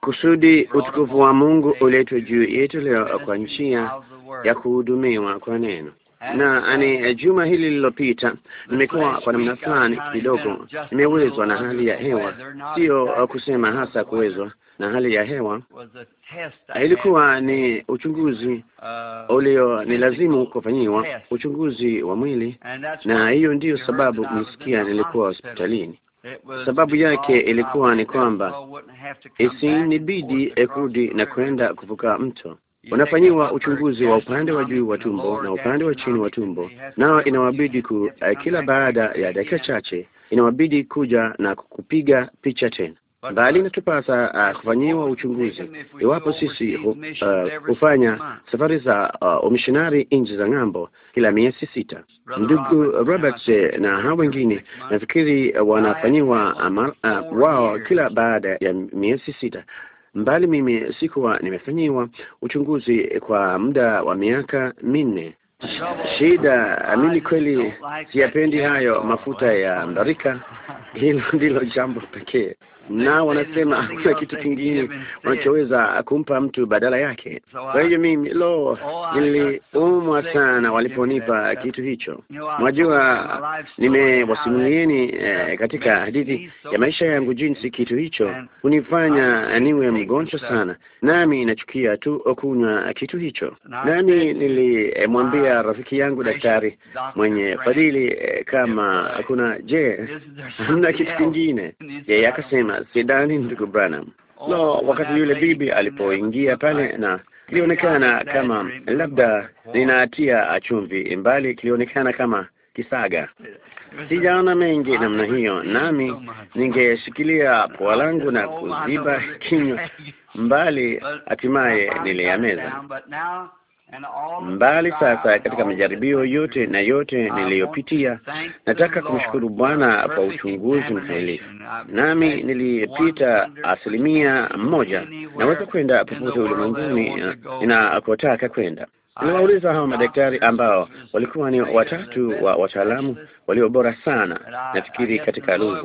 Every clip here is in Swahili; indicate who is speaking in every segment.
Speaker 1: kusudi utukufu wa Mungu uletwe juu yetu leo kwa njia ya kuhudumiwa kwa neno na ni eh, juma hili lililopita, nimekuwa kwa namna fulani kidogo nimewezwa na hali ya hewa, sio uh, kusema hasa kuwezwa na hali ya hewa. Ilikuwa ni uchunguzi ulio ni lazimu kufanyiwa uchunguzi wa mwili, na hiyo ndiyo sababu nisikia nilikuwa hospitalini,
Speaker 2: Sababu yake ilikuwa ni kwamba
Speaker 1: isinibidi kurudi na kwenda kuvuka mto. Unafanyiwa uchunguzi wa upande wa juu wa tumbo na upande wa chini wa tumbo, nao inawabidi ku, eh, kila baada ya dakika chache inawabidi kuja na kupiga picha tena bali inatupasa uh, kufanyiwa uchunguzi iwapo sisi hufanya uh, safari za umishonari uh, nchi za ng'ambo kila miezi sita. Ndugu Robert uh, na hao wengine nafikiri uh, wanafanyiwa uh, uh, wao kila baada ya miezi sita mbali mimi sikuwa nimefanyiwa uchunguzi kwa muda wa miaka minne. Shida mimi kweli siyapendi hayo mafuta ya mbarika. Hilo ndilo jambo pekee na wanasema hakuna kitu kingine wanachoweza kumpa mtu badala yake. Kwa hiyo mimi lo, niliumwa sana waliponipa kitu hicho. Mwajua, nimewasimulieni eh, katika hadithi ya maisha yangu jinsi kitu hicho hunifanya niwe mgonjwa sana, nami nachukia tu kunywa kitu hicho. Nami nilimwambia eh, rafiki yangu daktari mwenye fadhili eh, kama kuna je,
Speaker 2: hamna kitu
Speaker 1: kingine? Yeye akasema sidani, ndugu Branham. Lo, oh, wakati yule bibi alipoingia pale, na kilionekana kama labda ninaatia achumvi mbali, kilionekana kama kisaga. Sijaona mengi namna hiyo, nami ningeshikilia pua langu na kuziba kinywa mbali, hatimaye niliyameza mbali sasa katika majaribio yote na yote uh, niliyopitia. Nataka kumshukuru Bwana kwa uchunguzi mkamilifu, uh, nami nilipita asilimia moja. Naweza kwenda popote ulimwenguni ninakotaka uh, kwenda, Niliwauliza hao madaktari ambao walikuwa ni watatu wa wataalamu walio bora sana, nafikiri katika lugha,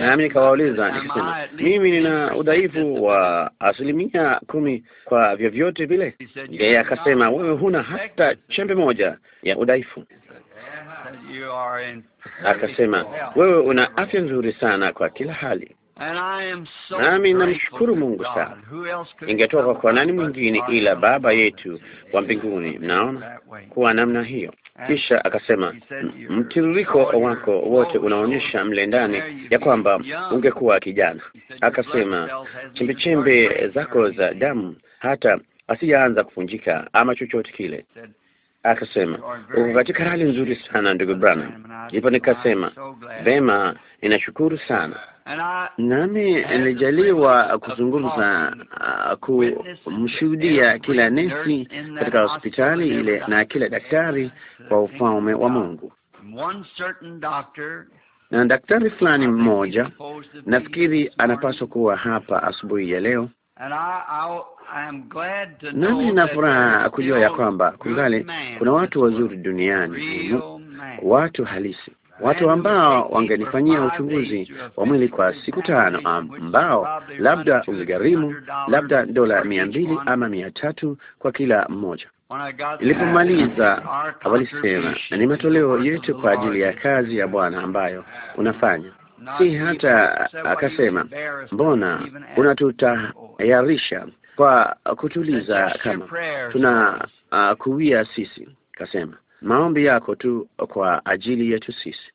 Speaker 1: nami nikawauliza nikisema, mimi nina udhaifu wa asilimia kumi kwa vyovyote
Speaker 3: vile. Yeye akasema,
Speaker 1: wewe huna hata chembe moja ya udhaifu. Akasema, wewe una afya nzuri sana kwa kila hali.
Speaker 3: Nami
Speaker 1: namshukuru Mungu sana. Ingetoka kwa nani mwingine ila Baba yetu wa mbinguni? Mnaona kuwa namna hiyo. Kisha akasema, mtiririko wako wote unaonyesha mle ndani ya kwamba ungekuwa kijana. Akasema, chembechembe zako za damu hata asijaanza kufunjika ama chochote kile. Akasema, uko katika hali nzuri sana ndugu Branham.
Speaker 3: Ndipo nikasema, vema,
Speaker 1: ninashukuru sana nami nilijaliwa kuzungumza uh, kumshuhudia kila nesi
Speaker 3: katika hospitali ile na
Speaker 1: kila daktari kwa ufalme wa Mungu na daktari fulani mmoja nafikiri anapaswa kuwa hapa asubuhi ya leo,
Speaker 3: nami nina furaha kujua ya
Speaker 1: kwamba kungali kuna watu wazuri duniani, watu halisi watu ambao wangenifanyia uchunguzi wa mwili kwa siku tano, ambao labda ungegharimu labda dola mia mbili ama mia tatu kwa kila mmoja.
Speaker 2: Nilipomaliza walisema,
Speaker 1: ni matoleo yetu kwa ajili ya kazi ya Bwana ambayo unafanya. Si hata akasema, mbona unatutayarisha kwa kutuliza kama tuna uh, kuwia sisi? Kasema maombi yako tu kwa ajili yetu sisi.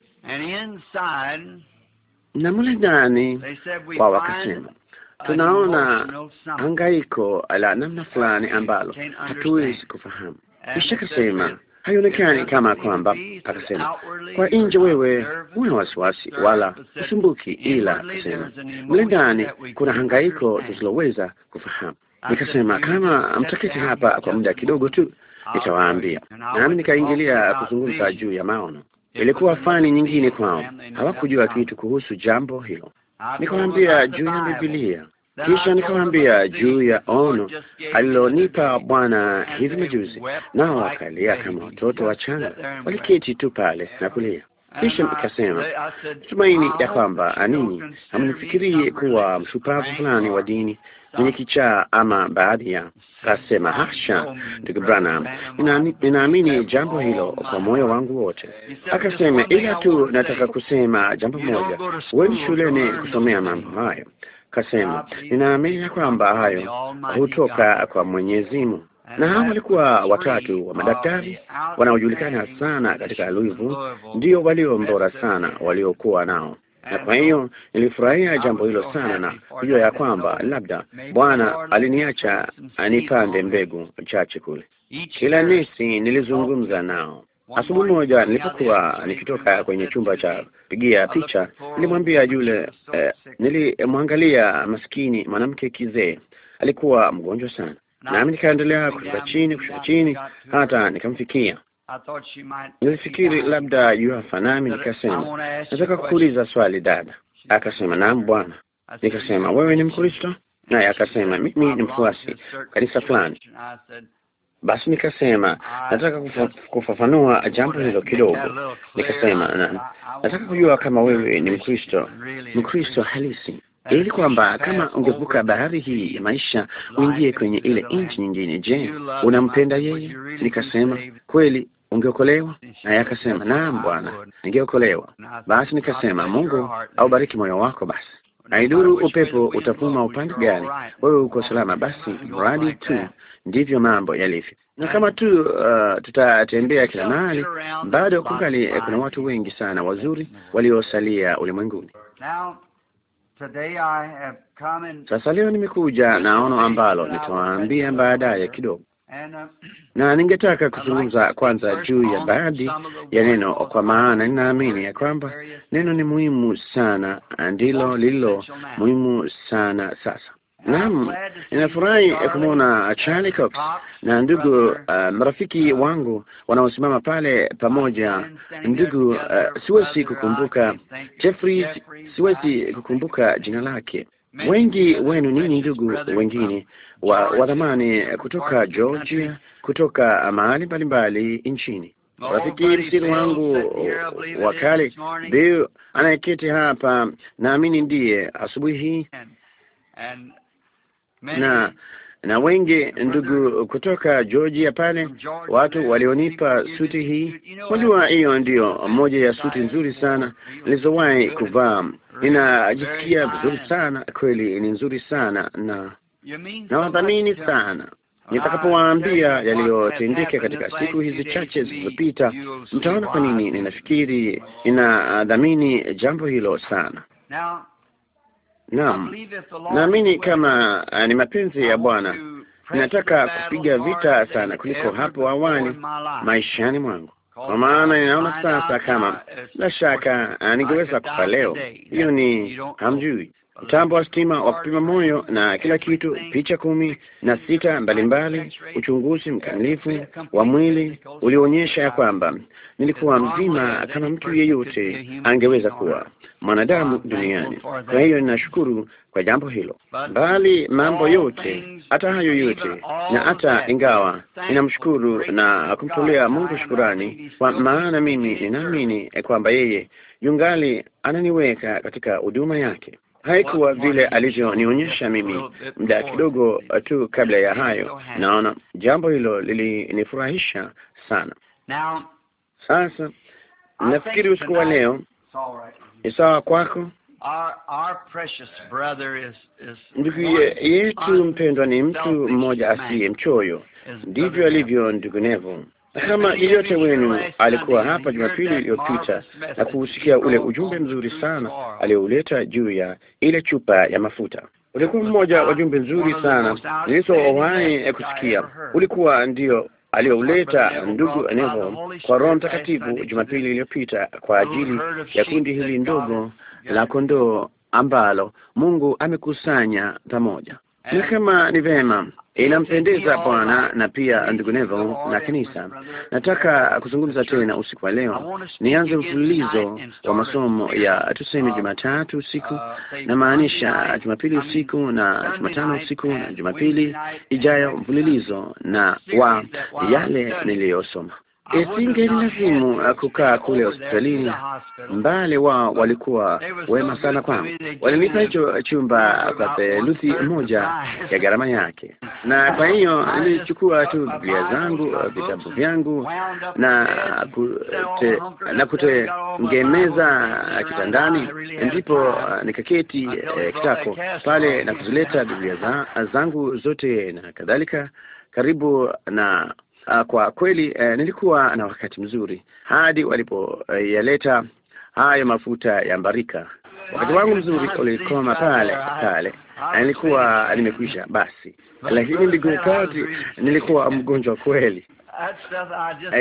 Speaker 1: Na mle ndani
Speaker 3: wa wakasema tunaona
Speaker 1: hangaiko la namna fulani ambalo hatuwezi kufahamu.
Speaker 2: Kisha kasema
Speaker 1: haionekani kama kwamba, akasema kwa nje wewe huna wasiwasi wala usumbuki, ila akasema mle ndani kuna hangaiko tusiloweza kufahamu. Nikasema kama mtaketi hapa kwa muda kidogo tu nikawaambia, nami nikaingilia kuzungumza juu ya maono. Ilikuwa fani nyingine kwao, hawakujua kitu kuhusu jambo hilo.
Speaker 2: Nikawaambia juu ya Biblia, kisha nikawaambia
Speaker 1: juu ya ono alilonipa Bwana hivi majuzi, nao wakalia kama watoto wachanga, waliketi tu pale na kulia. Kisha nikasema tumaini ya kwamba ninyi hamnifikirie kuwa mshupavu fulani wa dini yenye kichaa ama baadhi ya kasema, hasha ndugu Branham, ninaamini jambo hilo kwa moyo wangu wote. Akasema, ila tu nataka kusema jambo moja, huendi shuleni kusomea mambo hayo. Kasema, ninaamini ya kwamba hayo
Speaker 2: hutoka
Speaker 1: kwa Mwenyezi Mungu na hao walikuwa watatu wa madaktari wanaojulikana sana katika Louisville, ndio walio mbora sana waliokuwa nao na kwa hiyo nilifurahia jambo hilo sana, na kujua ya kwamba labda Bwana aliniacha anipande mbegu chache kule. Kila nesi nilizungumza nao. Asubuhi moja nilipokuwa nikitoka kwenye chumba cha pigia picha, nilimwambia yule eh, nilimwangalia maskini mwanamke kizee, alikuwa mgonjwa sana, nami nikaendelea kushuka chini, kushuka chini hata nikamfikia. Nilifikiri labda fanami uh, nikasema
Speaker 3: nataka kuuliza
Speaker 1: swali dada. Akasema naam bwana. Nikasema wewe ni Mkristo? Naye akasema mimi ni mfuasi kanisa fulani. Basi nikasema nataka kufafanua jambo hilo kidogo. Nikasema nataka kujua kama wewe ni Mkristo, Mkristo halisi ili kwamba kama ungevuka bahari hii ya maisha uingie kwenye ile nchi nyingine. Je, unampenda yeye? Nikasema kweli, ungeokolewa? Naye akasema naam, Bwana, ningeokolewa. Basi nikasema Mungu aubariki moyo wako basi Haiduru upepo utavuma upande gani, wewe uko salama. Basi mradi tu, ndivyo mambo yalivyo. Na kama tu uh, tutatembea kila mahali,
Speaker 3: bado kungali kuna watu
Speaker 1: wengi sana wazuri waliosalia ulimwenguni. Sasa leo nimekuja na ono ambalo nitawaambia baadaye kidogo, uh, na ningetaka kuzungumza kwanza juu ya baadhi ya neno, kwa maana ninaamini ya kwamba neno ni muhimu sana, ndilo lililo muhimu sana sasa Naam, ninafurahi kumwona Charlie Cox na ndugu uh, marafiki wangu wanaosimama pale pamoja. Ndugu uh, siwezi kukumbuka Jeffrey, siwezi kukumbuka jina lake. Wengi wenu ninyi ndugu wengine wa, wadhamani kutoka Georgia, kutoka mahali mbalimbali nchini rafiki msiri wangu wa kale Bill anayeketi hapa, naamini ndiye asubuhi hii na na wengi ndugu kutoka Georgia pale, watu walionipa suti hii. Unajua, hiyo ndiyo moja ya suti nzuri sana nilizowahi kuvaa. inajisikia vizuri sana kweli, ni nzuri sana na
Speaker 2: nawathamini
Speaker 1: sana. Nitakapowaambia yaliyotendeka katika siku hizi chache zilizopita, mtaona kwa nini ninafikiri ninadhamini jambo hilo sana. Naam, naamini kama ah, ni mapenzi ya Bwana, ninataka kupiga vita sana kuliko hapo awali maishani mwangu, kwa maana ninaona sasa kama, bila shaka, ah, ningeweza kufa leo. Hiyo ni hamjui mtambo wa stima wa kupima moyo na kila kitu, picha kumi na sita mbalimbali mbali, uchunguzi mkamilifu wa mwili ulioonyesha ya kwamba nilikuwa mzima kama mtu yeyote angeweza kuwa mwanadamu duniani. Kwa hiyo ninashukuru kwa jambo hilo, bali mambo yote, hata hayo yote, na hata ingawa ninamshukuru na kumtolea Mungu shukurani, kwa maana mimi ninaamini kwamba yeye yungali ananiweka katika huduma yake haikuwa vile alivyonionyesha mimi muda kidogo tu kabla ya hayo. Naona jambo hilo lilinifurahisha sana. Sasa
Speaker 3: nafikiri usiku wa leo
Speaker 1: ni sawa kwako.
Speaker 3: Ndugu yetu
Speaker 1: mpendwa ni mtu mmoja asiye mchoyo, ndivyo alivyo ndugu Nevo kama yeyote wenu alikuwa hapa Jumapili iliyopita na kuusikia ule ujumbe mzuri sana aliyouleta juu ya ile chupa ya mafuta, ulikuwa mmoja wa jumbe nzuri sana nilizowahi kusikia. Ulikuwa ndio aliyouleta ndugu Nevo kwa Roho Mtakatifu Jumapili iliyopita kwa ajili ya kundi hili ndogo la kondoo ambalo Mungu amekusanya pamoja. ni kama ni vema inampendeza Bwana na pia ndugu Nevo na kanisa. Nataka kuzungumza tena usiku wa leo, nianze mfululizo wa masomo ya tuseme um, Jumatatu usiku, uh, na maanisha Jumapili usiku na Jumatano usiku na Jumapili ijayo mfululizo na wa yale niliyosoma Isinge nilazimu kukaa kule hospitalini. Mbali wao walikuwa wema sana kwangu, walinipa hicho chumba kwa theluthi moja ya gharama yake, na kwa hiyo nilichukua tu Biblia zangu, vitabu vyangu na kute, na kutengemeza kitandani, ndipo nikaketi eh, kitako pale na kuzileta Biblia zangu zote na kadhalika karibu na Ah, kwa kweli uh, nilikuwa na wakati mzuri hadi walipoyaleta eh, uh, hayo mafuta ya mbarika. Wakati wangu mzuri ulikoma pale pale, eh, nilikuwa nimekwisha basi, lakini ndugu kati, nilikuwa mgonjwa kweli.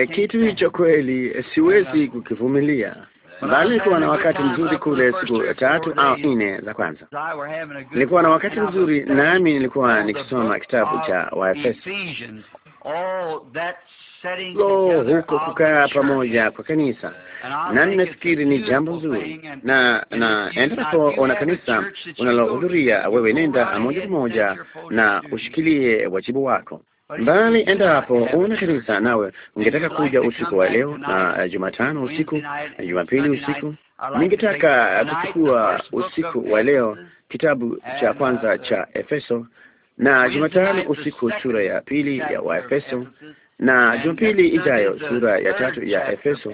Speaker 1: Uh, kitu hicho kweli siwezi kukivumilia
Speaker 3: bali nilikuwa na wakati mzuri
Speaker 1: kule siku tatu au nne za kwanza.
Speaker 3: Nilikuwa na wakati mzuri nami
Speaker 1: nilikuwa nikisoma kitabu cha Waefeso huko kukaa pamoja kwa kanisa, na ninafikiri ni jambo zuri, na na e una kanisa unalohudhuria wewe, nenda moja kwa moja na ushikilie wajibu wako mbali endapo una kanisa nawe ungetaka kuja usiku wa leo na Jumatano usiku na Jumapili usiku, ningetaka kuchukua usiku wa leo kitabu cha kwanza uh, cha Efeso na Jumatano usiku sura ya pili ya Waefeso na Jumapili ijayo sura ya tatu ya Efeso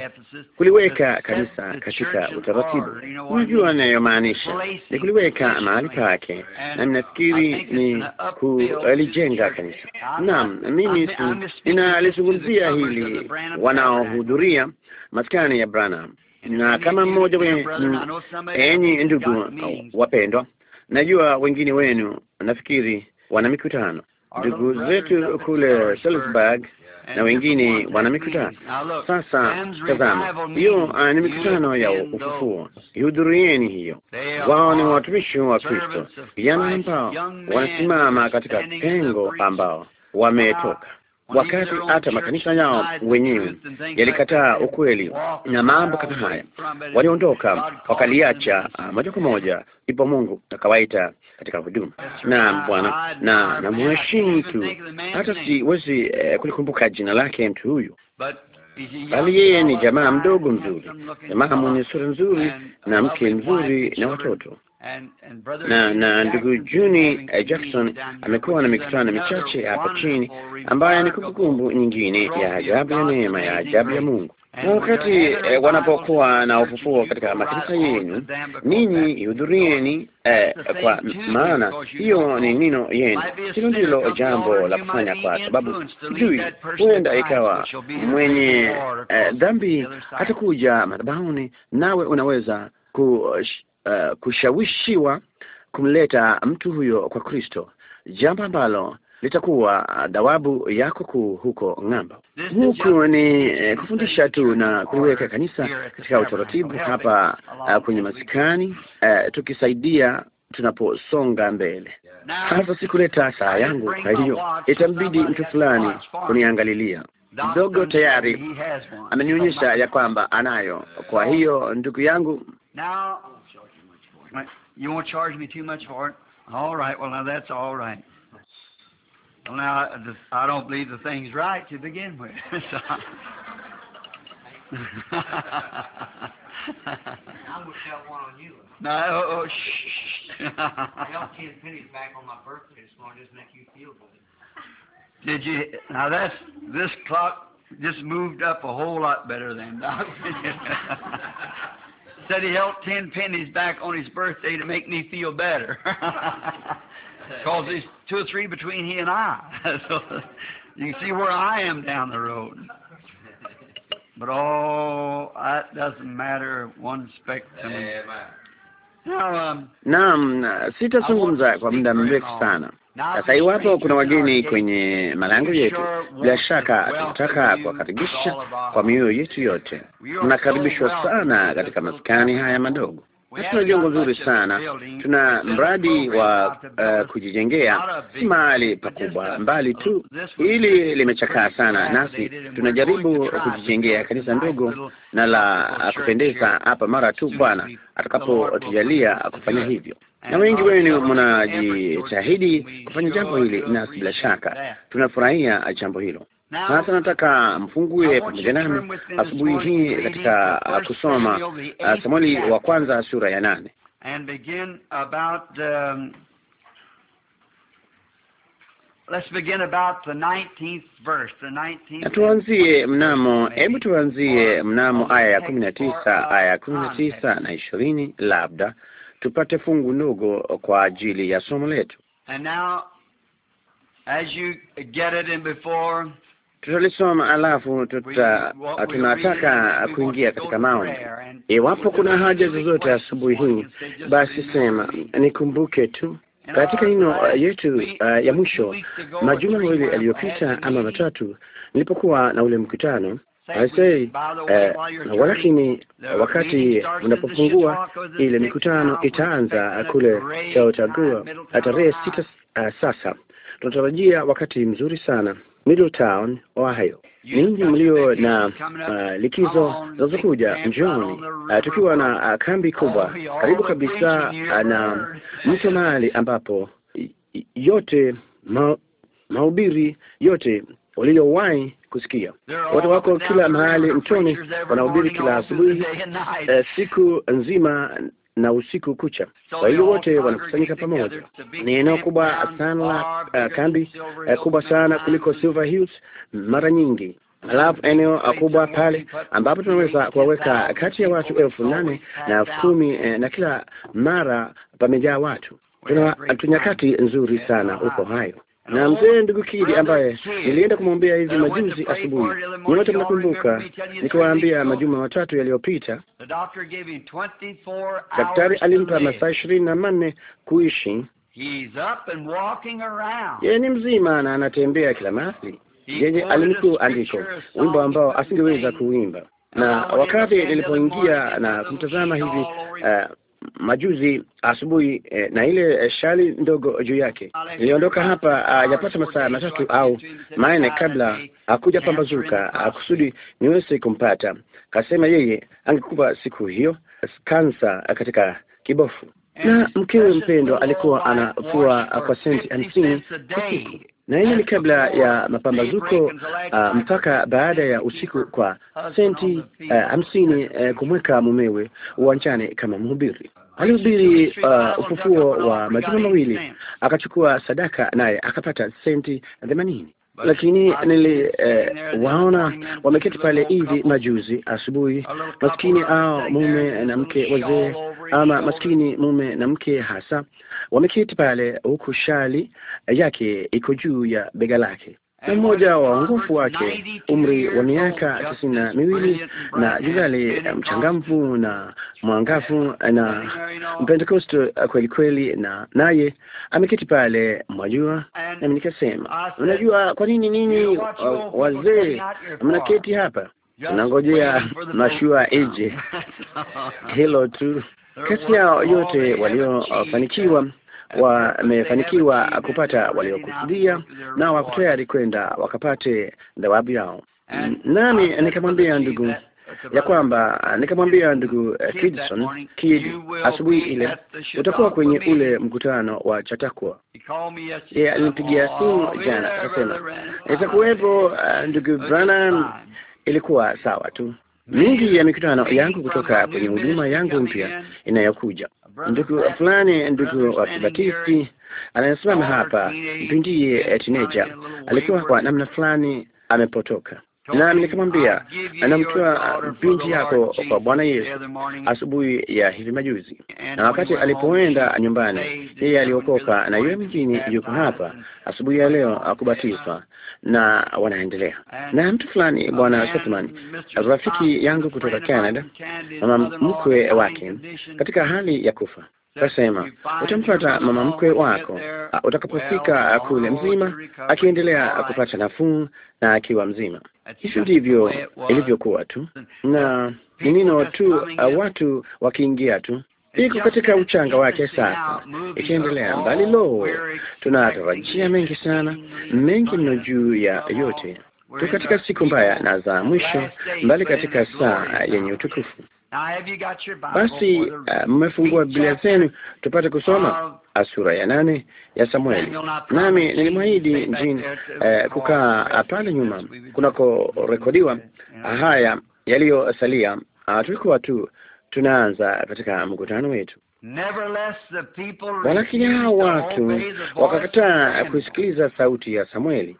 Speaker 1: kuliweka kanisa katika utaratibu. Unajua anayomaanisha ni kuliweka mahali pake, na ninafikiri ni kulijenga kanisa. Naam, mimi ninalizungumzia hili wanaohudhuria maskani ya Branham, na kama mmoja wenu,
Speaker 2: enyi ndugu
Speaker 1: wapendwa, najua wengine wenu nafikiri wana mikutano, ndugu zetu kule Salzburg na wengine wana mikutano. Sasa tazama, hiyo ah, ni mikutano ya ufufuo, ihudhurieni hiyo. Wao ni watumishi wa Kristo, vijana yaani ambao wanasimama katika pengo ambao wametoka ah, wakati hata makanisa yao wenyewe yalikataa ukweli na mambo kama haya. Waliondoka wakaliacha moja kwa moja, ndipo Mungu akawaita katika huduma. Na Bwana, na na mheshimu hata siwezi eh, kulikumbuka jina lake mtu huyu
Speaker 3: bali yeye ni jamaa
Speaker 1: mdogo mzuri, jamaa mwenye sura nzuri
Speaker 3: na mke mzuri na watoto na
Speaker 1: na ndugu Juni eh, Jackson amekuwa na mikutano michache hapa chini ambayo ni kumbukumbu nyingine ya ajabu ya neema ya ajabu ya Mungu. Na wakati eh, wanapokuwa na ufufuo katika makanisa yenu, ninyi ihudhurieni eh, kwa maana hiyo ni nino yenu. Hilo ndilo jambo la kufanya, kwa sababu
Speaker 2: sijui, huenda ikawa mwenye eh,
Speaker 1: dhambi atakuja madhabahuni, nawe unaweza ku uh, kushawishiwa kumleta mtu huyo kwa Kristo, jambo ambalo litakuwa eh, dawabu yako kuu huko ng'ambo. Huku ni eh, kufundisha tu na kuliweka kanisa katika utaratibu hapa uh, kwenye masikani uh, tukisaidia tunaposonga mbele. Sasa sikuleta saa yangu, kwa hiyo itambidi mtu fulani kuniangalilia mdogo. Tayari amenionyesha ya kwamba anayo, kwa hiyo ndugu yangu
Speaker 3: You won't charge me too much for it? All right. Well, now that's all right. Well, now I don't believe the thing's right to begin with. so. I wish I had one on you. No, oh, oh shh. I got ten pennies back on my birthday this morning just make you feel good. Did you? Now that's this clock just moved up a whole lot better than that. said he held ten pennies back on his birthday to make me feel better. Because there's two or three between he and I. so you see where I am down the road. But oh, that doesn't matter one speck to me. Now, um,
Speaker 1: Naam, sitazungumza kwa muda mrefu sana. Sasa iwapo kuna wageni kwenye malango yetu, bila shaka tunataka kuwakaribisha kwa mioyo yetu yote.
Speaker 2: Mnakaribishwa
Speaker 1: sana katika maskani haya madogo hatuna jengo nzuri sana, tuna mradi wa uh, kujijengea, si mahali pakubwa mbali tu, hili limechakaa sana, nasi tunajaribu kujijengea kanisa ndogo na la kupendeza hapa, mara tu Bwana atakapotujalia kufanya hivyo. Na wengi wenu mnajitahidi kufanya jambo hili, nasi bila shaka tunafurahia jambo hilo. Sasa nataka mfungue pamoja nami asubuhi hii katika uh, kusoma uh, Samueli wa kwanza sura ya nane na tuanzie mnamo, hebu tuanzie mnamo aya ya kumi na tisa aya ya kumi na tisa na ishirini labda tupate fungu ndogo kwa ajili ya somo letu tutalisoma alafu tuta tunataka kuingia katika maombi. Iwapo kuna haja zozote asubuhi hii, basi sema nikumbuke tu katika neno uh, yetu uh, ya mwisho majuma mawili aliyopita ama matatu, nilipokuwa na ule mkutano aisei eh, uh, walakini wakati unapofungua ile mikutano itaanza kule Chautauqua tarehe sita. Uh, sasa tunatarajia wakati mzuri sana Middletown, Ohio. Ninyi mlio na uh, likizo zinazokuja njioni, uh, tukiwa na uh, kambi kubwa karibu kabisa uh, na mto mahali ambapo yote ma, mahubiri yote waliyowahi kusikia. Watu wako kila mahali mtoni, wanahubiri kila asubuhi, uh, siku nzima na usiku kucha. Kwa hiyo wote wanakusanyika pamoja. Ni eneo kubwa sana, uh, kambi uh, kubwa sana kuliko Silver Hills mara nyingi. alafu eneo uh, kubwa pale ambapo tunaweza kuwaweka kati ya watu elfu nane na elfu kumi eh, na kila mara pamejaa watu. Tuna nyakati nzuri sana huko hayo na mzee ndugu Kidi ambaye nilienda kumwombea hivi majuzi asubuhi. Nyote mnakumbuka nikiwaambia majuma matatu yaliyopita,
Speaker 3: daktari alimpa masaa
Speaker 1: ishirini na manne kuishi. Yeye ni mzima na anatembea kila mahali.
Speaker 3: Yeye alinukuu
Speaker 1: andiko, wimbo ambao asingeweza kuimba, na wakati nilipoingia na kumtazama hivi uh, majuzi asubuhi eh, na ile eh, shali ndogo juu yake. Niliondoka hapa yapata ah, masaa matatu au manne kabla hakuja pambazuka, akusudi ah, niweze kumpata. Kasema yeye angekupa siku hiyo kansa katika kibofu, na mkewe mpendwa alikuwa anafua kwa senti hamsini kwa siku na hii ni kabla ya mapambazuko uh, mpaka baada ya usiku kwa senti uh, hamsini uh, uh, kumweka mumewe uwanjani kama mhubiri. Alihubiri uh, ufufuo wa majuma mawili, akachukua sadaka naye akapata senti themanini lakini niliwaona eh, wameketi pale hivi majuzi asubuhi, maskini hao, mume na mke wazee, ama maskini mume na mke hasa, wameketi pale huku shali yake iko juu ya bega lake na mmoja wa wangofu wake umri wa miaka tisini na miwili na jizali mchangamfu na mwangafu na Pentekoste kweli kweli, na naye ameketi pale, mwajua. Nami nikasema, unajua kwa nini ninyi wazee mnaketi hapa, unangojea mashua ije? Hilo tu. Kati yao yote waliofanikiwa wamefanikiwa kupata waliokusudia, na wako tayari kwenda wakapate thawabu yao. Nami nikamwambia ndugu ya kwamba nikamwambia ndugu eh, Kidson Kid, asubuhi ile utakuwa kwenye ule mkutano wa Chautauqua. Yeye alinipigia simu jana, akasema itakuwepo. Uh, eh, ndugu Branham, ilikuwa sawa tu. Mingi ya mikutano yangu kutoka kwenye huduma yangu mpya inayokuja ndugu fulani, ndugu wa Kibatisti anayesimama hapa, mtu ndiye eh, tineja, alikuwa kwa namna fulani amepotoka nami nikamwambia, anamtoa binti yako kwa Bwana Yesu asubuhi ya hivi majuzi, na wakati alipoenda nyumbani, yeye aliokoka na yule mjini yuko hapa asubuhi ya leo akubatizwa, na wanaendelea na mtu fulani, Bwana Sotman, rafiki yangu kutoka Canada, mama mkwe wake katika hali ya kufa Kasema utampata mama mkwe wako utakapofika kule mzima, akiendelea kupata nafuu na akiwa mzima. Hivyo ndivyo ilivyokuwa tu, na ni nino tu, uh, watu wakiingia tu iko katika uchanga wake. Sasa ikiendelea mbali, lo, tunatarajia mengi sana, mengi mno juu ya yote. Tu katika siku mbaya na za mwisho, mbali katika saa yenye utukufu.
Speaker 3: Basi uh,
Speaker 1: mmefungua Biblia zenu tupate kusoma sura ya nane ya Samueli, nami nilimwahidi Jin eh, kukaa pale nyuma kunakorekodiwa haya yaliyosalia. Ah, tulikuwa tu tunaanza katika mkutano wetu,
Speaker 3: walakini hao watu
Speaker 1: wakakataa kusikiliza sauti ya Samueli,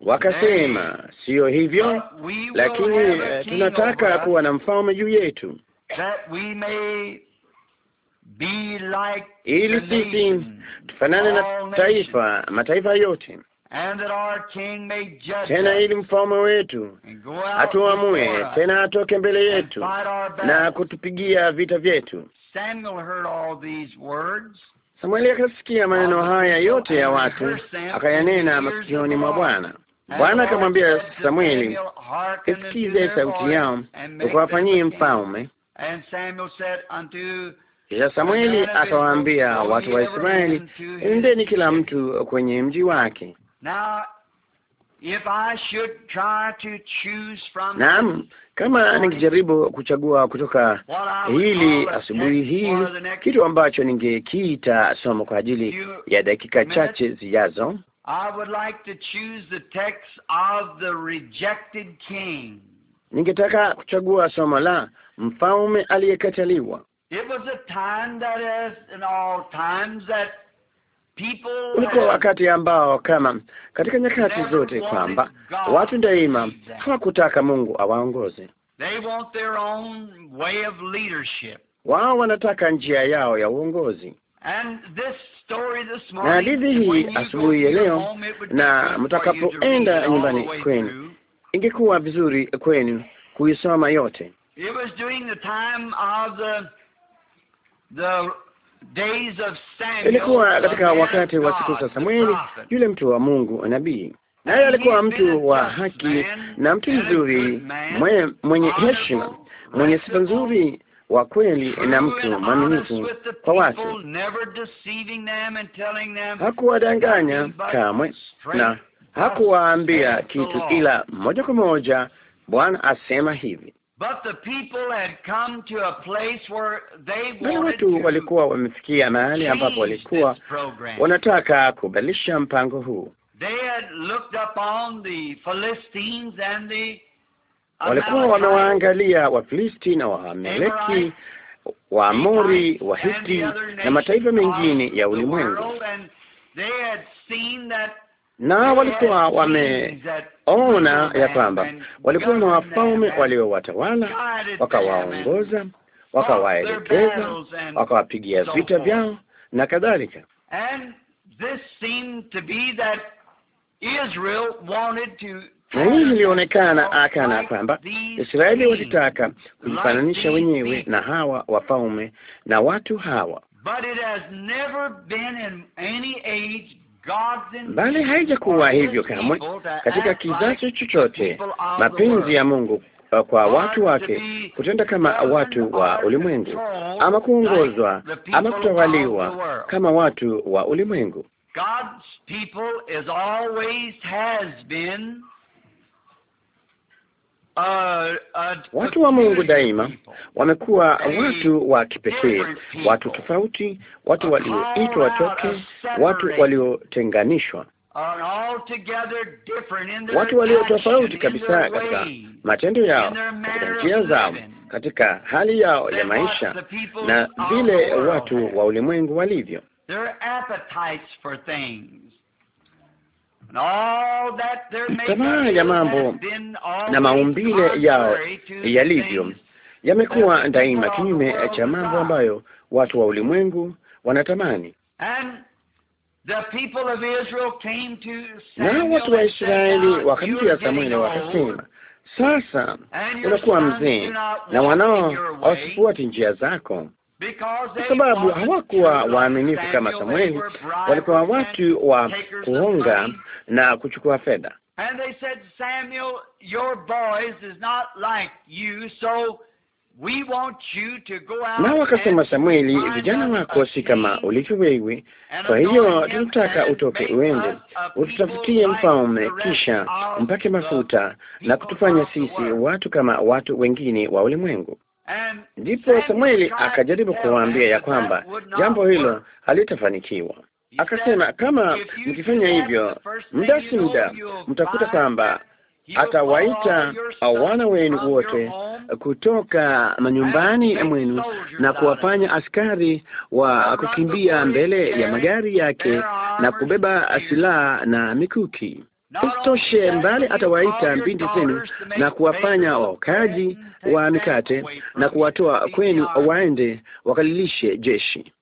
Speaker 1: wakasema siyo hivyo,
Speaker 3: lakini eh, tunataka kuwa
Speaker 1: na mfalme juu yetu
Speaker 3: like ili sisi
Speaker 1: tufanane na taifa mataifa yote tena ili mfalme wetu
Speaker 3: atuamue
Speaker 1: tena atoke mbele yetu na kutupigia vita vyetu. Samueli akasikia maneno haya yote ya watu, akayanena masikioni mwa Bwana.
Speaker 3: Bwana akamwambia
Speaker 1: Samueli, isikize sauti yao, ukawafanyie mfalme kisha Samueli akawaambia watu wa Israeli, endeni kila mtu kwenye mji wake. Naam, kama ningejaribu kuchagua kutoka hili asubuhi hii kitu ambacho ningekiita somo kwa ajili ya dakika chache zijazo, ningetaka kuchagua somo la mfalme aliyekataliwa. Ulikuwa wakati ambao kama katika nyakati zote kwamba watu daima hawakutaka Mungu awaongoze. Wao wanataka njia yao ya uongozi.
Speaker 3: Na hadithi hii
Speaker 1: asubuhi ya leo, na mtakapoenda nyumbani kwenu, ingekuwa vizuri kwenu kuisoma yote.
Speaker 3: It was during the time of the Ilikuwa katika wakati wa siku za Samueli,
Speaker 1: yule mtu wa Mungu nabii, naye alikuwa mtu wa haki na mtu mzuri, mwenye heshima, mwenye sifa nzuri wa kweli na mtu mwaminifu kwa watu,
Speaker 3: hakuwadanganya kamwe na hakuwaambia kitu, ila
Speaker 1: moja kwa moja Bwana asema hivi.
Speaker 3: Bali watu
Speaker 1: walikuwa wamefikia mahali ambapo walikuwa wanataka kubadilisha mpango huu. Walikuwa wamewaangalia Wafilisti na Waamaleki, Waamori, Wahiti na mataifa mengine ya ulimwengu na walikuwa
Speaker 3: wameona
Speaker 1: ya kwamba walikuwa na wafalme waliowatawala,
Speaker 3: wakawaongoza,
Speaker 1: wakawaelekeza,
Speaker 3: wakawapigia vita
Speaker 1: vyao na kadhalika. Na hii ilionekana akana kwamba Israeli walitaka kujifananisha wenyewe na hawa wafalme na watu hawa.
Speaker 3: But it has never been in any age
Speaker 1: bali haijakuwa hivyo kamwe katika kizazi chochote. Mapenzi ya Mungu uh, kwa watu wake kutenda kama watu wa ulimwengu, ama kuongozwa
Speaker 3: ama kutawaliwa kama
Speaker 1: watu wa ulimwengu.
Speaker 3: Watu wa uh, uh, Mungu
Speaker 1: uh, daima wamekuwa watu wa kipekee, watu tofauti, watu walioitwa watoke, watu waliotenganishwa, watu walio tofauti kabisa katika matendo yao,
Speaker 3: katika
Speaker 1: njia zao, katika hali yao ya maisha
Speaker 3: na vile
Speaker 1: watu wa ulimwengu walivyo
Speaker 3: tamaa ya mambo na maumbile yao
Speaker 1: yalivyo yamekuwa daima kinyume cha mambo ambayo watu wa ulimwengu wanatamani. Na watu wa Israeli wakamjia Samueli wakasema, sasa unakuwa mzee na wanao hawafuati njia zako kwa sababu hawakuwa waaminifu kama Samueli. Walikuwa watu wa
Speaker 3: kuonga
Speaker 1: na kuchukua fedha.
Speaker 3: Na wakasema
Speaker 1: Samueli, vijana wako si kama ulivyo wewe,
Speaker 3: kwa hiyo tunataka
Speaker 1: utoke uende ututafutie mfalme, kisha mpake mafuta na kutufanya sisi watu kama watu wengine wa ulimwengu. Ndipo Samueli akajaribu kuwaambia ya kwamba jambo hilo halitafanikiwa.
Speaker 3: Akasema, kama
Speaker 1: mkifanya hivyo, muda si muda mtakuta kwamba atawaita wana wenu wote kutoka manyumbani mwenu na kuwafanya askari wa kukimbia mbele ya magari yake na kubeba silaha na mikuki. Isitoshe, mbali atawaita binti zenu na kuwafanya waokaji wa mikate na kuwatoa kwenu waende wakalilishe jeshi.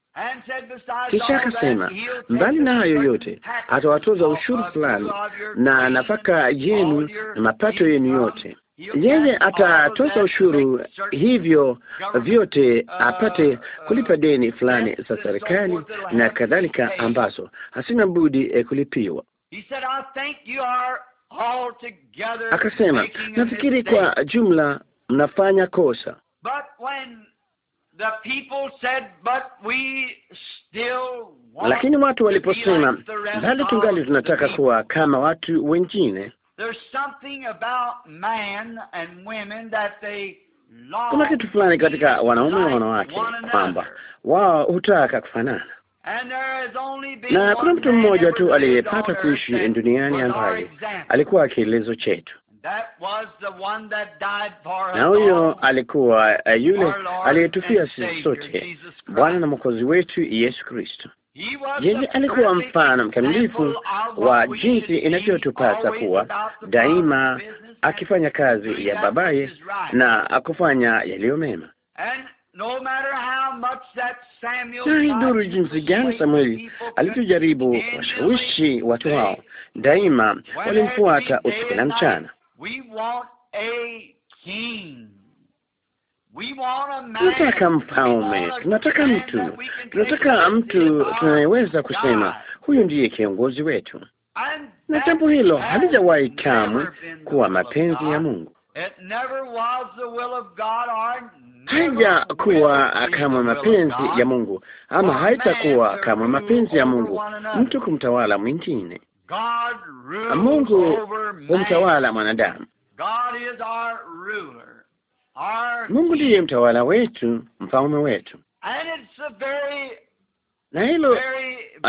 Speaker 3: Kisha akasema mbali na hayo yote
Speaker 1: atawatoza ushuru fulani na nafaka yenu na mapato yenu yote. Yeye atatoza ushuru hivyo vyote apate kulipa deni fulani za serikali na kadhalika, ambazo hasina budi eh, kulipiwa.
Speaker 3: Akasema, nafikiri kwa
Speaker 1: jumla mnafanya kosa,
Speaker 3: lakini watu waliposema bali tungali tunataka kuwa
Speaker 1: kama watu wengine, kuna kitu fulani katika wanaume na wanawake kwamba wao hutaka kufanana na kuna mtu mmoja tu aliyepata kuishi duniani ambaye alikuwa kielezo chetu, na huyo alikuwa eh, yule aliyetufia sisi sote, Bwana na Mwokozi wetu Yesu Kristo. Yeye alikuwa mfano mkamilifu wa jinsi inavyotupasa kuwa daima akifanya kazi ya babaye na akufanya yaliyo mema
Speaker 3: Haidhuru
Speaker 1: jinsi gani Samueli alivyojaribu washawishi watu hao, daima walimfuata usiku na mchana.
Speaker 3: Tunataka mfalme,
Speaker 1: tunataka mtu, tunataka mtu tunayeweza kusema huyu ndiye kiongozi wetu,
Speaker 3: na jambo hilo
Speaker 1: halijawahi kamwe
Speaker 3: kuwa mapenzi
Speaker 1: ya Mungu haija kuwa kamwe mapenzi ya Mungu ama haitakuwa kamwe mapenzi ya Mungu mtu kumtawala mwingine.
Speaker 3: Mungu humtawala mwanadamu. Mungu ndiye
Speaker 1: mtawala wetu, mfalme wetu, na hilo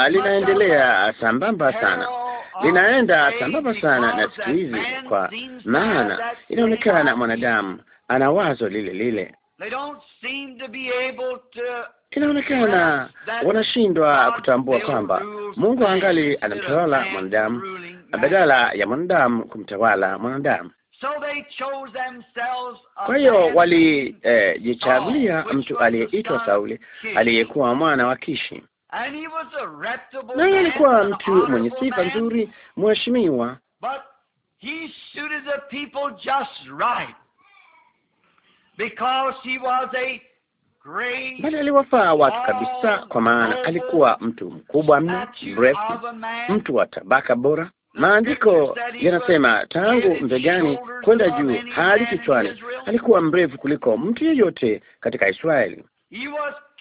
Speaker 1: linaendelea sambamba sana, linaenda sambamba sana na siku hizi, kwa maana inaonekana mwanadamu ana wazo lile lile inaonekana
Speaker 3: wanashindwa
Speaker 1: kutambua kwamba Mungu angali anamtawala mwanadamu badala ya mwanadamu kumtawala mwanadamu. Kwa hiyo walijichagulia eh, oh, mtu aliyeitwa Sauli aliyekuwa mwana wa Kishi,
Speaker 3: naye alikuwa mtu mwenye sifa nzuri,
Speaker 1: mheshimiwa, bali aliwafaa watu kabisa, kwa maana alikuwa mtu mkubwa mno, mrefu, mtu wa tabaka bora. Maandiko yanasema tangu mbegani kwenda juu hadi kichwani, alikuwa mrefu kuliko mtu yeyote katika Israeli.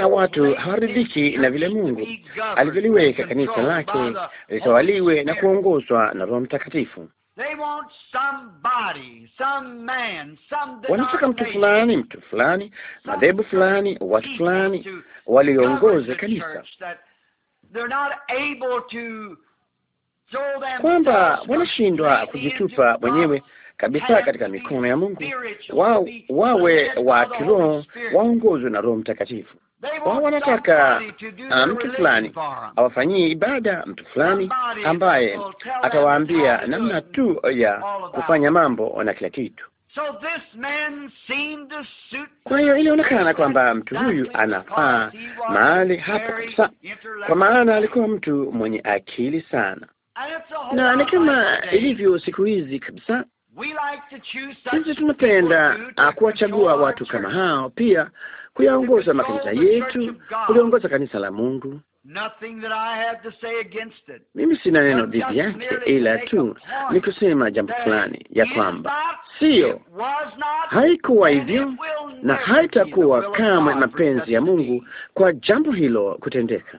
Speaker 1: na watu hawaridhiki na vile Mungu
Speaker 3: alivyoliweka kanisa lake litawaliwe na
Speaker 1: kuongozwa na Roho Mtakatifu. Wanataka mtu fulani, mtu fulani, madhehebu fulani, watu fulani waliongoze kanisa, kwamba wanashindwa kujitupa mwenyewe kabisa katika mikono ya Mungu, wao wawe wa kiroho, waongozwe na Roho Mtakatifu. Wao wanataka ah, mtu fulani awafanyie ibada, mtu fulani ambaye atawaambia namna tu ya kufanya mambo na kila kitu. Kwa hiyo ilionekana kwamba mtu huyu anafaa mahali hapo kabisa, kwa maana alikuwa mtu mwenye akili sana,
Speaker 3: na ni kama ilivyo
Speaker 1: siku hizi kabisa. Sisi tunapenda ah, kuwachagua watu kama hao, pia kuyaongoza makanisa yetu, kuliongoza kanisa la Mungu. Mimi sina neno dhidi yake, ila tu ni kusema jambo fulani ya kwamba sio, haikuwa hivyo na haitakuwa kamwe mapenzi ya Mungu kwa jambo hilo kutendeka.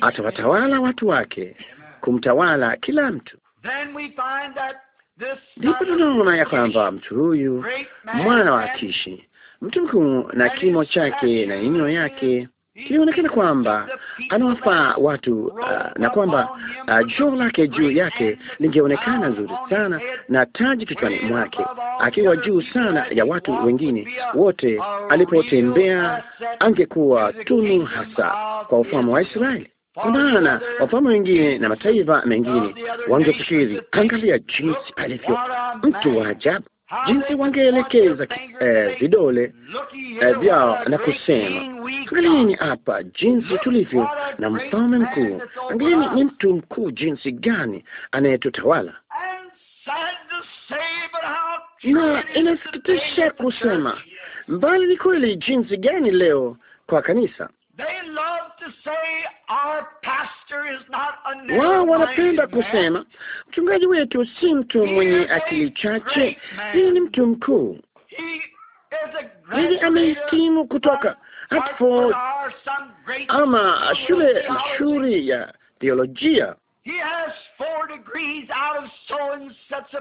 Speaker 3: Atawatawala
Speaker 1: watu wake kumtawala kila mtu.
Speaker 3: Ndipo tunaona
Speaker 1: ya kwamba mtu huyu mwana wa Kishi, mtu mkuu, na kimo chake na inyo yake kinaonekana kwamba anawafaa watu uh, na kwamba uh, ah, joo lake juu yake lingeonekana nzuri sana, na taji kichwani mwake akiwa juu sana ya watu wengine wote. Alipotembea angekuwa tunu hasa kwa ufalme wa Israeli kwa maana wafalme wengine na mataifa mengine wangefikiri, angalia jinsi alivyo mtu wa ajabu, jinsi wangeelekeza eh, vidole eh, vyao na kusema, angalieni hapa jinsi tulivyo na mfalme mkuu, angalieni ni mtu mkuu jinsi gani anayetutawala. Na inasikitisha kusema, mbali ni kweli jinsi gani leo kwa kanisa
Speaker 3: wao wanapenda kusema
Speaker 1: mchungaji wetu si mtu mwenye akili chache, yeye ni mtu mkuu,
Speaker 3: yeye amehitimu kutoka Hartford ama shule nzuri
Speaker 1: ya teolojia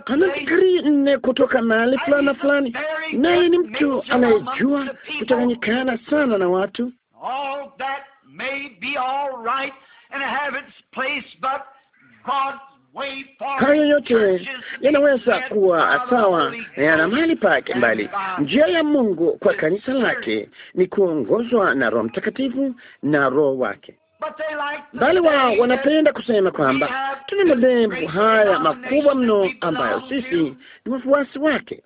Speaker 3: ana digrii
Speaker 1: nne kutoka mahali fulani na fulani, naye ni mtu anayejua kuchanganyikana sana na watu.
Speaker 3: Hayo yote yanaweza kuwa sawa na yana
Speaker 1: mahali pake, mbali njia ya Mungu kwa kanisa lake ni kuongozwa na Roho Mtakatifu na Roho wake.
Speaker 3: Bali wao wanapenda
Speaker 1: kusema kwamba tuna madhehebu haya makubwa mno ambayo sisi ni wafuasi wake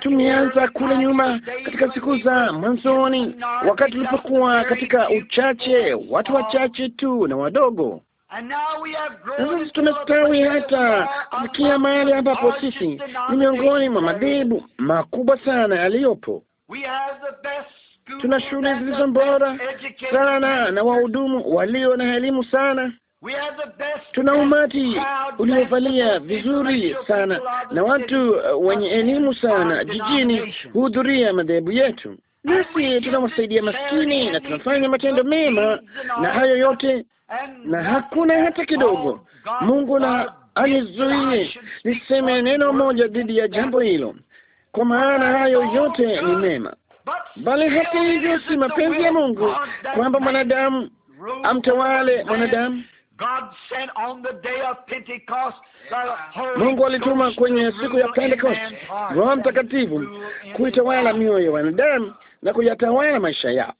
Speaker 3: Tumeanza
Speaker 1: kule nyuma katika siku za mwanzoni, wakati tulipokuwa katika uchache, watu wachache tu na wadogo.
Speaker 2: Sasa tumestawi hata kufikia mahali ambapo
Speaker 3: sisi ni miongoni
Speaker 1: mwa madhehebu makubwa sana yaliyopo. Tuna shule zilizo bora sana na wahudumu walio na elimu sana.
Speaker 3: Tuna umati uliovalia vizuri sana
Speaker 1: na watu uh, wenye elimu sana jijini huhudhuria madhehebu yetu, nasi tunawasaidia maskini na tunafanya matendo mema na hayo yote, na hakuna hata kidogo. Mungu na anizuie niseme neno moja dhidi ya jambo hilo, kwa maana hayo yote ni mema, bali hata hivyo si mapenzi ya Mungu kwamba mwanadamu
Speaker 3: amtawale mwanadamu Mungu
Speaker 1: alituma kwenye siku ya Pentekoste Roho Mtakatifu
Speaker 3: kuitawala mioyo
Speaker 1: ya wanadamu na kuyatawala maisha yao.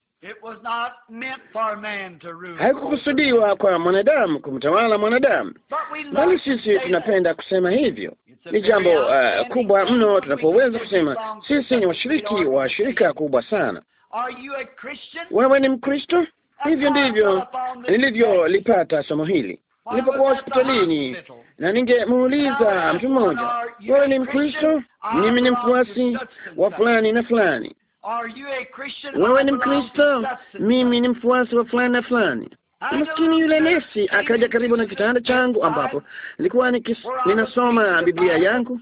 Speaker 3: Haikukusudiwa
Speaker 1: kwa mwanadamu kumtawala mwanadamu,
Speaker 3: bali sisi tunapenda
Speaker 1: kusema hivyo. Ni jambo uh, kubwa mno tunapoweza kusema sisi ni washiriki wa shirika kubwa sana. Wewe ni Mkristo? Hivyo ndivyo nilivyolipata somo hili nilipokuwa hospitalini, na ningemuuliza mtu mmoja, wewe ni Mkristo? Mimi ni mfuasi wa fulani na fulani. Wewe ni Mkristo? Mimi ni mfuasi wa fulani na fulani. Maskini yule nesi akaja karibu na kitanda changu ambapo nilikuwa ninasoma Biblia yangu,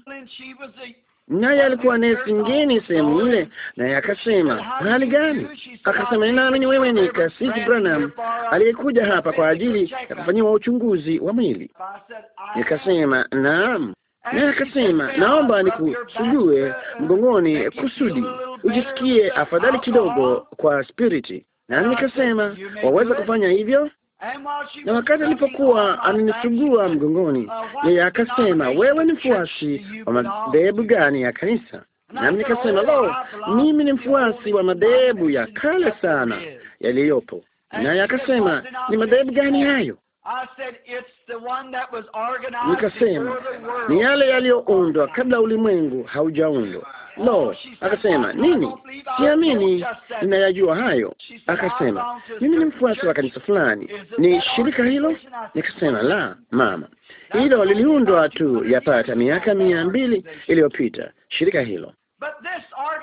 Speaker 1: naye alikuwa nesi ngeni sehemu ile, naye akasema hali gani? Akasema, ni wewe ni kasisi Branham aliyekuja hapa kwa ajili ya kufanyiwa uchunguzi wa mwili. Nikasema naam. Naye akasema, naomba nikusujue mgongoni kusudi ujisikie afadhali kidogo kwa spiriti. Na nikasema waweza kufanya hivyo? na wakati alipokuwa amenisugua mgongoni, yeye akasema, wewe ni mfuasi wa madhehebu gani ya kanisa? Nami nikasema, lo, mimi ni mfuasi wa madhehebu ya kale sana yaliyopo. Naye akasema, ni madhehebu gani hayo?
Speaker 3: Nikasema, ni yale
Speaker 1: yaliyoundwa kabla ulimwengu haujaundwa. Lo, akasema nini? Siamini ninayajua hayo. Akasema mimi ni mfuasi wa kanisa fulani, ni shirika hilo. Nikasema la, mama, hilo liliundwa tu yapata miaka mia mbili iliyopita, shirika hilo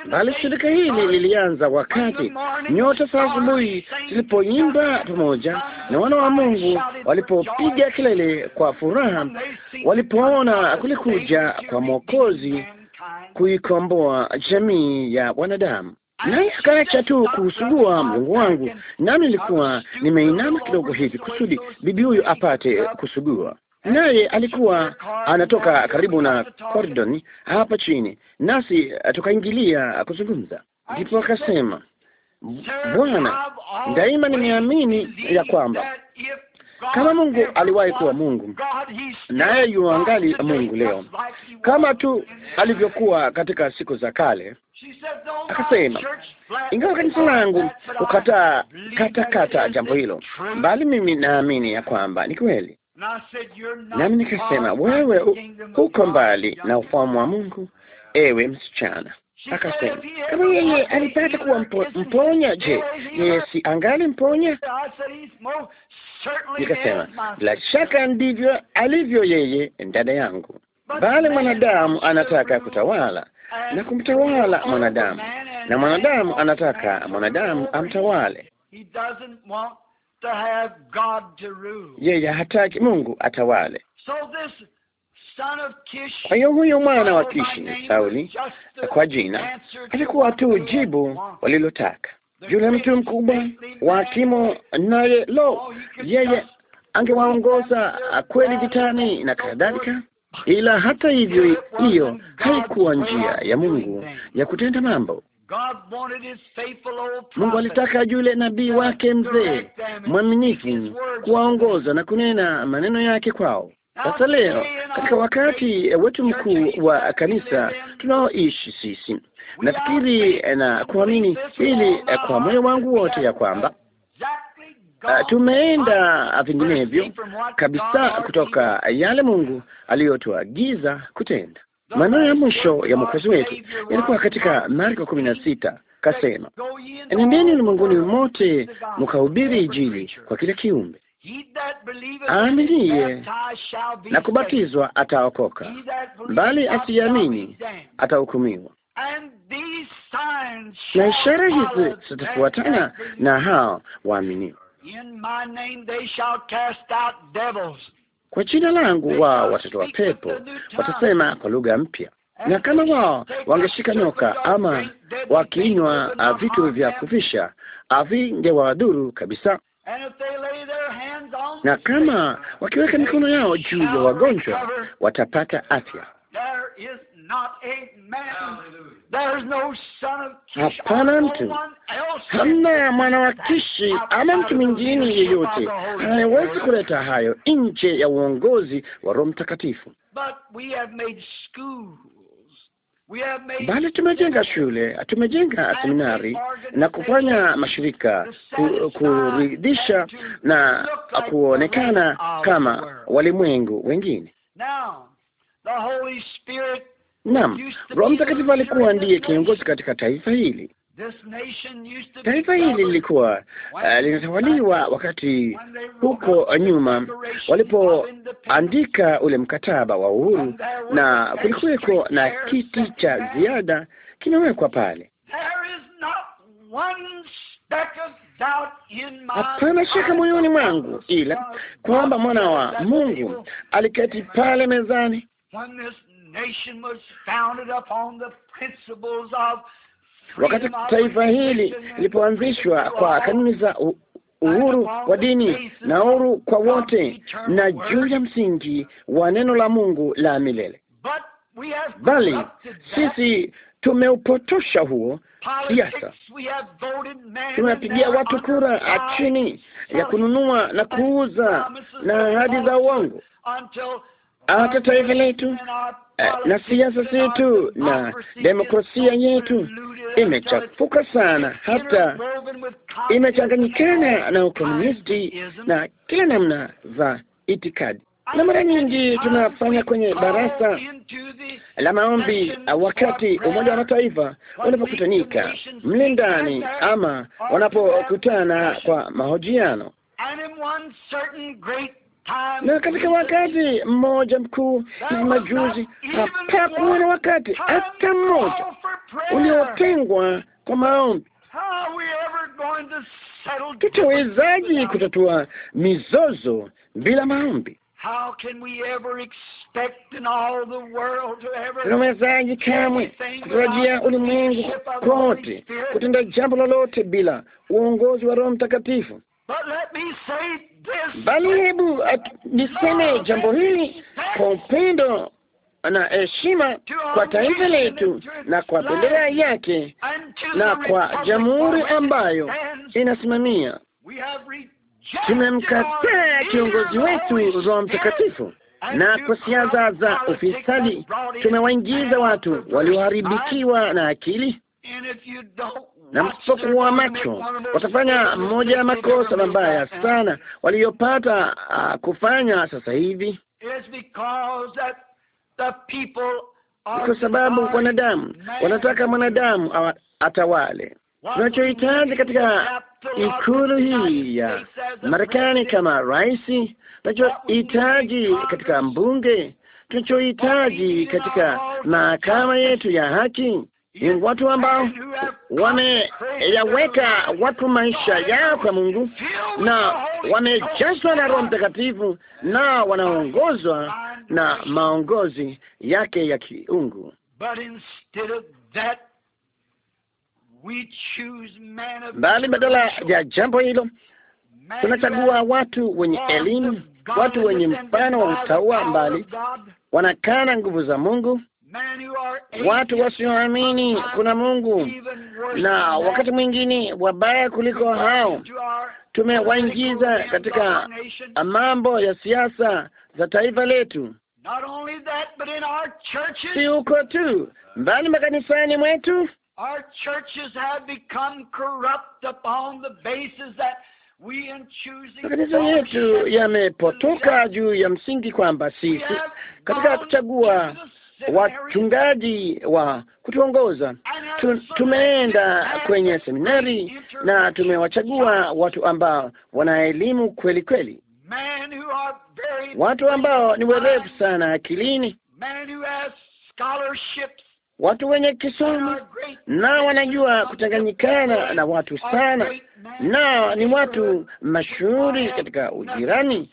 Speaker 3: bali shirika hili lilianza wakati nyota za asubuhi zilipoimba pamoja na wana wa Mungu
Speaker 1: walipopiga kelele kwa furaha, walipoona kulikuja kwa Mwokozi kuikomboa jamii ya wanadamu. Naye akaacha tu kuusugua mgongo wangu, nami nilikuwa nimeinama kidogo hivi kusudi bibi huyu apate kusugua. Naye alikuwa anatoka karibu na cordon hapa chini, nasi tukaingilia kuzungumza. Ndipo akasema,
Speaker 2: Bwana, daima nimeamini
Speaker 1: ya kwamba kama Mungu aliwahi kuwa Mungu, naye yuangali Mungu leo, kama tu alivyokuwa katika siku za kale. Akasema, ingawa kanisa langu ukataa kata kata jambo hilo, bali mimi naamini ya kwamba ni kweli.
Speaker 3: Nami nikasema, wewe
Speaker 1: huko mbali na ufahamu wa Mungu, ewe msichana. Akasema,
Speaker 3: kama yeye alipata kuwa mpo,
Speaker 1: mponya, je, yeye si angali mponya?
Speaker 3: nikasema, bila
Speaker 1: shaka ndivyo alivyo yeye, dada yangu,
Speaker 3: bali mwanadamu
Speaker 1: anataka kutawala
Speaker 3: na kumtawala mwanadamu, na mwanadamu
Speaker 1: anataka mwanadamu amtawale yeye hataki Mungu atawale.
Speaker 3: Kwa hiyo huyo mwana wa Kishi Sauli,
Speaker 1: kwa jina alikuwa tu jibu walilotaka yule mtu mkubwa wa kimo, naye lo, yeye angewaongoza kweli vitani na kadhalika. Ila hata hivyo, hiyo haikuwa njia ya Mungu ya kutenda mambo. Mungu alitaka yule nabii wake mzee mwaminifu kuwaongoza na kunena maneno yake kwao. Sasa leo katika wakati wetu mkuu wa kanisa tunaoishi sisi Nafikiri eh, na kuamini ili eh, kwa moyo wangu wote ya kwamba Uh, tumeenda vinginevyo kabisa kutoka yale Mungu aliyotuagiza kutenda. Maneno ya mwisho ya mwokozi wetu yalikuwa katika Marko kumi na sita, kasema nendeni ulimwenguni mote mkahubiri Injili kwa kila kiumbe, aaminiye na kubatizwa ataokoka, bali asiamini atahukumiwa
Speaker 3: na ishara hizi zitafuatana na
Speaker 1: hao waaminio. Kwa jina langu wao watatoa pepo, watasema kwa lugha mpya. Na kama wao wangeshika nyoka ama wakinywa vitu vya kuvisha avingewadhuru kabisa. Na kama wakiweka mikono yao juu ya wagonjwa, watapata afya.
Speaker 3: Hapana mtu,
Speaker 1: hamna mwana wa Kishi ama mtu mwingine yeyote anayewezi kuleta hayo nje ya uongozi wa Roho Mtakatifu.
Speaker 3: Bali tumejenga
Speaker 1: shule, tumejenga seminari na kufanya mashirika ku, kuridhisha na kuonekana kama walimwengu wengine. Now, Naam, Roho Mtakatifu alikuwa ndiye kiongozi katika taifa hili. Taifa hili lilikuwa uh, linatawaliwa wakati huko nyuma walipoandika ule mkataba wa uhuru,
Speaker 3: na kulikuweko na kiti
Speaker 1: cha ziada kinawekwa pale.
Speaker 3: Hapana shaka moyoni mwangu ila kwamba mwana wa Mungu
Speaker 1: aliketi pale mezani Wakati taifa hili lilipoanzishwa kwa kanuni za uhuru wa dini na uhuru kwa wote na juu ya msingi wa neno la Mungu la milele,
Speaker 3: bali sisi
Speaker 1: tumeupotosha huo siasa. Tunapigia watu kura chini ya kununua na kuuza na ahadi za uongo Ah, hata taifa letu eh, na siasa zetu na demokrasia yetu imechafuka sana, hata
Speaker 2: imechanganyikana
Speaker 1: na ukomunisti na kila namna za itikadi.
Speaker 2: Na mara nyingi tunafanya
Speaker 1: kwenye barasa la maombi, ah, wakati Umoja wa Mataifa unapokutanika mle ndani, ama wanapokutana kwa mahojiano
Speaker 3: na katika wakati mmoja mkuu hivi majuzi, hapakuwa
Speaker 1: na wakati hata mmoja uliotengwa kwa maombi.
Speaker 3: tutawezaji
Speaker 1: kutatua mizozo
Speaker 3: bila maombi? Tunawezaji kamwe kutarajia ulimwengu kote kutenda jambo lolote
Speaker 1: bila uongozi wa Roho Mtakatifu?
Speaker 3: bali hebu
Speaker 1: niseme jambo hili kwa upendo na heshima kwa taifa letu na kwa bendera yake
Speaker 3: na kwa jamhuri ambayo inasimamia.
Speaker 1: Tumemkataa kiongozi wetu Roho Mtakatifu, na kwa siasa za ufisadi tumewaingiza watu walioharibikiwa na akili
Speaker 2: na mpofu wa
Speaker 1: macho watafanya mmoja ya makosa mabaya sana waliyopata uh, ah, kufanya sasa hivi
Speaker 3: kwa sababu
Speaker 1: wanadamu wanataka mwanadamu atawale. Tunachohitaji katika ikulu hii ya Marekani kama rais, tunachohitaji katika mbunge, tunachohitaji katika mahakama yetu ya haki ni watu ambao
Speaker 3: wameyaweka
Speaker 1: watu maisha yao kwa Mungu na wamejazwa na Roho Mtakatifu na wanaongozwa na maongozi yake ya kiungu.
Speaker 3: Bali badala
Speaker 1: ya jambo hilo
Speaker 3: tunachagua watu wenye elimu, watu wenye mfano wa utaua mbali
Speaker 1: wanakana nguvu za Mungu watu wasioamini kuna Mungu na wakati mwingine wabaya kuliko hao. Tumewaingiza katika mambo ya siasa za taifa letu, si huko tu, mbali makanisani mwetu makanisa yetu yamepotoka juu ya msingi kwamba sisi katika kuchagua wachungaji wa kutuongoza. Tumeenda kwenye seminari na tumewachagua watu ambao wana elimu kweli kweli, watu ambao ni werevu sana akilini, watu wenye kisomo na wanajua kuchanganyikana na watu sana, na ni watu mashuhuri katika ujirani,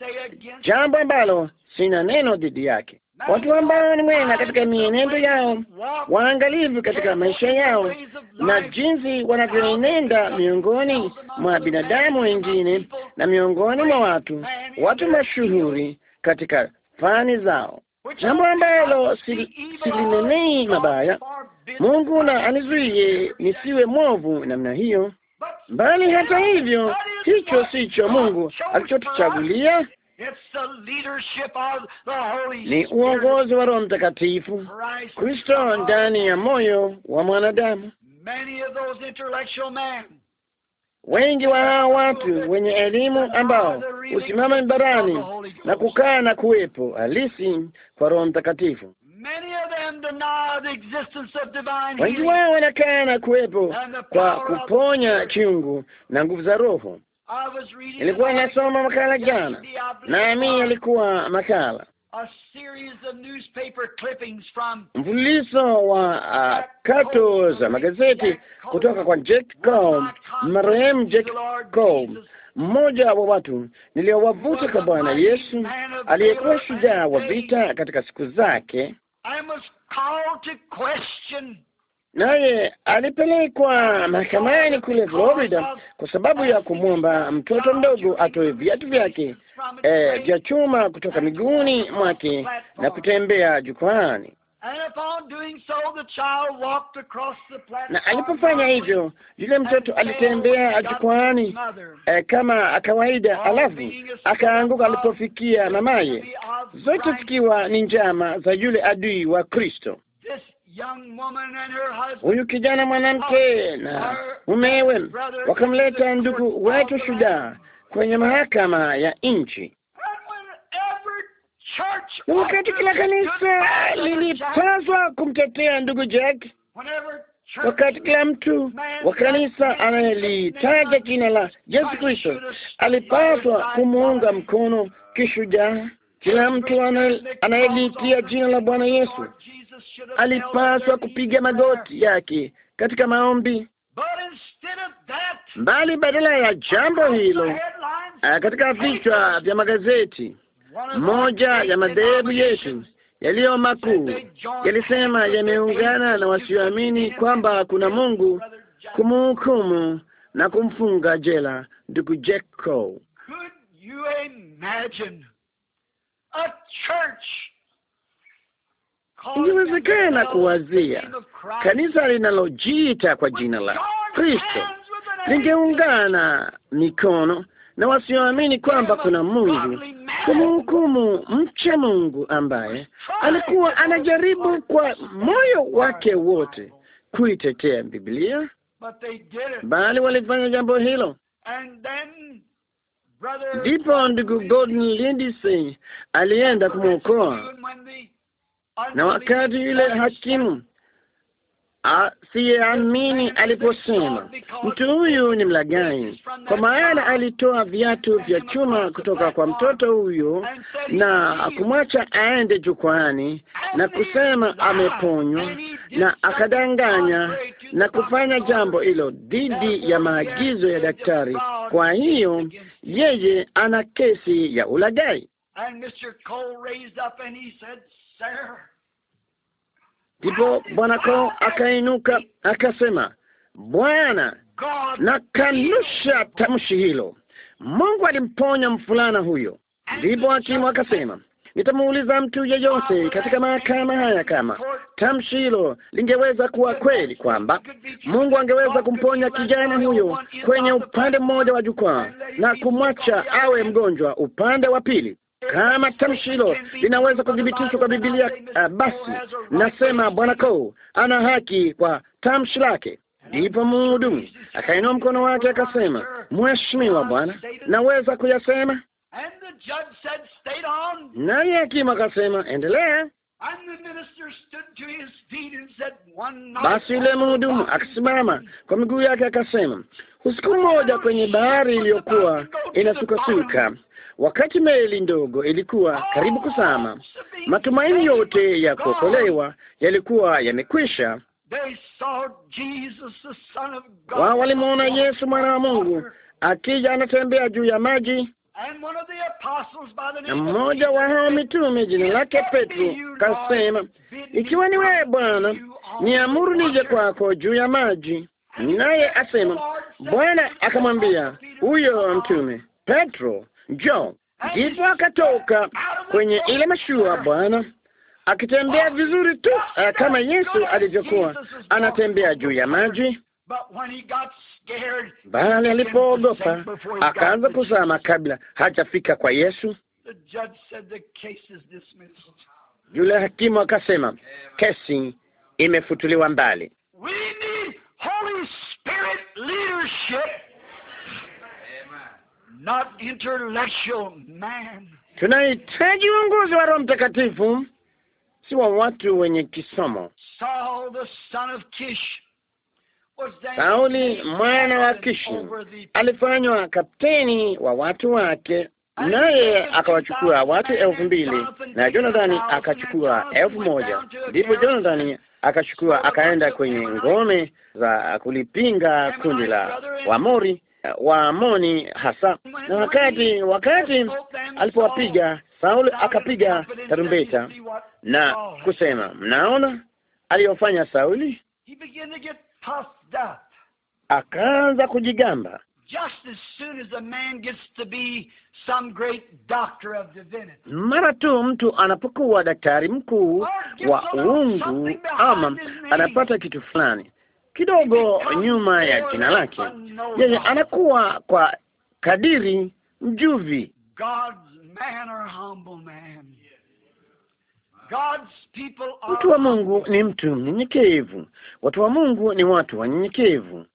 Speaker 1: jambo ambalo sina neno dhidi yake watu ambao ni mwema katika mienendo yao, waangalivu katika maisha yao na jinsi wanavyoenenda miongoni mwa binadamu wengine na miongoni mwa watu, watu mashuhuri katika fani zao, jambo ambalo silinenei mabaya. Mungu na anizuie nisiwe mwovu namna hiyo, bali hata hivyo, hicho sicho Mungu alichotuchagulia
Speaker 3: ni uongozi
Speaker 1: wa Roho Mtakatifu,
Speaker 3: Kristo ndani
Speaker 1: ya moyo wa mwanadamu. Wengi wa hawa watu wenye elimu ambao husimama mbarani na kukaa na kuwepo halisi kwa Roho Mtakatifu,
Speaker 3: wengi wao wanakaa na kuwepo kwa kuponya
Speaker 1: kiungu na nguvu za Roho.
Speaker 3: Nilikuwa nasoma makala jana, nami alikuwa makala
Speaker 1: mfululizo wa uh, kato za magazeti kutoka kwa Jack Combe, marehemu Jack Combe, mmoja wa watu niliowavuta kwa Bwana Yesu, aliyekuwa shujaa wa vita katika siku zake naye alipelekwa mahakamani kule Florida kwa sababu ya kumwomba mtoto mdogo atoe viatu vyake eh, vya chuma kutoka miguuni mwake na kutembea jukwani
Speaker 3: Na alipofanya
Speaker 1: hivyo, yule mtoto alitembea jukwaani eh, kama kawaida, alafu akaanguka alipofikia mamaye, zote zikiwa ni njama za yule adui wa Kristo
Speaker 3: huyu kijana mwanamke na mumewe
Speaker 1: wakamleta ndugu wetu shujaa kwenye mahakama ya nchi,
Speaker 3: na wakati kila kanisa lilipaswa
Speaker 1: kumtetea ndugu Jack, wakati kila mtu wa kanisa anayelitaja jina la Yesu Kristo alipaswa kumuunga mkono kishujaa, kila mtu anayelitia jina la Bwana Yesu alipaswa kupiga magoti yake katika maombi, mbali badala ya jambo hilo,
Speaker 3: eh, katika vichwa
Speaker 1: vya magazeti moja ya madhehebu yetu yaliyo makuu yalisema yameungana na wasioamini kwamba kuna Mungu, kumhukumu na kumfunga jela ndugu Jack
Speaker 3: Ingewezekana kuwazia kanisa
Speaker 1: linalojiita kwa jina la Kristo lingeungana mikono na wasioamini kwamba kuna Mungu kumhukumu mcha Mungu ambaye alikuwa anajaribu kwa moyo wake wote kuitetea Biblia,
Speaker 3: bali walifanya
Speaker 1: jambo hilo. Ndipo ndugu Gordon Lidis alienda kumwokoa
Speaker 3: na wakati yule
Speaker 1: hakimu asiyeamini aliposema, mtu huyu ni mlagai kwa maana alitoa viatu vya chuma kutoka kwa mtoto huyo na kumwacha aende jukwaani na kusema ameponywa, na akadanganya na kufanya jambo hilo dhidi ya maagizo ya daktari. Kwa hiyo yeye ana kesi ya ulagai Ndipo bwana Kao akainuka akasema, Bwana, nakanusha tamshi hilo. Mungu alimponya mfulana huyo. Ndipo hakimu akasema, nitamuuliza mtu yeyote katika mahakama haya kama tamshi hilo lingeweza kuwa kweli, kwamba Mungu angeweza kumponya kijana huyo kwenye upande mmoja wa jukwaa na kumwacha awe mgonjwa upande wa pili. Kama ah, tamshi hilo linaweza kudhibitishwa kwa Biblia, uh, basi nasema Bwana Koo ana haki kwa tamshi lake. Ndipo mhudumu akainua mkono wake akasema, Mheshimiwa Bwana, naweza kuyasema. Naye hakimu akasema, endelea.
Speaker 3: Basi yule mhudumu
Speaker 1: akasimama kwa miguu yake akasema, usiku mmoja kwenye bahari iliyokuwa inasukasuka Wakati meli ndogo ilikuwa oh, karibu kusama matumaini yote ya kuokolewa yalikuwa yamekwisha. Wao walimwona Yesu mwana wa Mungu akija anatembea juu ya maji,
Speaker 3: na mmoja wa hao
Speaker 1: mitume jina lake Petro kasema, ikiwa ni wewe Bwana, niamuru nije kwako juu ya maji. Naye asema, Bwana akamwambia huyo mtume Petro, Njoo. Ndipo akatoka kwenye ile mashua Bwana akitembea vizuri tu, eh, kama Yesu alivyokuwa anatembea juu ya maji.
Speaker 3: Bali alipoogopa akaanza
Speaker 1: kusama kabla hajafika kwa Yesu. Yule hakimu akasema, kesi imefutuliwa mbali. Tunahitaji uongozi wa Roho Mtakatifu, si wa watu wenye kisomo.
Speaker 3: Sauli mwana wa Kishi
Speaker 1: alifanywa kapteni wa watu wake, naye akawachukua watu elfu mbili na Jonathani akachukua elfu moja ndipo Jonathani akachukua akaenda kwenye ngome za kulipinga kundi la Wamori Eh, wa Amoni hasa. Na wakati wakati alipowapiga Sauli, akapiga tarumbeta na kusema, mnaona aliyofanya Sauli? Akaanza kujigamba mara tu mtu anapokuwa daktari mkuu wa uungu ama anapata kitu fulani kidogo nyuma ya jina lake. Yeye anakuwa kwa kadiri mjuvi. Mtu wa Mungu ni mtu mnyenyekevu. Watu wa Mungu ni watu wanyenyekevu.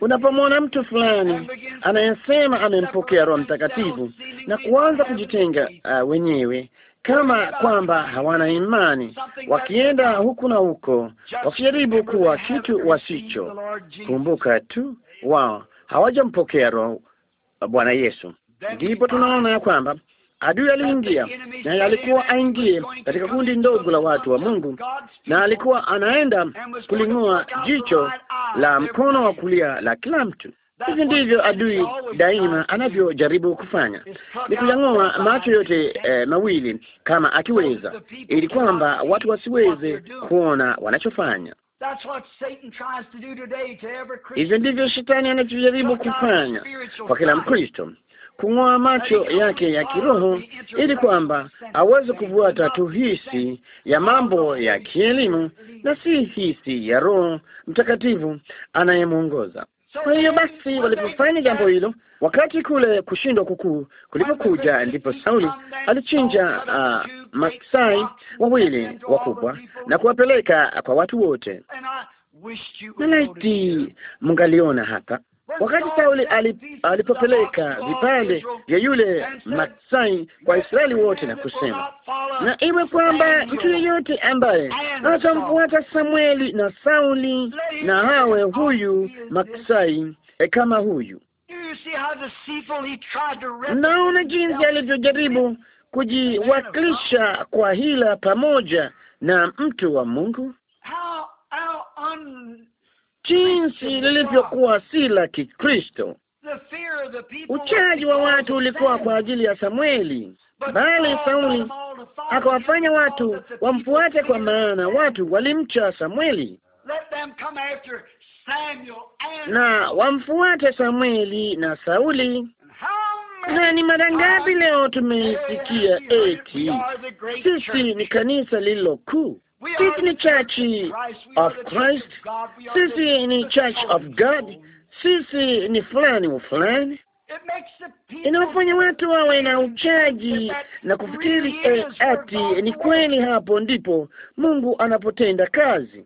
Speaker 1: Unapomwona mtu fulani anayesema amempokea Roho Mtakatifu na kuanza kujitenga uh, wenyewe kama kwamba hawana imani, wakienda huku na huko, wakijaribu kuwa kitu wasicho. Kumbuka tu wao hawajampokea Roho Bwana Yesu.
Speaker 3: Ndipo tunaona
Speaker 1: ya kwamba adui aliingia, na alikuwa aingie katika kundi ndogo la watu wa Mungu, na alikuwa anaenda kuling'oa jicho la mkono wa kulia la kila mtu. Hivi ndivyo adui daima anavyojaribu kufanya,
Speaker 3: ni kuyang'oa
Speaker 1: macho yote eh, mawili kama akiweza, ili kwamba watu wasiweze kuona wanachofanya. Hivyo ndivyo shetani anachojaribu kufanya kwa kila Mkristo, kung'oa macho yake ya kiroho ili kwamba aweze kuvuata tu hisi ya mambo ya kielimu na si hisi ya Roho Mtakatifu anayemwongoza. Kwa hiyo basi, walipofanya jambo hilo, wakati kule kushindwa kukuu kulipokuja, ndipo Sauli alichinja uh, ah, maksai wawili wakubwa na kuwapeleka kwa watu wote. Nalaiti mngaliona hapa Wakati Sauli alipopeleka vipande vya yule maksai kwa Israeli wote na kusema, na iwe kwamba mtu yeyote ambaye atamfuata Samueli na Sauli na hawe huyu maksai e, kama huyu. Naona jinsi alivyojaribu kujiwakilisha kwa hila pamoja na mtu wa Mungu jinsi lilivyokuwa si la Kikristo.
Speaker 3: Uchaji wa
Speaker 1: watu ulikuwa kwa ajili ya Samueli, bali Sauli akawafanya watu wamfuate, kwa maana watu walimcha Samueli
Speaker 3: na wamfuate Samueli
Speaker 1: na Sauli.
Speaker 3: Na ni mara ngapi leo tumeisikia
Speaker 1: eti sisi ni kanisa lililokuu sisi ni Church of Christ, sisi ni Church of God, sisi ni fulani wa fulani. Inawafanya watu wawe na uchaji na kufikiri eh, ati ni kweli. Hapo ndipo Mungu anapotenda kazi,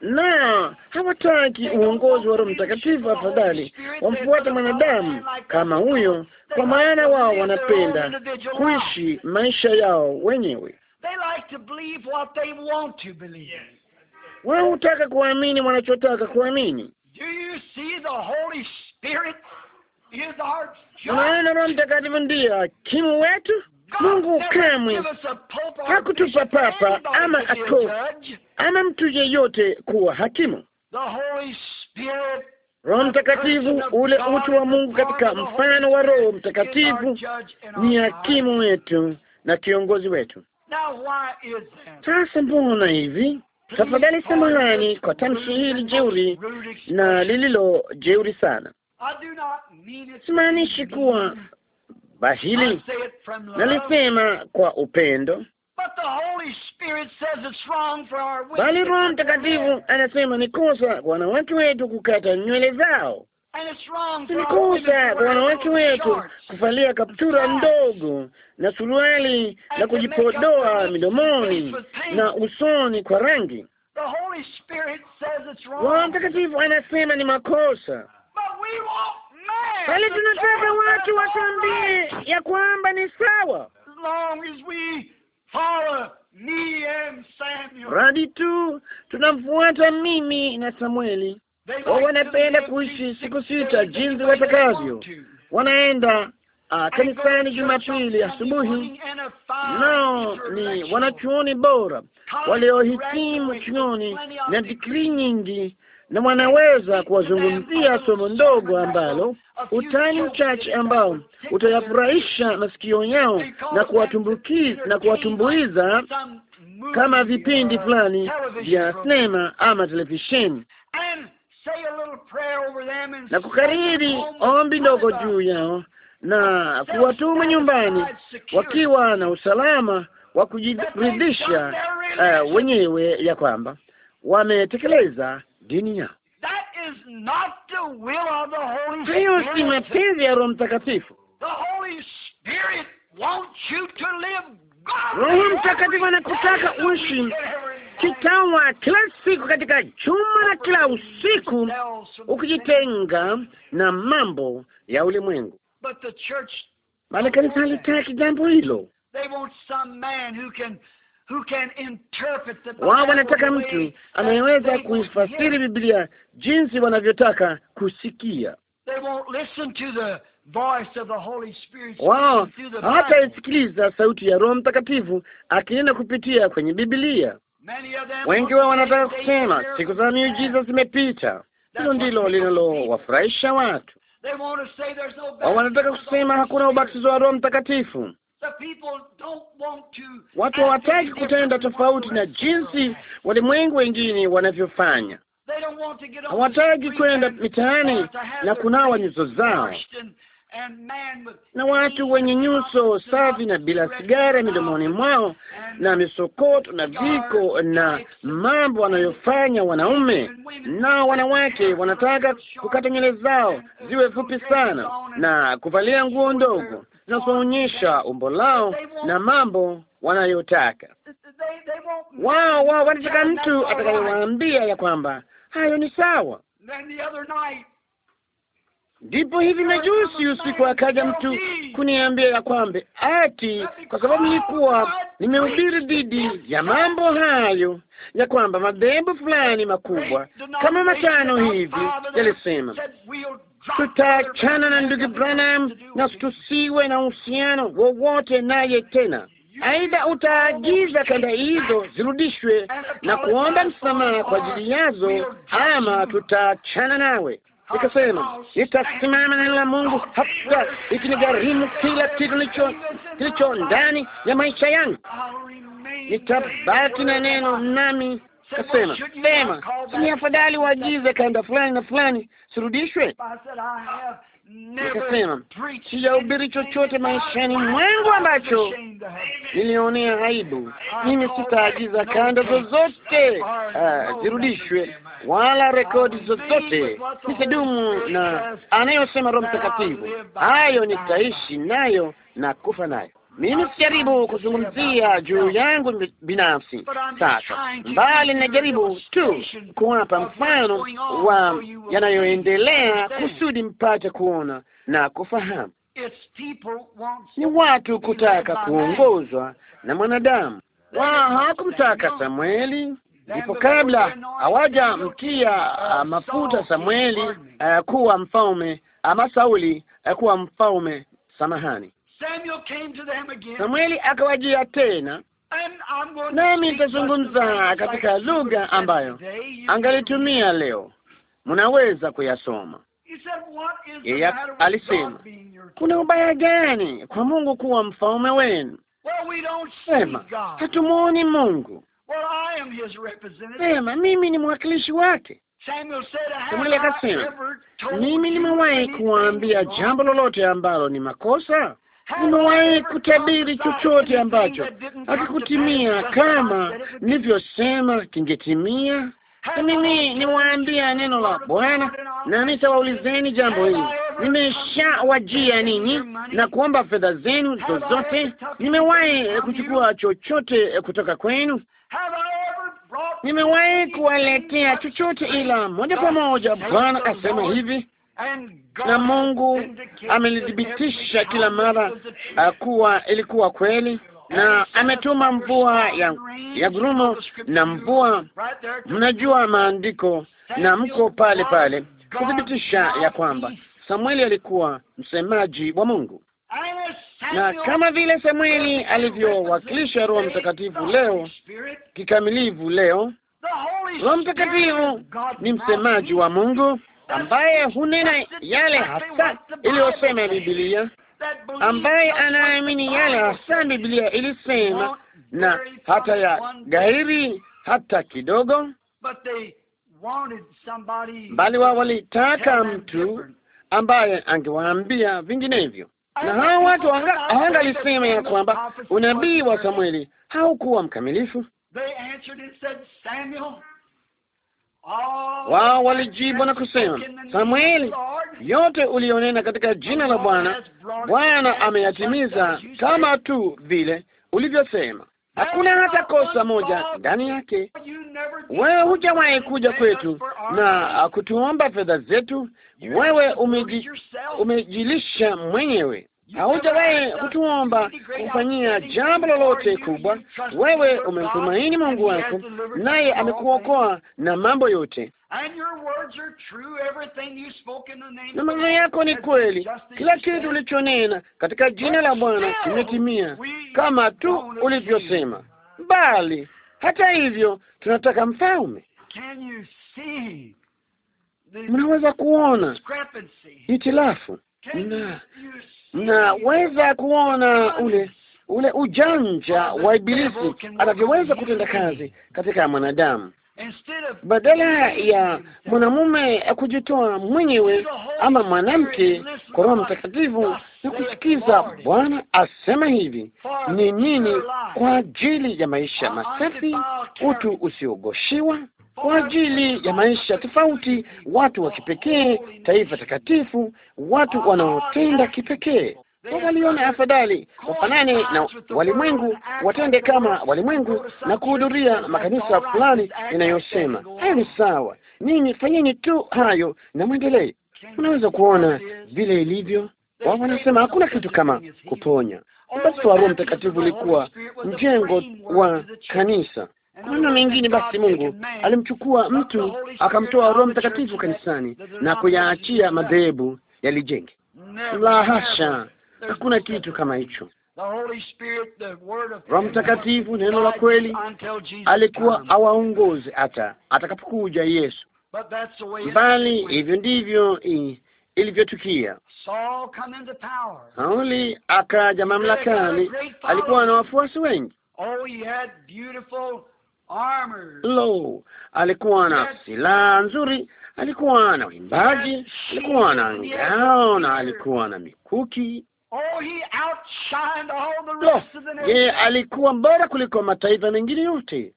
Speaker 1: na hawataki uongozi wa Roho Mtakatifu. Afadhali wamfuate mwanadamu kama huyo,
Speaker 3: kwa maana wao wanapenda kuishi
Speaker 1: maisha yao wenyewe. Wao hutaka kuamini wanachotaka kuamini. Unaona, Roho Mtakatifu ndiye hakimu wetu. Mungu kamwe hakutupa papa ama askofu ama mtu yeyote kuwa hakimu.
Speaker 3: Roho Mtakatifu,
Speaker 1: ule utu wa Mungu katika mfano wa Roho Mtakatifu, ni hakimu wetu na kiongozi wetu. Sasa mbona hivi? Tafadhali samahani kwa tamshi hili jeuri na lililo jeuri sana.
Speaker 3: Simaanishi kuwa
Speaker 1: bahili, nalisema kwa upendo,
Speaker 3: bali Roho Mtakatifu
Speaker 1: anasema ni kosa kwa wanawake wetu kukata nywele zao.
Speaker 3: Tulikosa kwa wanawake wetu
Speaker 1: kuvalia kaptura ndogo na suruali na kujipodoa midomoni na usoni kwa rangi.
Speaker 3: Roho Mtakatifu
Speaker 1: anasema ni makosa,
Speaker 3: bali tunataka watu wasambie
Speaker 1: ya kwamba ni sawa mradi tu tunamfuata mimi na Samueli wao wanapenda kuishi siku sita jinsi watakavyo. Wanaenda uh, kanisani Jumapili asubuhi, nao ni wanachuoni bora waliohitimu chuoni na digrii nyingi, na wanaweza kuwazungumzia somo ndogo ambalo utani mchache ambao utayafurahisha masikio yao na kuwatumbuki na kuwatumbuiza
Speaker 3: kama vipindi fulani vya sinema
Speaker 1: ama televisheni
Speaker 3: na kukariri ombi ndogo
Speaker 1: juu yao na kuwatuma nyumbani wakiwa na usalama wa kujiridhisha uh, wenyewe ya kwamba wametekeleza dini yao.
Speaker 3: Hiyo si mapenzi ya
Speaker 1: Roho Mtakatifu.
Speaker 3: Roho Mtakatifu
Speaker 1: anakutaka uishi kitawa kila siku katika juma na kila usiku, ukijitenga na mambo ya ulimwengu. Bali kanisa halitaki jambo hilo.
Speaker 3: Wao wanataka mtu anayeweza kuifasiri
Speaker 1: Biblia jinsi wanavyotaka kusikia wao hawataisikiliza sauti ya Roho Mtakatifu akinena kupitia kwenye Biblia.
Speaker 3: Wengi wao wanataka kusema siku
Speaker 1: za miujiza zimepita. Hilo ndilo linalowafurahisha watu. Wao wanataka kusema hakuna ubatizo wa Roho Mtakatifu. Watu hawataki kutenda tofauti na jinsi walimwengu wengine wanavyofanya.
Speaker 3: Hawataki
Speaker 1: kwenda mitaani na kunawa nyuso zao na watu wenye nyuso safi na bila sigara midomoni mwao na misokoto na viko na mambo wanayofanya wanaume. Nao wanawake wanataka kukata nywele zao ziwe fupi sana na kuvalia nguo ndogo zinazoonyesha umbo lao na mambo wanayotaka
Speaker 3: wao. Wao wanataka mtu atakayewaambia
Speaker 1: ya kwamba hayo ni sawa. Ndipo hivi majuzi usiku akaja mtu kuniambia ya kwamba ati kwa sababu nilikuwa nimehubiri dhidi ya mambo hayo, ya kwamba madhehebu fulani makubwa kama matano hivi yalisema tutaachana na ndugu Branham na tusiwe na uhusiano wowote naye tena, aidha utaagiza kanda hizo zirudishwe na kuomba msamaha kwa ajili yazo, ama tutaachana nawe nikasema itasimama neno la Mungu hata ikinigharimu kila kitu kilicho kilicho ndani ya maisha yangu, nitabaki na neno nami Kasema sema, ni afadhali uagize kanda fulani na fulani sirudishwe.
Speaker 3: Nikasema sijahubiri
Speaker 1: chochote maishani mwangu ambacho nilionea aibu. Mimi sitaagiza kanda zozote ah, zirudishwe, wala rekodi zozote nikidumu na anayosema Roho Mtakatifu, hayo nitaishi nayo na kufa nayo. Mimi sijaribu kuzungumzia juu yangu binafsi sasa, mbali najaribu tu kuwapa mfano wa yanayoendelea kusudi mpate kuona na kufahamu. Ni watu kutaka kuongozwa na mwanadamu. Wao hawakumtaka Samueli
Speaker 3: Ndipo kabla
Speaker 1: hawajamtia uh, uh mafuta Samueli uh, kuwa mfalme ama Sauli uh, kuwa mfalme, samahani.
Speaker 3: Samueli akawajia tena, nami nitazungumza katika lugha ambayo angalitumia
Speaker 1: leo, mnaweza kuyasoma.
Speaker 3: Yeye alisema,
Speaker 1: kuna ubaya gani kwa Mungu kuwa mfalme wenu?
Speaker 3: Sema, hatumwoni Mungu sema mimi
Speaker 1: ni mwakilishi wake.
Speaker 3: Samueli akasema, mimi nimewahi
Speaker 1: kuambia jambo lolote ambalo ni makosa? Nimewahi kutabiri chochote ambacho hakikutimia kama nilivyosema kingetimia? Mimi niwaambia neno la Bwana, na nitawaulizeni jambo hili. Nimeshawajia nini na kuomba fedha zenu zozote? Nimewahi kuchukua chochote kutoka kwenu? nimewahi kuwaletea chochote ila moja kwa moja Bwana asema hivi, na Mungu amelithibitisha kila mara kuwa ilikuwa kweli, na ametuma mvua ya, ya gurumo na mvua.
Speaker 2: Mnajua
Speaker 1: maandiko na mko pale pale kuthibitisha ya kwamba Samueli alikuwa msemaji wa Mungu
Speaker 3: na yaani kama vile Samueli
Speaker 1: alivyowakilisha Roho Mtakatifu leo kikamilifu leo,
Speaker 3: Roho Mtakatifu ni msemaji wa
Speaker 1: Mungu ambaye hunena yale hasa iliyosema Biblia,
Speaker 3: ambaye anaamini yale
Speaker 1: hasa Biblia ilisema na hata ya gairi hata kidogo,
Speaker 3: bali wao walitaka
Speaker 1: mtu ambaye angewaambia vinginevyo na hawa watu hawangalisema ya kwamba unabii wa Samueli haukuwa mkamilifu.
Speaker 3: Wao walijibu na kusema, Samueli,
Speaker 1: yote ulionena katika jina la Bwana, Bwana ameyatimiza kama tu vile ulivyosema hakuna hata kosa moja ndani yake. Wewe hujawahi kuja kwetu na kutuomba fedha zetu, wewe umeji, umejilisha mwenyewe haujawahi kutuomba kufanyia jambo lolote kubwa. Wewe umemtumaini Mungu wako, naye amekuokoa na mambo yote,
Speaker 3: na maneno yako
Speaker 1: ni kweli. Kila kitu ulichonena katika jina la Bwana kimetimia kama tu ulivyosema. Bali hata hivyo, tunataka mfalme.
Speaker 3: Mnaweza kuona
Speaker 1: hitilafu na naweza kuona ule ule ujanja wa Ibilisi anavyoweza kutenda kazi katika mwanadamu. Badala ya mwanamume kujitoa mwenyewe ama mwanamke kwa Roho Mtakatifu na kusikiza Bwana asema hivi ni nini kwa ajili ya maisha masafi, utu usiogoshiwa, kwa ajili ya maisha tofauti, watu wa kipekee, taifa takatifu, watu wanaotenda kipekee. Waliona afadhali wafanane na walimwengu, watende kama walimwengu na kuhudhuria makanisa fulani yanayosema hayo ni sawa, ninyi fanyeni tu hayo na mwendelee. Unaweza kuona vile ilivyo. Wao wanasema hakuna kitu kama kuponya. Basi wa Roho Mtakatifu ulikuwa mjengo wa kanisa Maneno mengine, basi Mungu alimchukua mtu akamtoa Roho Mtakatifu kanisani na kuyaachia madhehebu yalijenge.
Speaker 3: La hasha, hakuna
Speaker 1: kitu kama hicho.
Speaker 3: Roho Mtakatifu, neno la kweli, alikuwa
Speaker 1: awaongoze hata atakapokuja Yesu. Bali hivyo ndivyo ilivyotukia. Sauli akaja mamlakani, alikuwa na wafuasi wengi.
Speaker 3: Oh, he had beautiful
Speaker 1: Lo, alikuwa na silaha nzuri, alikuwa na wimbaji, alikuwa na ngao na alikuwa na mikuki.
Speaker 3: Oh, Lo,
Speaker 1: alikuwa bora kuliko mataifa mengine yote,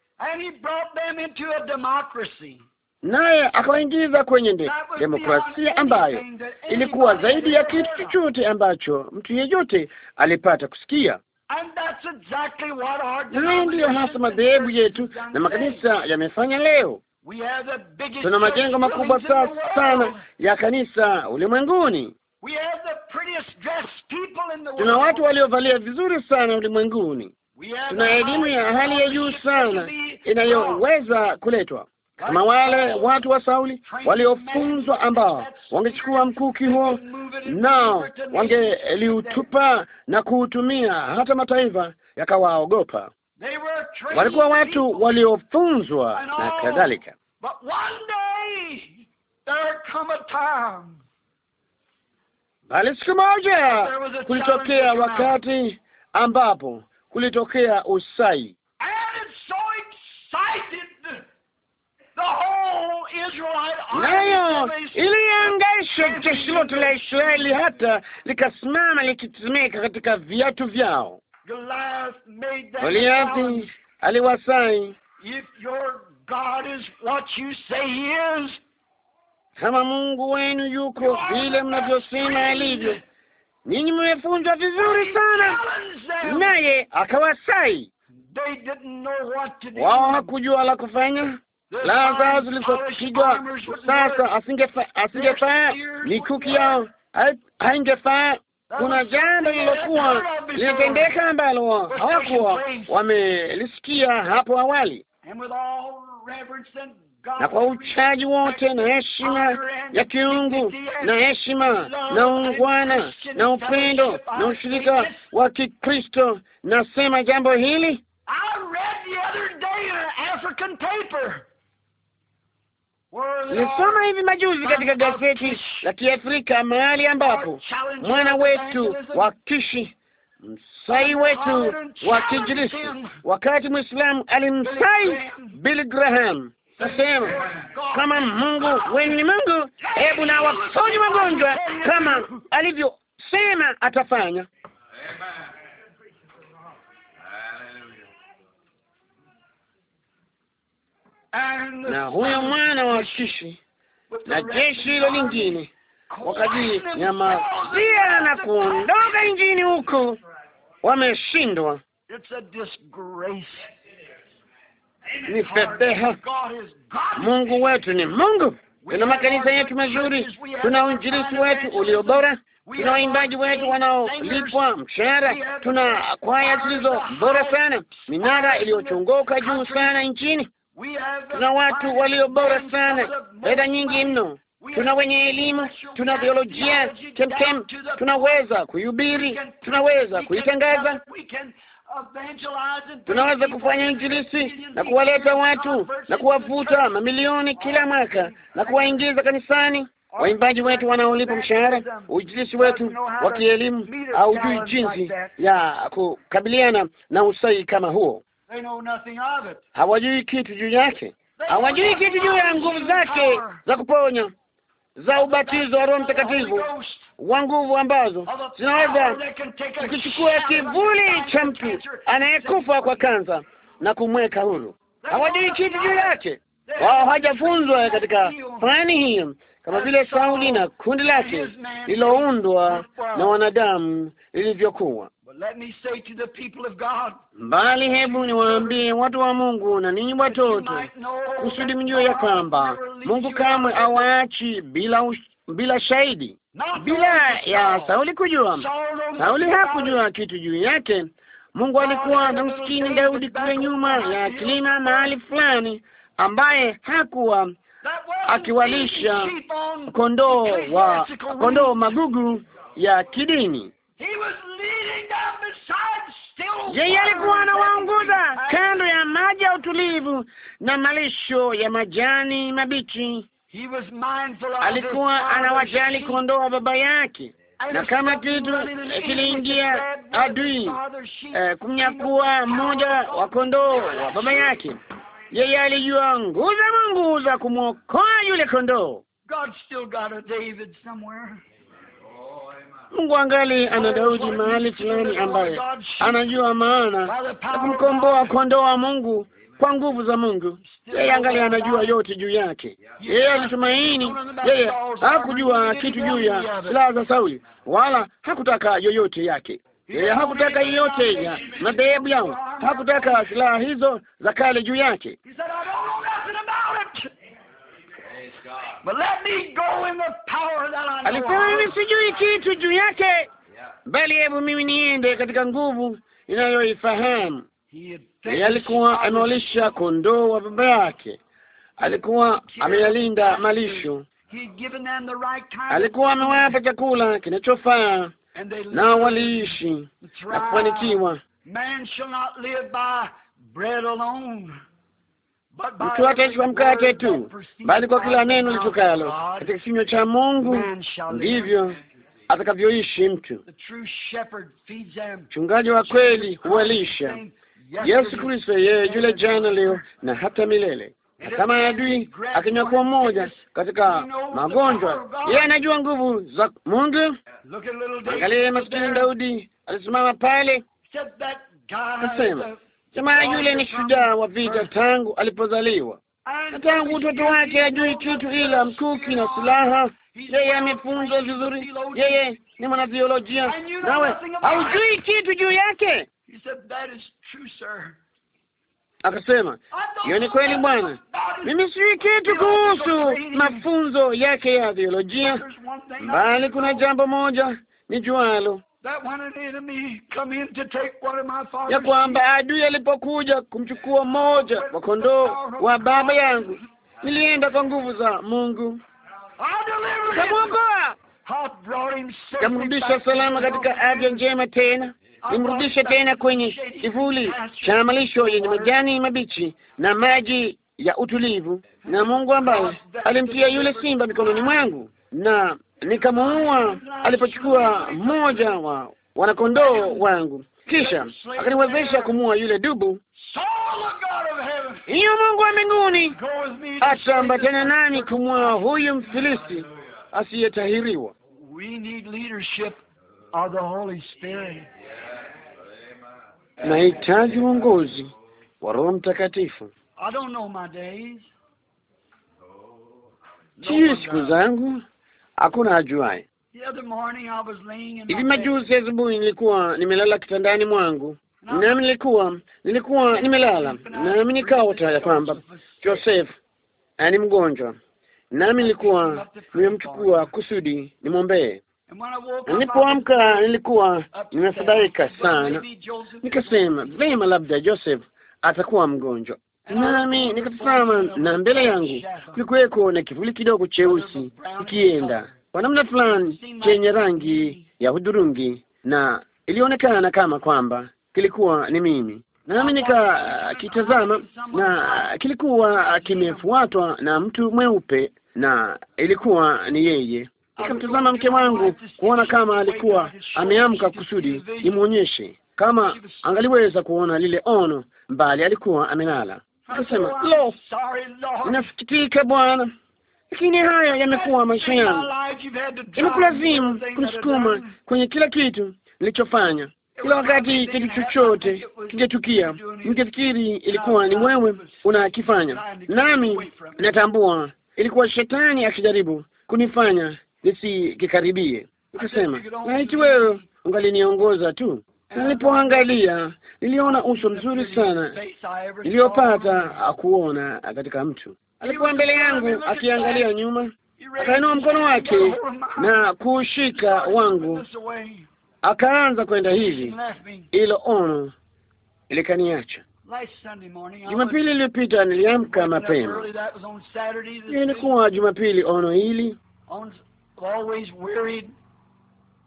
Speaker 1: naye akawaingiza kwenye de demokrasia ambayo
Speaker 3: ilikuwa zaidi ya
Speaker 1: kitu chochote ambacho mtu yeyote alipata kusikia.
Speaker 3: Hao ndiyo hasa
Speaker 1: madhehebu yetu na makanisa yamefanya leo.
Speaker 3: Tuna majengo makubwa sana
Speaker 1: ya kanisa ulimwenguni.
Speaker 3: Tuna watu waliovalia
Speaker 1: vizuri sana ulimwenguni.
Speaker 3: Tuna elimu ya hali ya juu sana inayoweza
Speaker 1: kuletwa kama wale watu wa Sauli waliofunzwa ambao wangechukua mkuki huo nao wangeliutupa na kuutumia hata mataifa yakawaogopa.
Speaker 3: Walikuwa watu
Speaker 1: waliofunzwa na kadhalika, bali siku moja kulitokea wakati ambapo kulitokea usai
Speaker 3: nayo iliangaisha
Speaker 1: jeshi lote la Israeli hata likasimama likitetemeka katika viatu vyao.
Speaker 3: Goliathi
Speaker 1: aliwasai, kama Mungu wenu yuko vile mnavyosema alivyo, ninyi mmefunzwa
Speaker 3: vizuri sana, naye akawasai wao hakujua la kufanya laza zilizopigwa sasa,
Speaker 1: asingefaa mikuki yao haingefaa. Kuna jambo lilokuwa linatendeka ambalo hawakuwa wamelisikia hapo awali, na kwa uchaji wote na heshima ya kiungu na heshima na ungwana na upendo na ushirika wa Kikristo, nasema jambo hili Nisoma hivi majuzi katika gazeti la Kiafrika mahali ambapo
Speaker 3: mwana wetu wa
Speaker 1: Kishi
Speaker 2: msai wetu wa Kijirisi,
Speaker 1: wakati Mwislamu alimsai Billy Graham kasema, kama Mungu weni ni Mungu, hebu na waponye wagonjwa kama alivyosema atafanya. na huyo mwana wa Kishi
Speaker 3: na jeshi hilo lingine
Speaker 1: wakajinyamazia na kuondoka nchini huko, wameshindwa.
Speaker 3: Ni pepeha. Mungu
Speaker 1: wetu ni Mungu.
Speaker 3: Tuna makanisa
Speaker 1: yetu mazuri, tuna uinjilisti wetu ulio bora, tuna waimbaji wetu wanaolipwa mshahara, tuna kwaya zilizo bora sana, minara iliyochongoka juu sana nchini Tuna watu walio bora sana, fedha nyingi mno, tuna wenye elimu, tuna biolojia chemchem, tunaweza kuihubiri, tunaweza kuitangaza, tunaweza kufanya injilisi na kuwaleta watu na kuwavuta mamilioni kila mwaka na kuwaingiza kanisani. Waimbaji wetu wanaolipa mshahara, ujilisi wetu wa kielimu haujui jinsi ya kukabiliana na usai kama huo hawajui kitu juu yake, hawajui kitu juu ya nguvu zake za kuponya, za ubatizo wa Roho Mtakatifu, wa nguvu ambazo zinaweza kuchukua kivuli cha mtu anayekufa kwa kansa na kumweka huru. Hawajui kitu juu yake, wao hawajafunzwa katika fani hiyo, kama vile Sauli na kundi lake lililoundwa na wanadamu lilivyokuwa. Bali hebu niwaambie watu wa Mungu na ninyi watoto, kusudi mjue ya kwamba Mungu kamwe awaachi bila bila shahidi, bila ya Sauli kujua. Sauli hakujua kitu juu yake. Mungu alikuwa na msikini Daudi kule nyuma ya kilima mahali fulani, ambaye hakuwa
Speaker 3: akiwalisha kondoo wa kondoo
Speaker 1: magugu ya kidini
Speaker 3: yeye alikuwa anawaongoza kando ya maji ya
Speaker 1: utulivu na malisho ya majani mabichi.
Speaker 3: Alikuwa anawajali kondoo
Speaker 1: wa baba yake, na kama kitu kiliingia adui eh, kumnyakua mmoja wa kondoo wa baba yake, yeye alijua nguvu za Mungu za kumwokoa yule kondoo. Mungu angali ana Daudi mahali fulani ambaye anajua maana ya kumkomboa kondoo wa Mungu kwa nguvu za Mungu. Yeye angali anajua yote juu yake. Yeye alitumaini, yeye hakujua kitu juu ya silaha za Sauli, wala hakutaka yoyote yake. Yeye hakutaka yoyote ya madhehebu yao, hakutaka silaha hizo za kale juu yake
Speaker 3: alikuwa mimi sijui
Speaker 1: kitu juu yake, bali hebu mimi niende katika nguvu inayoifahamu.
Speaker 3: Yeye
Speaker 1: alikuwa amewalisha kondoo wa baba yake, alikuwa ameyalinda malisho,
Speaker 3: alikuwa amewapa
Speaker 1: chakula kinachofaa, nao waliishi
Speaker 3: na kufanikiwa utoate kwa mkate tu, bali kwa kila neno litokalo katika
Speaker 1: kinywa cha Mungu, ndivyo atakavyoishi mtu. Mchungaji wa kweli huwalisha Yesu Kristo, yeye yule jana, leo na hata milele.
Speaker 3: na Kama adui akinyakua
Speaker 1: mmoja katika magonjwa, yeye anajua nguvu za Mungu.
Speaker 3: Angalia maskini
Speaker 1: Daudi alisimama pale,
Speaker 3: akasema Jamaa yule ni shujaa wa vita
Speaker 1: tangu alipozaliwa, na tangu utoto wake ajui kitu ila mkuki na silaha. Yeye amefunzwa vizuri, yeye ni mwanabiolojia, nawe haujui kitu juu yake. Akasema, hiyo ni kweli bwana, mimi sijui kitu kuhusu mafunzo yake ya biolojia,
Speaker 3: bali kuna jambo
Speaker 1: moja ni jualo
Speaker 3: ya kwamba adui alipokuja kumchukua
Speaker 1: mmoja wa kondoo wa baba yangu, nilienda kwa nguvu za Mungu
Speaker 3: kamwokoa, kamrudisha salama katika
Speaker 1: afya njema tena nimrudishe tena kwenye kivuli cha malisho yenye majani mabichi na maji ya utulivu, na Mungu ambaye alimtia yule simba mikononi mwangu na nikamuua alipochukua mmoja wa wanakondoo wangu, kisha akaniwezesha kumua yule dubu.
Speaker 3: Hiyo Mungu wa mbinguni ataambatana
Speaker 1: nani kumua huyu Mfilisti asiyetahiriwa?
Speaker 3: Nahitaji uongozi
Speaker 1: wa Roho Mtakatifu. Sijui siku zangu hakuna ajuaye.
Speaker 3: Hivi majuzi
Speaker 1: asubuhi nilikuwa nimelala kitandani mwangu, nami nilikuwa nilikuwa nimelala, nami nikaota ya kwamba Joseph eh, ni mgonjwa, nami nilikuwa nimemchukua kusudi nimwombee.
Speaker 3: Nilipoamka
Speaker 1: nilikuwa nimefadhaika sana, nikasema vema, labda Joseph atakuwa mgonjwa nami nikatazama, na mbele yangu kulikuweko na kivuli kidogo cheusi ikienda kwa namna fulani chenye rangi ya hudhurungi, na ilionekana kama kwamba kilikuwa ni mimi, nami nikakitazama, na kilikuwa kimefuatwa na mtu mweupe, na ilikuwa ni yeye. Nikamtazama mke wangu kuona kama alikuwa ameamka kusudi nimwonyeshe kama angaliweza kuona lile ono, mbali alikuwa amelala.
Speaker 3: Akasema, lo,
Speaker 1: oh, nasikitika Bwana, lakini haya yamekuwa maisha yangu. Imekulazimu kunisukuma kwenye kila kitu nilichofanya. Kila wakati kitu chochote kingetukia, ningefikiri ilikuwa ni wewe unakifanya, nami natambua ilikuwa shetani akijaribu kunifanya nisikikaribie. Ukasema naiti wewe ungaliniongoza tu. Eh, nilipoangalia niliona uso mzuri sana
Speaker 3: niliyopata
Speaker 1: kuona katika mtu. Alikuwa mbele yangu akiangalia nyuma, akainua mkono wake na kuushika wangu, akaanza kwenda hivi. Ilo ono ilikaniacha. Jumapili iliyopita niliamka mapema. Ilikuwa Jumapili ono hili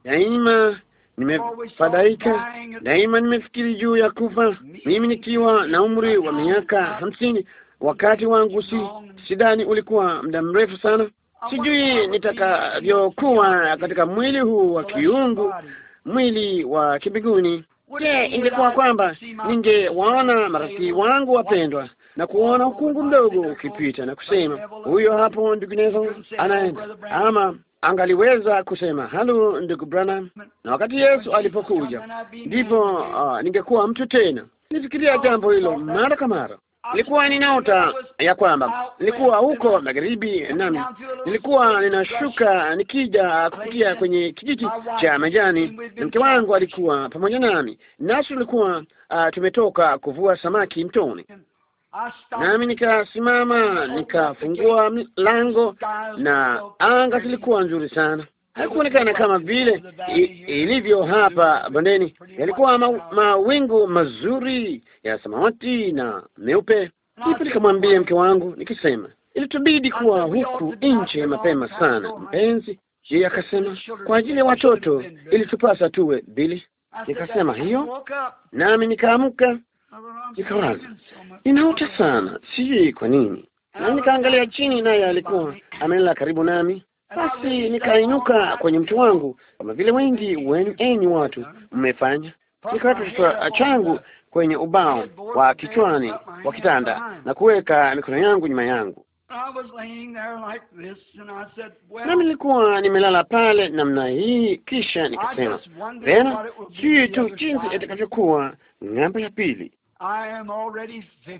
Speaker 1: daima nimefadhaika daima, nimefikiri juu ya kufa, mimi nikiwa na umri wa miaka hamsini. Wakati wangu si sidhani ulikuwa muda mrefu sana. Sijui nitakavyokuwa katika mwili huu wa kiungu, mwili wa kibiguni.
Speaker 2: Je, ingekuwa kwamba ningewaona
Speaker 1: marafiki wangu wapendwa na kuona ukungu mdogo ukipita na kusema, huyo hapo ndugunezo anaenda, ama angaliweza kusema halo, ndugu Branham. Na wakati Yesu alipokuja, ndipo uh, ningekuwa mtu tena. Nifikiria jambo hilo mara kwa mara. Nilikuwa ninaota ya kwamba nilikuwa huko magharibi, nami nilikuwa ninashuka nikija kupitia kwenye kijiji cha majani, na mke wangu alikuwa pamoja nami, nasi tulikuwa uh, tumetoka kuvua samaki mtoni nami nikasimama nikafungua mlango, na anga zilikuwa nzuri sana. Haikuonekana kama vile ilivyo hapa bondeni. Yalikuwa ma, mawingu mazuri ya samawati na meupe. Ipo nikamwambia mke wangu nikisema, ilitubidi kuwa huku nje mapema sana mpenzi. Yeye akasema kwa ajili ya watoto ilitupasa tuwe bili. Nikasema hiyo nami nikaamka Nikaona ninaota sana, sijui kwa nini, na nikaangalia chini, naye alikuwa amelala karibu nami. Basi nikainuka kwenye mtu wangu, kama vile wengi weni enyi watu mmefanya.
Speaker 3: Nikaweka kichwa changu
Speaker 1: kwenye ubao wa kichwani wa kitanda na kuweka mikono yangu nyuma yangu, nami nilikuwa nimelala pale namna hii. Kisha nikasema, vema,
Speaker 3: sijui tu jinsi itakavyokuwa
Speaker 1: ng'ambo ya pili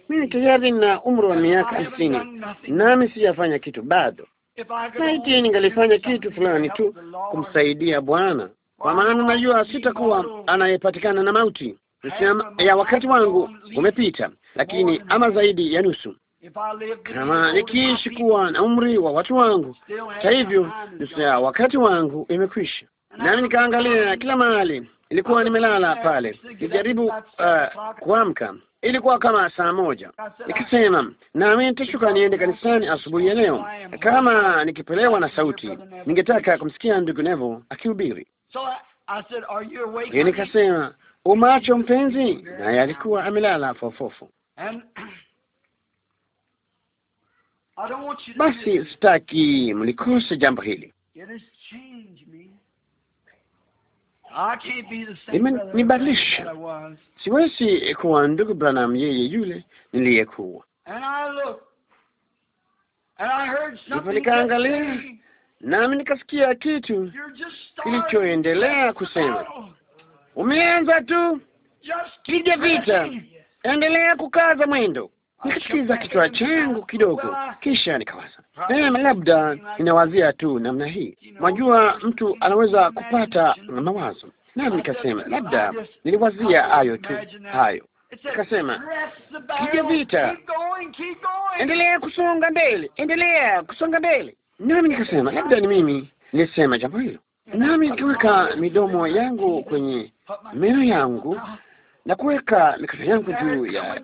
Speaker 1: mimi tayari nina umri wa miaka hamsini, nami sijafanya kitu bado.
Speaker 3: Laiti ningalifanya
Speaker 1: kitu fulani tu kumsaidia Bwana, kwa maana najua sitakuwa anayepatikana na mauti. Nisema ya wakati wangu umepita, lakini ama zaidi ya nusu.
Speaker 3: Kama nikiishi
Speaker 1: kuwa na umri wa watu wangu,
Speaker 3: hata hivyo,
Speaker 1: ya wakati wangu imekwisha
Speaker 3: nami nikaangalia
Speaker 1: kila mahali. Ilikuwa nimelala pale, nijaribu uh, kuamka. Ilikuwa kama saa moja, nikisema nami nitashuka niende kanisani asubuhi ya leo. Kama nikipelewa na sauti, ningetaka kumsikia ndugu Nevo akihubiri.
Speaker 3: Nikasema,
Speaker 1: umacho mpenzi? Naye alikuwa amelala fofofo. Basi sitaki mlikose jambo hili
Speaker 3: imenibadilisha,
Speaker 1: siwezi kuwa ndugu Branham yeye yule niliyekuwa.
Speaker 3: Ndipo nikaangalia
Speaker 1: nami nikasikia kitu
Speaker 3: kilichoendelea kusema,
Speaker 1: umeanza tu,
Speaker 3: piga vita,
Speaker 1: endelea kukaza mwendo nikasikiza kichwa changu kidogo, kisha nikawaza nema, labda ninawazia tu namna hii. Mwajua, mtu anaweza kupata mawazo nami nikasema labda niliwazia hayo tu hayo.
Speaker 3: Nikasema piga vita, endelea kusonga mbele, endelea kusonga mbele.
Speaker 1: Nami nikasema labda ni mimi nilisema jambo hilo, nami nikiweka midomo yangu kwenye meno yangu na kuweka mikono yangu juu ya eh,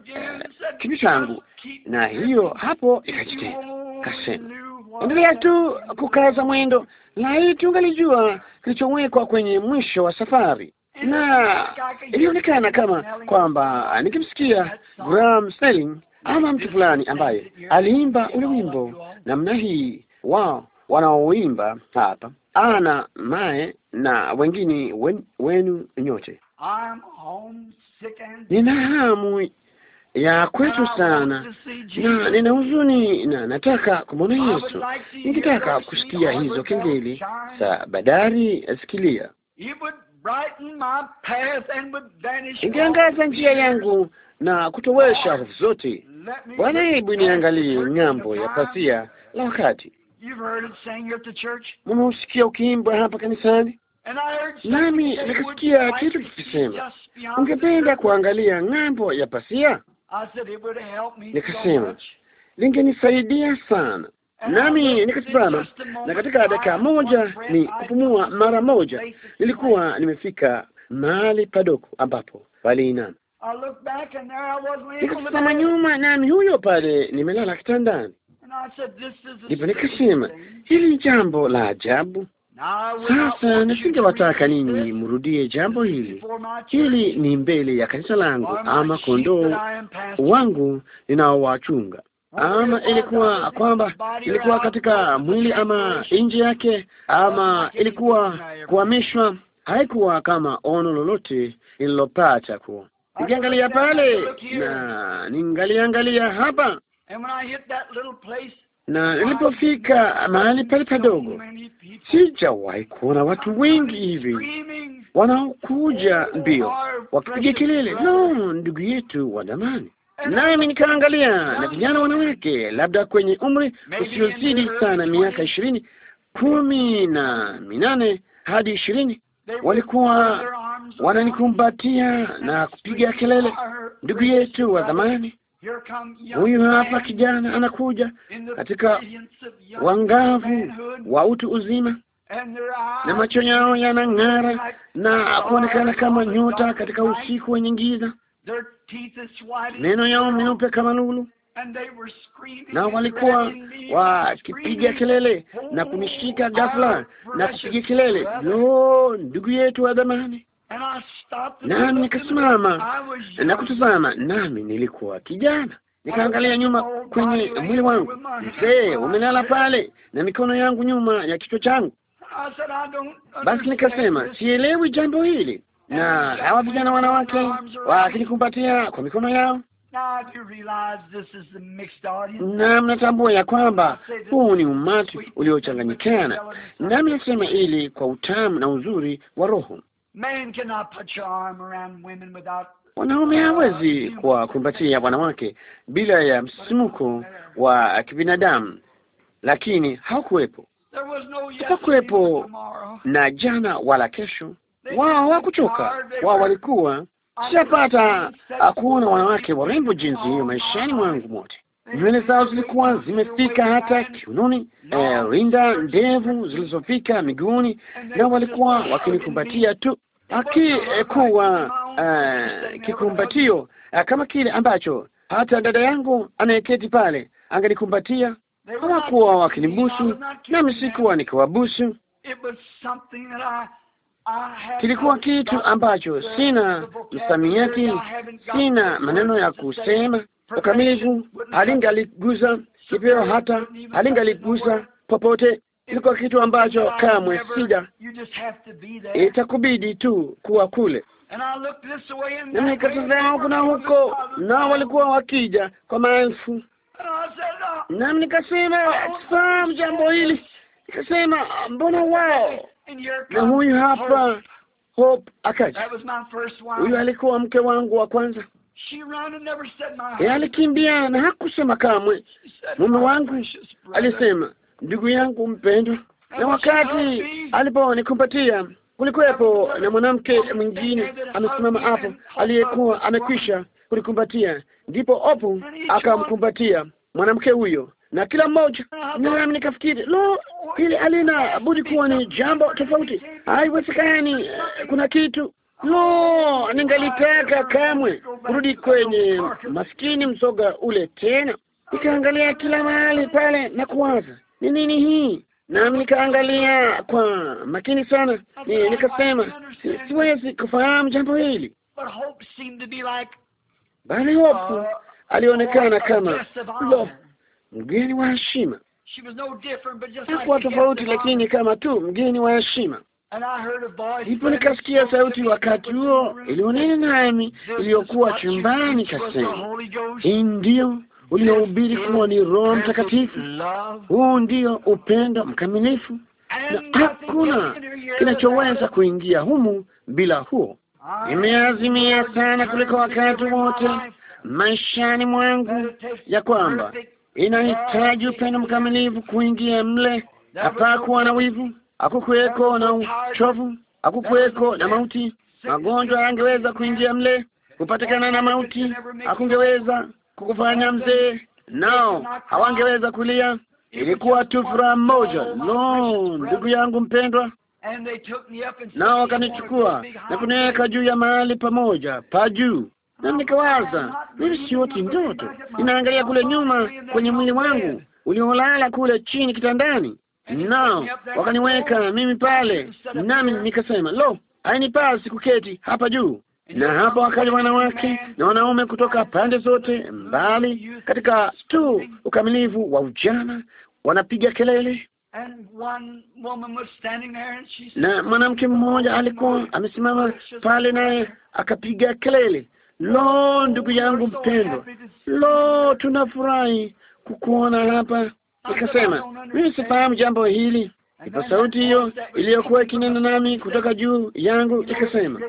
Speaker 1: kitu changu, na hiyo hapo ikajitenga. Kasema, endelea tu kukaza mwendo, laiti tungalijua kilichowekwa kwenye mwisho wa safari. Na
Speaker 2: ilionekana kama kwamba
Speaker 1: nikimsikia Graham Sterling ama mtu fulani ambaye aliimba ule wimbo namna hii, wao wanaoimba hapa, ana mae na wengine wen, wenu nyote nina hamu ya kwetu sana na nina huzuni na nataka kumwona Yesu.
Speaker 3: nikitaka
Speaker 1: kusikia hizo kengeli za badari Asikilia,
Speaker 3: ingeangaza
Speaker 1: njia yangu na kutowesha oh, hofu zote. Bwana, hebu niangalie ng'ambo ya pasia la wakati. Mmeusikia ukiimbwa hapa kanisani
Speaker 3: nami nikasikia
Speaker 1: kitu kikisema, ungependa kuangalia ng'ambo ya pasia?
Speaker 3: Nikasema
Speaker 1: lingenisaidia sana nami nikasimama, na katika dakika moja ni kupumua mara moja, nilikuwa nimefika mahali padogo ambapo waliinama.
Speaker 3: Nikasema nyuma,
Speaker 1: nami huyo pale nimelala kitandani.
Speaker 3: Ndipo nikasema
Speaker 1: hili jambo la ajabu. Sasa nisingewataka ninyi mrudie jambo hili. Hili ni mbele ya kanisa langu, ama kondoo wangu ninaowachunga, ama ilikuwa kwamba ilikuwa katika mwili ama nje yake, ama ilikuwa kuhamishwa. Haikuwa kama ono lolote nililopata kuwa ningeangalia pale na ningaliangalia hapa na nilipofika mahali pale padogo, sijawahi kuona watu wengi hivi wanaokuja mbio wakipiga kelele, no, ndugu yetu wa zamani. Nami nikaangalia na vijana wanawake, labda kwenye umri usiozidi sana miaka ishirini, kumi na minane hadi ishirini, walikuwa wananikumbatia na kupiga kelele, ndugu yetu wa zamani Huyu hapa kijana anakuja katika wangavu wa utu uzima na macho yao yanang'ara na kuonekana kama nyota katika usiku wenye giza,
Speaker 3: meno yao meupe kama lulu, na walikuwa
Speaker 1: wakipiga kelele na oh, kunishika ghafla na kupiga kelele, lo, ndugu yetu wa dhamani
Speaker 3: nami nikasimama na
Speaker 1: kutazama, nami nilikuwa kijana. Nikaangalia nyuma kwenye mwili wangu, mzee umelala pale na mikono yangu nyuma ya kichwa changu.
Speaker 3: Basi nikasema
Speaker 1: sielewi jambo hili, na hawa vijana wanawake wakinikumbatia kwa mikono yao na mnatambua ya kwamba huu ni umati uliochanganyikana. Nami nasema ili kwa utamu na uzuri wa roho wanaume hawezi kwa kumpatia wanawake bila ya msimuko wa kibinadamu, lakini hakuwepo hakuwepo na jana wala kesho. Wao hawakuchoka, wao walikuwa sijapata kuona wanawake warembo jinsi hiyo oh, maishani mwangu mote nywele zao zilikuwa zimefika hata kiunoni, eh, rinda ndevu zilizofika miguuni, na walikuwa wakinikumbatia tu, akikuwa uh, kikumbatio uh, kama kile ambacho hata dada yangu anayeketi pale angenikumbatia.
Speaker 3: Hawakuwa wakinibusu,
Speaker 1: nami sikuwa nikiwabusu. Kilikuwa kitu ambacho sina msamiati, sina maneno ya kusema ukamilifu, halingaligusa kipeo, hata halingaligusa popote. Ilikuwa kitu ambacho kamwe sija,
Speaker 3: itakubidi
Speaker 1: tu kuwa kule
Speaker 3: na nikatazama
Speaker 1: huku na huko, nao walikuwa wakija kwa maelfu, nami nikasema fahamu jambo hili, nikasema mbona wao na huyu hapa Hope akaja. Huyu alikuwa mke wangu wa kwanza.
Speaker 3: Eh, alikimbia
Speaker 1: na hakusema kamwe.
Speaker 3: Mume wangu
Speaker 1: alisema, ndugu yangu mpendwa, na wakati aliponikumbatia kulikuwepo na mwanamke mwingine amesimama hapo, aliyekuwa amekwisha kulikumbatia. Ndipo Opu akamkumbatia mwanamke huyo, na kila mmoja nami nikafikiri, lo, hili alina budi kuwa ni jambo tofauti, haiwezekani, eh, kuna kitu Lo, ningalitaka kamwe kurudi kwenye maskini msoga ule tena. Nikaangalia kila mahali pale na kuwaza ni nini hii, nami nikaangalia kwa makini sana, nikasema siwezi kufahamu jambo hili, bali hofu uh,
Speaker 3: alionekana kama
Speaker 1: lo, mgeni wa heshima.
Speaker 3: Hakuwa tofauti, lakini
Speaker 1: kama tu mgeni wa heshima Ndipo nikasikia sauti wakati huo ilionena nami iliyokuwa chumbani, kasema hii ndio uliohubiri kuwa ni Roho Mtakatifu, huu ndio upendo mkamilifu, na hakuna kinachoweza kuingia humu bila huo. Ah, Nimeazimia sana kuliko wakati wote maishani mwangu ya kwamba inahitaji upendo mkamilifu kuingia mle, hapakuwa na wivu akukuweko na uchovu, akukuweko na mauti. Magonjwa yangeweza kuingia mle, kupatikana na mauti hakungeweza kukufanya mzee, nao hawangeweza kulia. Ilikuwa tu furaha mmoja. Lo, ndugu yangu mpendwa, nao wakanichukua na kuniweka juu ya mahali pamoja pa juu na nikawaza, mimi sioti ndoto, ninaangalia kule nyuma kwenye mwili wangu uliolala kule chini kitandani, nao wakaniweka mimi pale, nami nikasema lo, hainipasi kuketi hapa juu. Na hapo wakaja wanawake na wanaume kutoka pande zote mbali, katika tu ukamilifu wa ujana, wanapiga kelele. Na mwanamke mmoja alikuwa amesimama pale, naye akapiga kelele, lo, oh, ndugu yangu mpendwa, lo, tunafurahi kukuona hapa Nikasema mimi sifahamu jambo hili. Ipo sauti hiyo iliyokuwa ikinena nami kutoka juu yangu ikasema,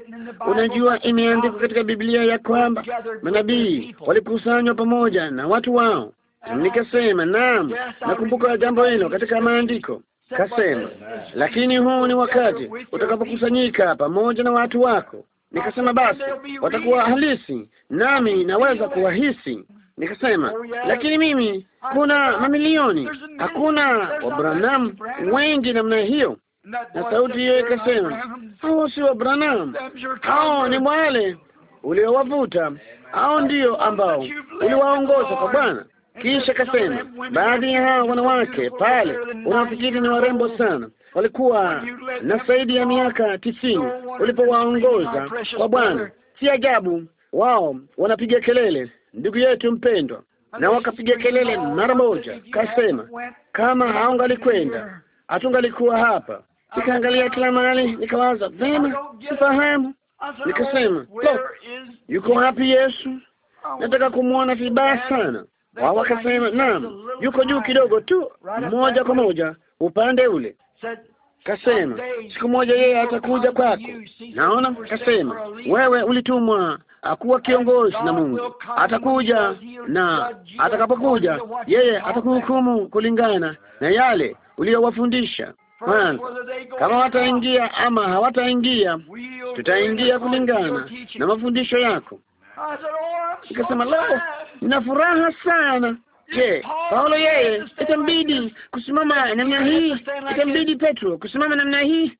Speaker 1: unajua, imeandikwa katika Biblia ya kwamba manabii walikusanywa pamoja na watu wao. Nikasema naam, nakumbuka jambo hilo katika maandiko. Kasema, lakini huu ni wakati utakapokusanyika pamoja na watu wako. Nikasema basi watakuwa halisi, nami naweza kuwahisi. Nikasema, oh, lakini mimi
Speaker 2: kuna mamilioni,
Speaker 1: hakuna Wabranham wengi namna hiyo. Na sauti hiyo ikasema, hao si Wabranham, hao ni wale uliowavuta, hao ndio ambao uliwaongoza kwa Bwana. Kisha kasema, baadhi ya hao wanawake pale unafikiri ni warembo sana walikuwa na zaidi ya miaka tisini ulipowaongoza kwa Bwana. Si ajabu wao wanapiga kelele ndugu yetu mpendwa, na wakapiga kelele mara moja, kasema
Speaker 2: kama haungalikwenda
Speaker 1: hatungalikuwa hapa. Nikaangalia kila mahali, nikawaza vema, sifahamu. Nikasema, yuko wapi Yesu? Nataka kumwona vibaya sana. Wao wakasema naam, yuko juu kidogo tu, moja kwa moja upande ule. Kasema siku moja yeye atakuja kwako. Naona kasema wewe ulitumwa kuwa kiongozi na Mungu. Atakuja na atakapokuja, yeye atakuhukumu kulingana na yale uliyowafundisha kwanza. Kama wataingia ama hawataingia, tutaingia kulingana na mafundisho yako.
Speaker 3: Oh, Nikasema leo
Speaker 1: nina furaha sana. Je, Paulo yeye itambidi kusimama namna hii? Itambidi Petro kusimama namna hii?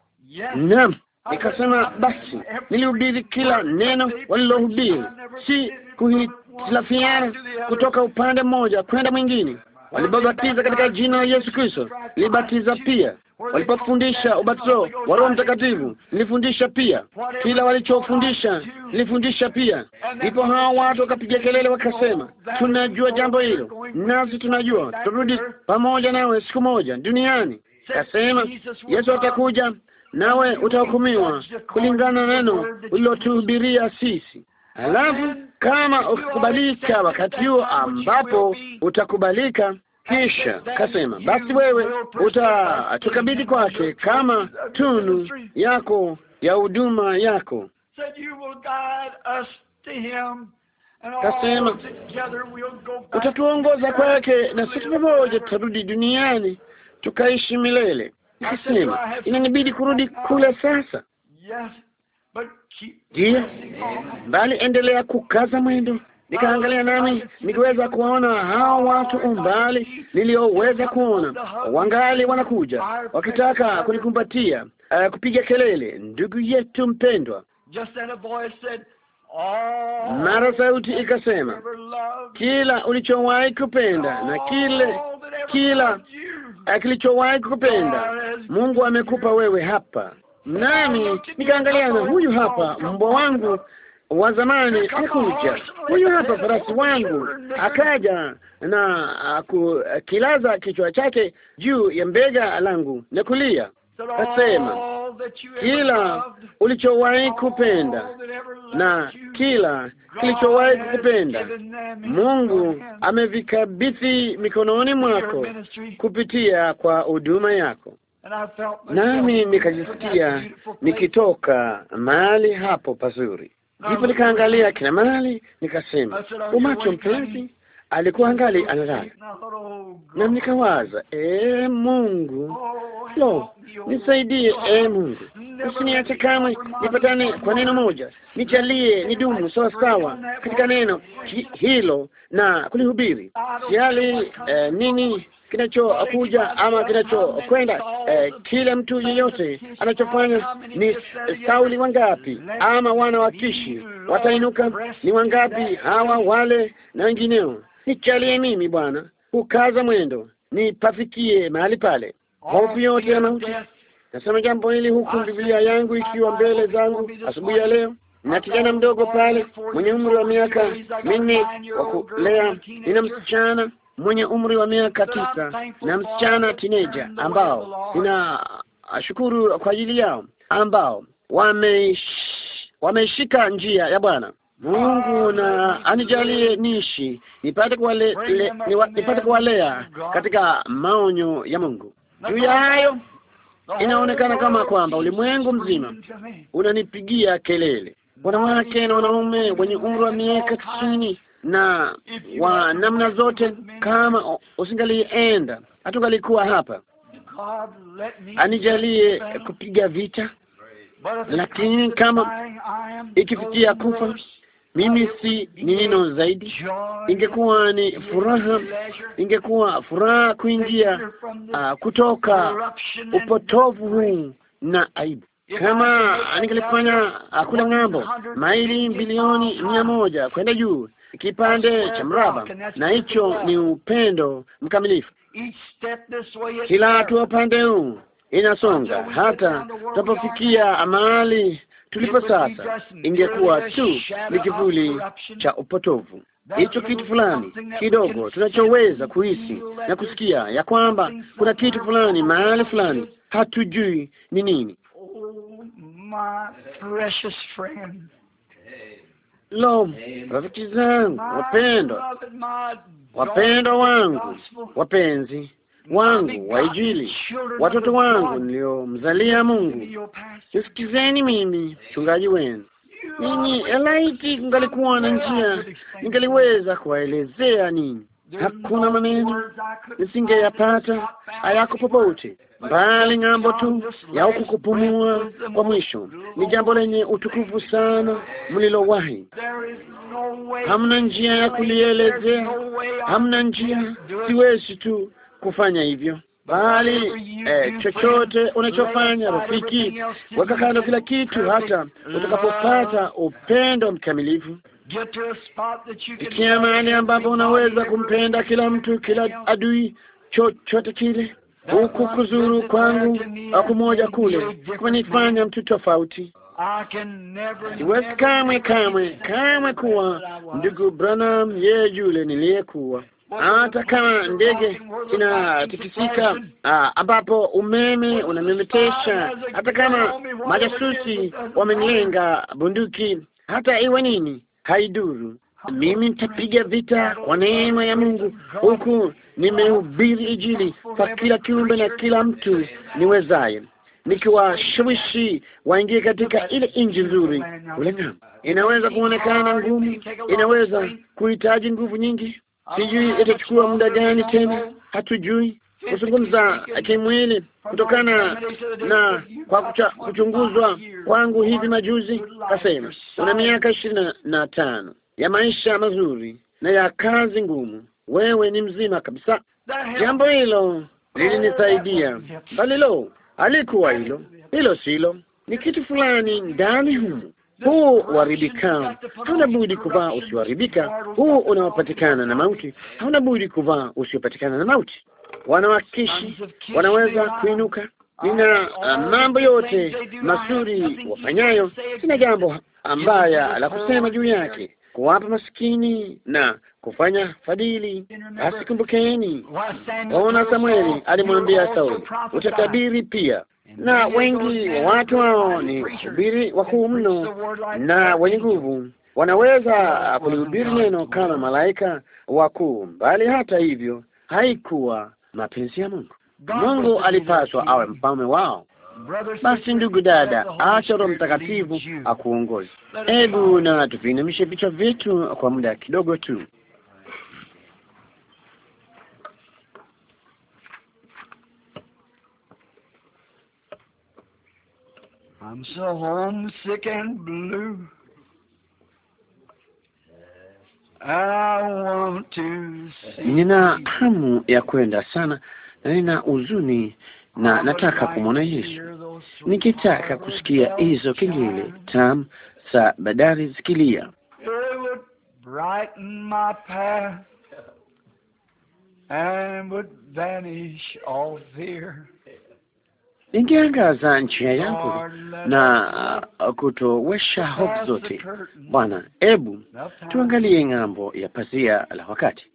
Speaker 1: Naam. Nikasema basi, nilihubiri kila neno walilohubiri, si kuhitilafiana kutoka upande mmoja kwenda mwingine. Walipobatiza katika jina la Yesu Kristo, nilibatiza pia. Walipofundisha ubatizo wa Roho Mtakatifu, nilifundisha pia. Kila walichofundisha, nilifundisha pia. Ndipo hawa watu wakapiga kelele, wakasema, tunajua jambo hilo, nasi tunajua tutarudi pamoja nawe siku moja duniani. Kasema Yesu atakuja nawe utahukumiwa kulingana na neno ulilotuhubiria sisi. Alafu kama ukikubalika wakati huo ambapo utakubalika, kisha kasema, basi wewe utatukabidhi kwake kama tunu yako ya huduma yako.
Speaker 3: Kasema utatuongoza
Speaker 1: kwake, na sisi pamoja tutarudi duniani tukaishi milele. Kasema inanibidi kurudi kule sasa. Ndiyo, bali endelea kukaza mwendo. Nikaangalia nami nikiweza kuona hao watu umbali nilioweza kuona, wangali wanakuja wakitaka kunikumbatia, uh, kupiga kelele, ndugu yetu mpendwa. Mara sauti ikasema, kila ulichowahi kupenda na kile kila kilichowahi kukupenda oh, Mungu amekupa wewe hapa. Nami nikaangalia na huyu hapa mbwa wangu wa zamani hakuja, huyu hapa farasi wangu akaja na kukilaza kichwa chake juu ya mbega langu na kulia
Speaker 3: kasema, kila
Speaker 1: ulichowahi kupenda na kila kilichowahi kukupenda Mungu amevikabidhi mikononi mwako kupitia kwa huduma yako.
Speaker 3: Nami nikajisikia
Speaker 1: nikitoka mahali hapo pazuri,
Speaker 3: ndipo
Speaker 2: nikaangalia
Speaker 1: kila mahali, nikasema, umacho mpenzi alikuwa angali analala, na nikawaza e, Mungu oh, lo, nisaidie e, Mungu, usiniache kamwe, nipatane kwa neno moja, nijalie nidumu sawa sawa katika neno hilo na kulihubiri, siali eh, nini kinachokuja ama kinachokwenda eh, kila mtu yeyote anachofanya. Ni Sauli wangapi ama wana wa Kishi watainuka? Ni wangapi hawa wale na wengineo nichalie mimi Bwana, ukaza mwendo nipafikie mahali pale. Hofu yote ya mauti. Nasema jambo hili huku Biblia yangu ikiwa mbele zangu asubuhi ya leo, na kijana mdogo pale mwenye umri wa miaka minne wa kulea, nina msichana mwenye umri wa miaka tisa na msichana tineja, ambao ashukuru kwa ajili yao, ambao wameishika wame njia ya Bwana. Mungu na anijalie nishi nipate kuwalea nipate kuwalea katika maonyo ya Mungu. Juu ya hayo,
Speaker 2: inaonekana kama kwamba
Speaker 1: ulimwengu mzima unanipigia kelele, wanawake na wanaume wenye umri wa miaka tisini na wa namna zote. Kama usingalienda hatungalikuwa hapa. Anijalie kupiga vita, lakini kama ikifikia kufa mimi si nino zaidi, ingekuwa ni furaha, ingekuwa furaha kuingia uh, kutoka upotovu huu na aibu kama ningelifanya ah, kule ng'ambo maili bilioni mia moja kwenda juu kipande cha mraba, na hicho ni upendo mkamilifu. Kila hatua upande huu inasonga hata tunapofikia mahali tulipo sasa
Speaker 3: ingekuwa
Speaker 1: tu ni kivuli cha upotovu. Hicho kitu fulani kidogo tunachoweza kuhisi na kusikia ya kwamba kuna kitu fulani mahali fulani, hatujui
Speaker 3: ni nini. Oh, Lo, rafiki zangu wapendwa, wapendwa wangu,
Speaker 1: wapenzi wangu wa Injili,
Speaker 3: watoto wangu
Speaker 1: niliomzalia Mungu, nisikizeni mimi mchungaji wenu. Ninyi elaiti, kungalikuwa na njia ningaliweza kuwaelezea ninyi. Hakuna maneno nisingeyapata, hayako popote mbali ng'ambo tu ya huku. Kupumua kwa mwisho ni jambo lenye utukufu sana mlilowahi. Hamna njia ya kulielezea, hamna njia, siwezi tu kufanya hivyo, bali eh, chochote unachofanya rafiki, weka kando kila kitu, hata utakapopata upendo
Speaker 3: mkamilifu, ikia
Speaker 1: mahali ambapo unaweza kumpenda kila mtu, kila adui, chochote kile. Huku kuzuru kwangu akumoja kule kumenifanya mtu tofauti. Siwezi kamwe kamwe kamwe kuwa ndugu Branham, yeye yule niliyekuwa hata kama ndege inatikisika, ah, ambapo umeme unamemetesha, hata kama majasusi wamenilenga bunduki, hata iwe nini, haiduru, mimi nitapiga vita kwa neema ya Mungu, huku nimehubiri Injili kwa kila kiumbe na kila mtu niwezaye, nikiwashawishi waingie katika ile nchi nzuri ule. Inaweza kuonekana ngumu, inaweza kuhitaji nguvu nyingi Sijui itachukua muda gani tena, hatujui kuzungumza kimwili kutokana na kwa kucha, kuchunguzwa kwangu hivi majuzi. Kasema una miaka ishirini na tano ya maisha mazuri na ya kazi ngumu, wewe ni mzima kabisa. Jambo hilo lilinisaidia, bali lo, alikuwa hilo hilo, silo ni kitu fulani ndani humu huu uharibikao hauna budi kuvaa usioharibika, huu unaopatikana na mauti hauna budi kuvaa usiopatikana na mauti. Wanawakishi wanaweza kuinuka, nina uh, mambo yote mazuri wafanyayo, sina jambo ambaya la kusema juu yake, kuwapa maskini na kufanya fadhili. Basi kumbukeni,
Speaker 2: waona Samueli alimwambia Sauli, utatabiri pia na wengi watu hao
Speaker 1: ni hubiri wakuu mno na wenye nguvu, wanaweza kulihubiri neno kama malaika wakuu. Bali hata hivyo, haikuwa mapenzi ya Mungu. Mungu alipaswa awe mfalme wao. Basi ndugu dada, acha Roho Mtakatifu akuongoze. Hebu na tuviinamishe vichwa vyetu kwa muda kidogo tu.
Speaker 3: I'm so homesick and blue. nina
Speaker 1: hamu ya kwenda sana na nina huzuni na nataka kumwona Yesu, nikitaka kusikia hizo kingile tam za badari zikilia, ingeangaza njia yangu
Speaker 3: na
Speaker 1: uh, kutowesha hofu zote. Bwana, ebu tuangalie ng'ambo ya pazia la wakati.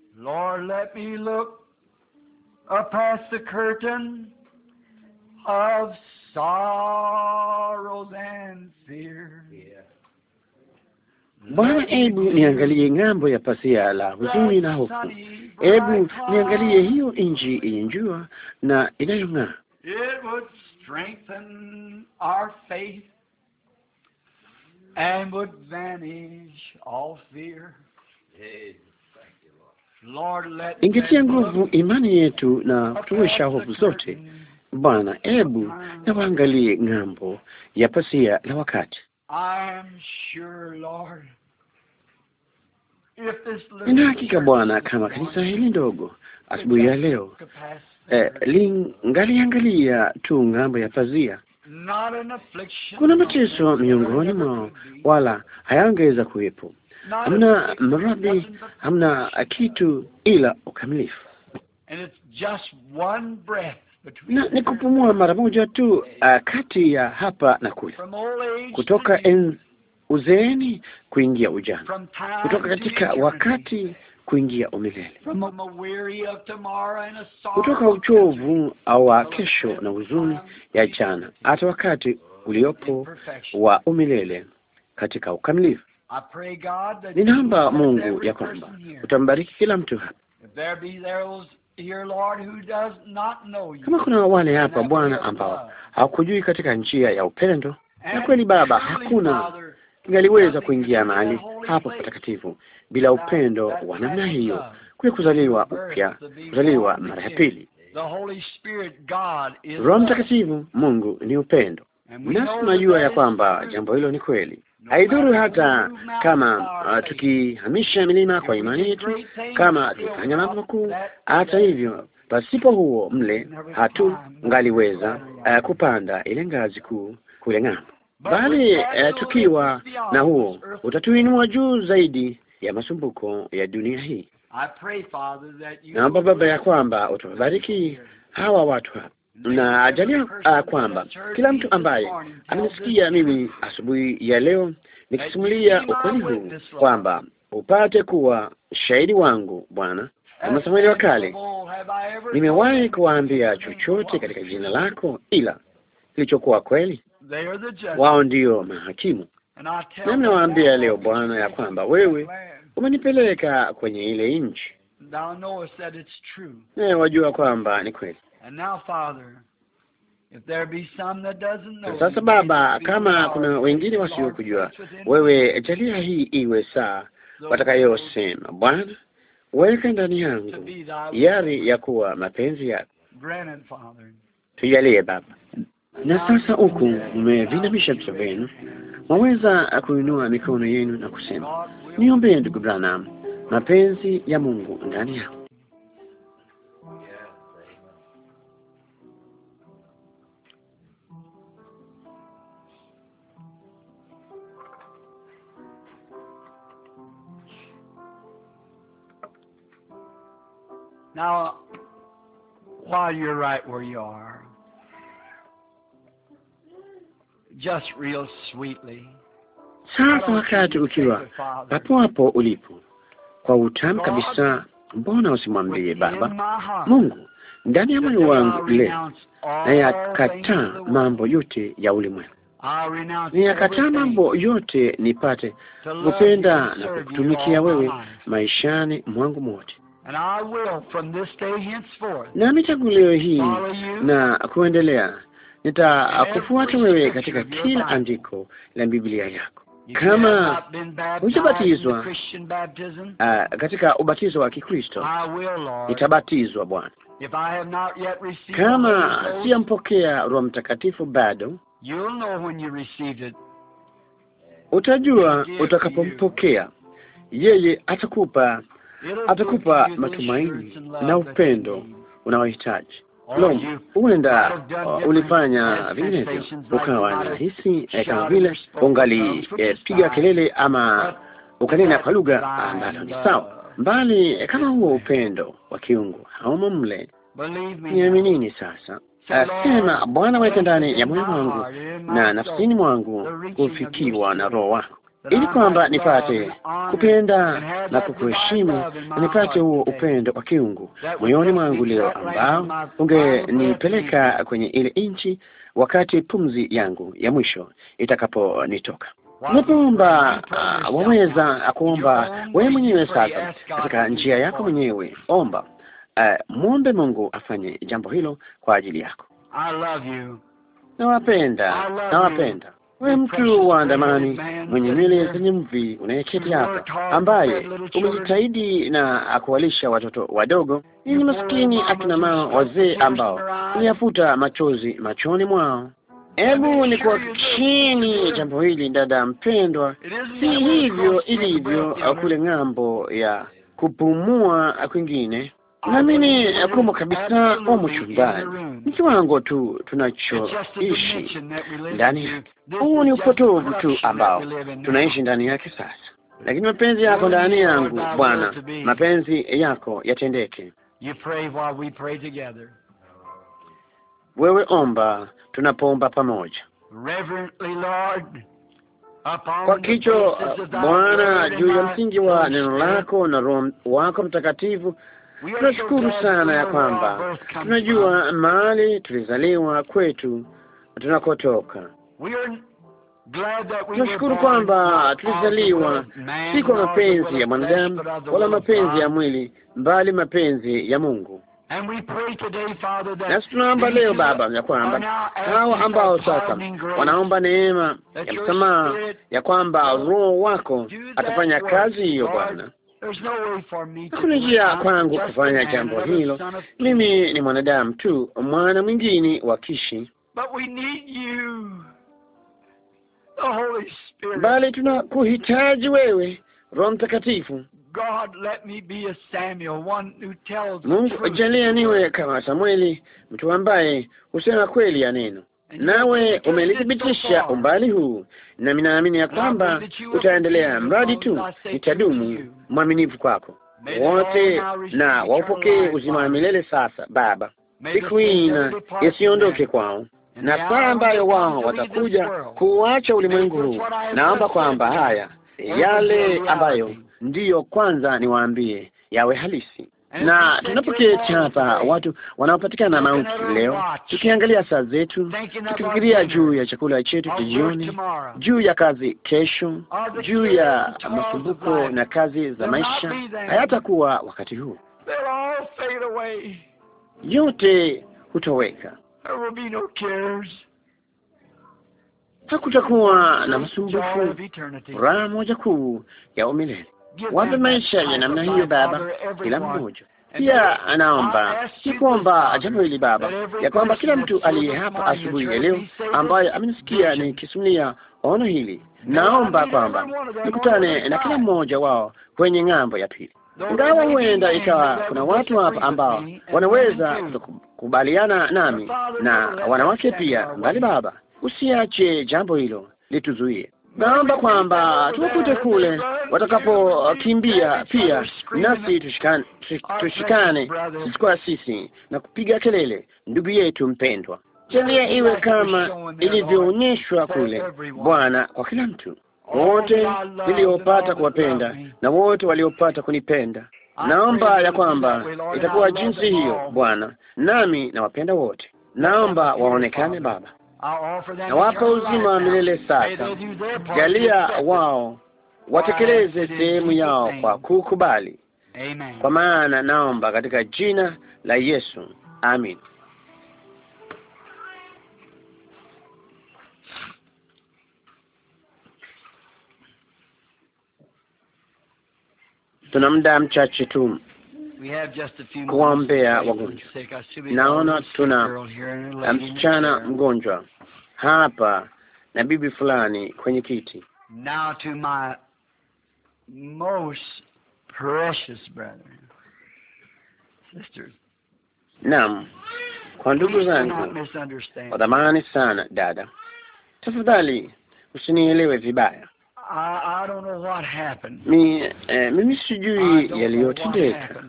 Speaker 1: Bwana, ebu niangalie ng'ambo ya pazia la huzuni na hofu.
Speaker 3: Ebu niangalie
Speaker 1: hiyo nchi yenye jua na inayong'aa
Speaker 3: strengthen our faith and would vanish all fear. Ingetia nguvu
Speaker 1: imani yetu na kutuwesha hofu zote. Bwana, ebu na waangalie ng'ambo ya pasia la wakati. Nina hakika Bwana, kama kanisa hili ndogo asubuhi ya leo eh, lingaliangalia tu ng'ambo ya pazia. Kuna mateso miongoni mwao, wala hayangeweza kuwepo.
Speaker 3: Hamna maradhi,
Speaker 1: hamna kitu ila ukamilifu, na ni kupumua mara moja tu uh, kati ya hapa na kule, kutoka en uzeeni kuingia ujana, kutoka katika wakati kuingia umilele. Kutoka uchovu au wa kesho na huzuni ya jana, hata wakati uliopo wa umilele katika ukamilifu.
Speaker 3: Ninaomba Mungu ya kwamba
Speaker 1: utambariki kila mtu hapa. Kama kuna wale hapa Bwana ambao hawakujui katika njia ya upendo, na kweli Baba, hakuna kingaliweza kuingia mahali hapo patakatifu bila upendo wa namna hiyo, kule kuzaliwa upya, kuzaliwa mara ya pili. Roho Mtakatifu, Mungu ni upendo, nasi tunajua ya kwamba jambo hilo ni kweli. Haidhuru hata kama uh, tukihamisha milima kwa imani yetu,
Speaker 2: kama tukifanya mambo makuu,
Speaker 1: hata hivyo, pasipo huo mle ngaliweza uh, kupanda ile ngazi kuu kule ng'ambo, bali uh, tukiwa na huo utatuinua juu zaidi ya masumbuko ya dunia hii. Naomba Baba ya kwamba utawabariki hawa watu hapa na ajalia uh, kwamba kila mtu ambaye amenisikia mimi asubuhi ya leo nikisimulia ukweli huu kwamba upate kuwa shahidi wangu, Bwana. Kama Samweli wa kale, nimewahi kuwaambia chochote katika jina lako ila kilichokuwa kweli. Wao ndio mahakimu,
Speaker 3: Nami nawaambia
Speaker 1: leo Bwana, ya kwamba wewe umenipeleka kwenye ile nchi, wajua kwamba ni kweli. Sasa Baba, kama kuna wengine wasiokujua wewe, jalia hii iwe saa watakayosema, Bwana, weka ndani yangu yari ya kuwa mapenzi yako. Tujalie Baba. Na sasa huku mmevina mishapsa vyenu, waweza kuinua mikono yenu na kusema, niombee ndugu Branham, mapenzi ya Mungu ndani yako.
Speaker 3: Now, while you're right where you are, sasa, wakati
Speaker 2: ukiwa
Speaker 1: papo hapo ulipo, kwa utamu kabisa, mbona usimwambie Baba Mungu ndani ya moyo wangu leo, na mambo yote ya ulimwengu niyakataa mambo yote nipate
Speaker 3: kupenda
Speaker 1: na kukutumikia wewe maishani mwangu mote. Nami tangu leo hii na kuendelea nitakufuata wewe katika kila andiko la Biblia yako.
Speaker 2: Kama
Speaker 1: hujabatizwa
Speaker 3: uh,
Speaker 1: katika ubatizo wa Kikristo, nitabatizwa Bwana.
Speaker 3: Kama
Speaker 1: siyampokea Roho Mtakatifu bado, utajua utakapompokea yeye. Atakupa, atakupa matumaini na upendo unaohitaji huenda uh, ulifanya vinginevyo ukawa hisi eh, kama vile ungalipiga eh, kelele ama ukanena kwa lugha ah, ambalo ni uh, sawa, mbali eh, kama huo upendo wa kiungu haumo mle.
Speaker 2: Niaminini
Speaker 1: sasa, sema Bwana, weka ndani ya moyo wangu na nafsini mwangu kufikiwa na Roho wako ili kwamba nipate kupenda na kukuheshimu na nipate huo upendo wa kiungu moyoni mwangu leo, ambao
Speaker 2: ungenipeleka
Speaker 1: kwenye ile nchi wakati pumzi yangu ya mwisho itakaponitoka. Napoomba uh, ah, waweza kuomba wewe mwenyewe sasa, katika njia yako mwenyewe omba, uh, mwombe Mungu afanye jambo hilo kwa ajili yako. Nawapenda, nawapenda
Speaker 3: wewe mtu wa ndamani mwenye nywele
Speaker 1: zenye mvi unayeketi hapa, ambaye umejitahidi na akuwalisha watoto wadogo, ninyi maskini akina mama wazee ambao niyafuta machozi machoni mwao. Hebu ni chini jambo hili, dada mpendwa,
Speaker 2: si hivyo
Speaker 1: ilivyo kule ng'ambo ya kupumua kwingine.
Speaker 2: Naamini kumo kabisa umu
Speaker 1: chumbani ni kiwango tu tunachoishi ndani. Huu ni upotovu tu ambao tunaishi ndani yake sasa, lakini mapenzi yako ndani yangu, Bwana, mapenzi yako yatendeke. Wewe omba tunapoomba pamoja
Speaker 3: kwa kicho Bwana, juu ya msingi wa neno lako
Speaker 1: na Roho wako Mtakatifu Tunashukuru sana ya kwamba
Speaker 3: tunajua
Speaker 1: mahali tulizaliwa kwetu tunakotoka.
Speaker 3: Tunashukuru kwamba tulizaliwa si kwa mapenzi ya mwanadamu wala mapenzi ya
Speaker 1: mwili, mbali mapenzi ya Mungu.
Speaker 3: Nasi tunaomba leo
Speaker 1: Baba ya kwamba hao ambao sasa wanaomba neema ya msamaha, ya kwamba Roho wako atafanya kazi hiyo Bwana
Speaker 3: hakuna njia kwangu kufanya jambo hilo. Mimi
Speaker 1: ni mwanadamu tu, mwana mwingine wa Kishi, bali tunakuhitaji wewe, Roho Mtakatifu.
Speaker 3: Mungu jalia
Speaker 1: niwe kama Samueli, mtu ambaye husema kweli ya neno, nawe umelithibitisha umbali huu na minaamini ya kwamba utaendelea, mradi tu nitadumu mwaminifu kwako wote, na waupokee uzima wa milele sasa, Baba, siku hii na isiondoke kwao na saa ambayo wao watakuja kuuacha ulimwengu huu. Naomba kwamba haya
Speaker 2: yale ambayo
Speaker 1: ndiyo kwanza niwaambie yawe halisi na tunapoketi hapa, watu wanaopatikana mauti leo, tukiangalia saa zetu, tukifikiria juu ya chakula chetu cha jioni, juu ya kazi kesho,
Speaker 3: juu ya masumbuko na
Speaker 1: kazi za maisha, hayatakuwa wakati huu, yote hutoweka.
Speaker 3: Hakutakuwa na masumbuko, furaha
Speaker 1: moja kuu ya umilele. Wape maisha ya namna hiyo Baba, kila mmoja pia anaomba si kuomba jambo hili Baba, ya kwamba kila mtu aliye hapa asubuhi ya leo ambaye amenisikia nikisimulia ono hili, naomba kwamba nikutane na kila mmoja wao kwenye ng'ambo ya pili, ingawa huenda ikawa kuna watu hapa ambao wanaweza kukubaliana nami na wanawake pia mbali. Baba, usiache jambo hilo lituzuie naomba kwamba tuwakute kule watakapokimbia pia, nasi tushikane, tushikane sisi kwa sisi na kupiga kelele, ndugu yetu mpendwa.
Speaker 2: Sheria iwe
Speaker 1: kama ilivyoonyeshwa kule, Bwana, kwa kila mtu wote niliopata kuwapenda na wote waliopata kunipenda. Naomba ya kwamba itakuwa jinsi hiyo Bwana, nami nawapenda wote. Naomba waonekane Baba
Speaker 3: na wapa uzima wa milele sasa, jalia
Speaker 1: wao watekeleze sehemu yao kwa kukubali. Kwa maana naomba katika jina la Yesu, amin. Tuna muda mchache tu
Speaker 3: kuwaombea wagonjwa. Naona tuna
Speaker 1: msichana mgonjwa hapa na bibi fulani kwenye kiti. Naam, kwa ndugu zangu wadhamani sana dada, tafadhali usinielewe vibaya. Mi, eh, mimi sijui yaliyotendeka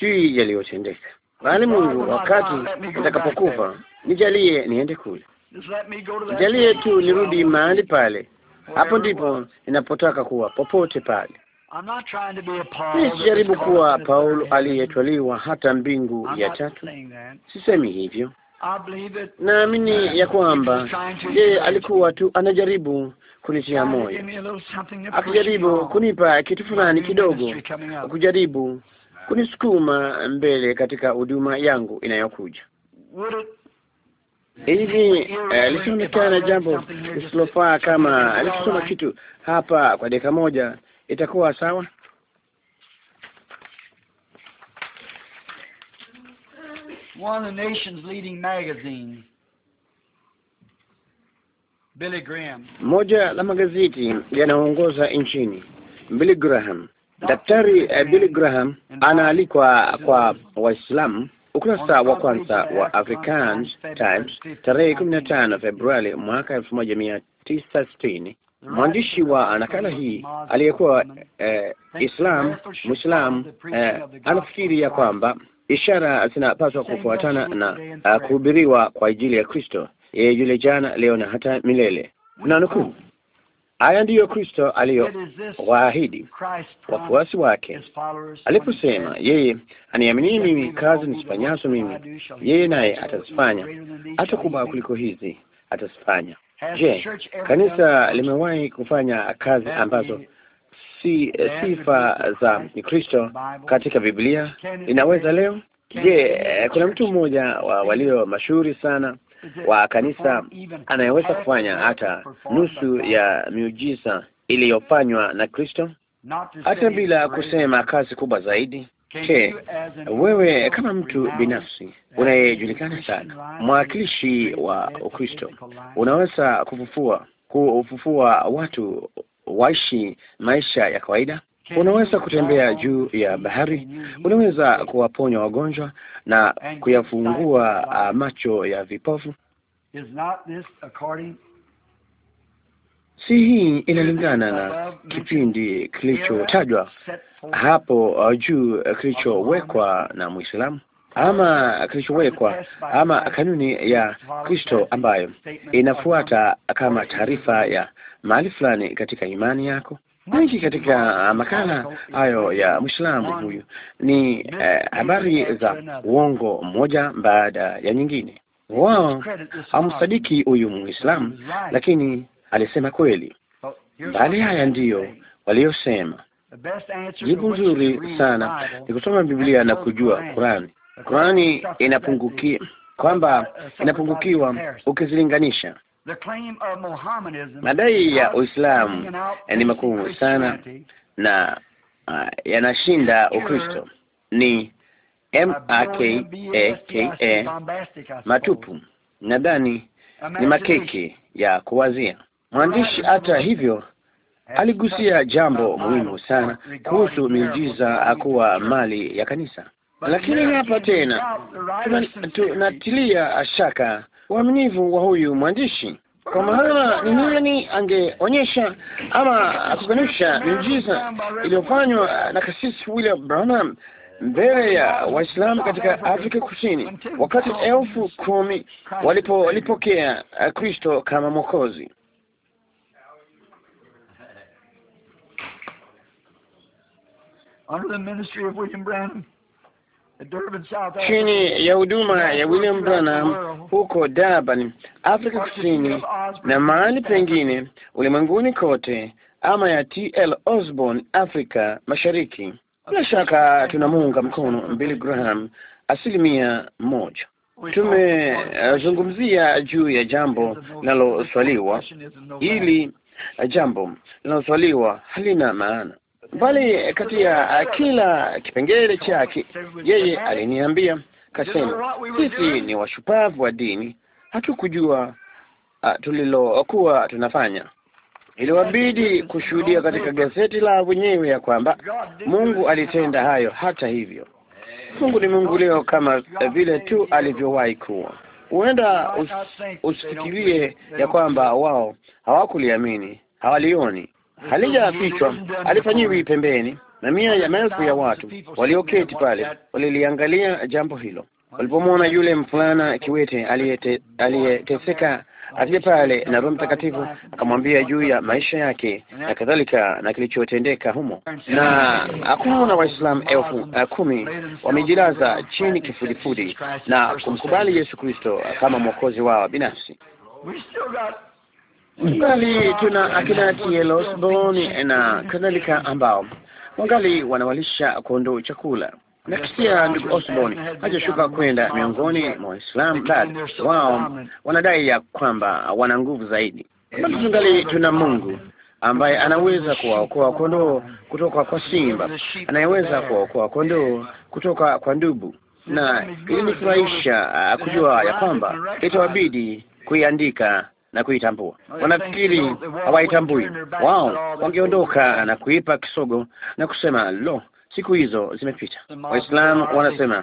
Speaker 1: si yaliyotendeka, bali Mungu, wakati nitakapokufa, nijalie niende kule,
Speaker 3: nijalie tu nirudi
Speaker 1: mahali pale. Hapo ndipo ninapotaka kuwa, popote pale.
Speaker 3: Sijaribu kuwa
Speaker 1: Paulo aliyetwaliwa hata mbingu ya tatu, sisemi hivyo.
Speaker 3: Naamini
Speaker 1: ya kwamba yeye alikuwa tu anajaribu kunitia moyo,
Speaker 3: akijaribu
Speaker 1: kunipa kitu fulani kidogo, kujaribu kunisukuma mbele katika huduma yangu inayokuja. Hivi eh, lisionekana jambo lisilofaa kama likisoma kitu hapa kwa dakika moja, itakuwa
Speaker 3: sawa. One of the nation's leading magazine, Billy Graham.
Speaker 1: Moja la magazeti yanaongoza nchini, Billy Graham Daktari eh, Billy Graham anaalikwa kwa Waislamu, ukurasa wa kwanza wa African Times tarehe kumi na tano Februari mwaka elfu moja mia tisa sitini. Mwandishi wa nakala hii aliyekuwa eh, Islam Muislam eh, anafikiri ya kwamba ishara zinapaswa kufuatana na uh, kuhubiriwa kwa ajili ya Kristo yeye yule jana, leo na hata milele. Na nukuu, Haya ndiyo Kristo
Speaker 3: aliyowaahidi
Speaker 1: wafuasi wake aliposema, yeye aniamini mimi, kazi nizifanyazo mimi yeye naye atazifanya, hata kubwa kuliko hizi atazifanya. Je,
Speaker 2: kanisa
Speaker 1: limewahi kufanya kazi ambazo si eh, sifa za Kristo katika Biblia? Inaweza leo? Je, kuna mtu mmoja wa walio mashuhuri sana wa kanisa anayeweza kufanya hata nusu ya miujiza iliyofanywa na Kristo,
Speaker 3: hata bila
Speaker 1: kusema kazi kubwa zaidi. Je, wewe kama mtu binafsi unayejulikana sana, mwakilishi wa Ukristo, unaweza kufufua kufufua watu waishi maisha ya kawaida Unaweza kutembea juu ya bahari, unaweza kuwaponya wagonjwa na kuyafungua ah, macho ya vipofu. Si hii inalingana na kipindi kilichotajwa hapo ah, juu kilichowekwa na mwislamu ama kilichowekwa ama kanuni ya Kristo ambayo inafuata kama taarifa ya mahali fulani katika imani yako? Mwingi katika ah, makala hayo ya Mwislamu huyu ni eh, habari za uongo mmoja baada ya nyingine. Wao
Speaker 2: hamsadiki
Speaker 1: huyu Muislamu, lakini alisema kweli. Bali haya ndiyo waliosema. Jibu nzuri sana ni kusoma Biblia na kujua Qurani. Qurani inapungukia kwamba inapungukiwa ukizilinganisha
Speaker 3: Madai ya
Speaker 1: Uislamu ni makuu sana na uh, yanashinda Ukristo ni maka matupu, nadhani
Speaker 3: ni makeke
Speaker 1: ya kuwazia. Mwandishi hata hivyo aligusia jambo muhimu sana kuhusu miujiza kuwa mali ya kanisa, lakini hapa tena tunatilia tuna shaka uaminifu wa huyu mwandishi, kwa maana ni nani angeonyesha ama kukanusha miujiza iliyofanywa na kasisi William Branham mbele ya Waislamu katika Afrika Kusini wakati elfu kumi walipolipokea eh, Kristo kama
Speaker 3: Mwokozi. Under the ministry of William Branham chini ya huduma ya William Branham
Speaker 1: huko Durban, Afrika Kusini, na mahali pengine ulimwenguni kote, ama ya TL Osborne, Afrika Mashariki. Bila shaka tunamuunga mkono Billy Graham asilimia moja. Tumezungumzia juu ya jambo linaloswaliwa, ili jambo linaloswaliwa halina maana bali kati ya uh, kila kipengele chake yeye aliniambia kasema, sisi ni washupavu wa dini, hatukujua uh, tulilokuwa tunafanya. Iliwabidi kushuhudia katika gazeti la wenyewe ya kwamba Mungu alitenda hayo. Hata hivyo, Mungu ni Mungu leo kama vile tu alivyowahi kuwa. Huenda usifikirie ya kwamba wao hawakuliamini, hawalioni halijafichwa, alifanyiwi pembeni, na mia ya maelfu ya watu walioketi pale waliliangalia jambo hilo walipomwona yule mfulana kiwete aliyeteseka asije pale, na Roho Mtakatifu akamwambia juu ya maisha yake na kadhalika na kilichotendeka humo, na hakuna Waislamu elfu eh, kumi wamejilaza chini kifudifudi na kumkubali Yesu Kristo kama mwokozi wao binafsi bali tuna akina T.L. Osborne na kadhalika ambao wangali wanawalisha kondoo chakula
Speaker 2: na kisia. Ndugu Osborne hajashuka kwenda miongoni
Speaker 1: mwa Waislamu, bali wao wanadai ya kwamba wana nguvu zaidi. Bali tungali tuna Mungu ambaye anaweza kuwaokoa kondoo kutoka kwa simba, anayeweza kuwaokoa kondoo kutoka kwa ndubu, na ilinifurahisha ah, kujua ya kwamba itawabidi kuiandika na kuitambua. Oh, Wanafikiri hawaitambui wao, wangeondoka na kuipa kisogo na kusema lo, siku hizo zimepita. Waislamu wanasema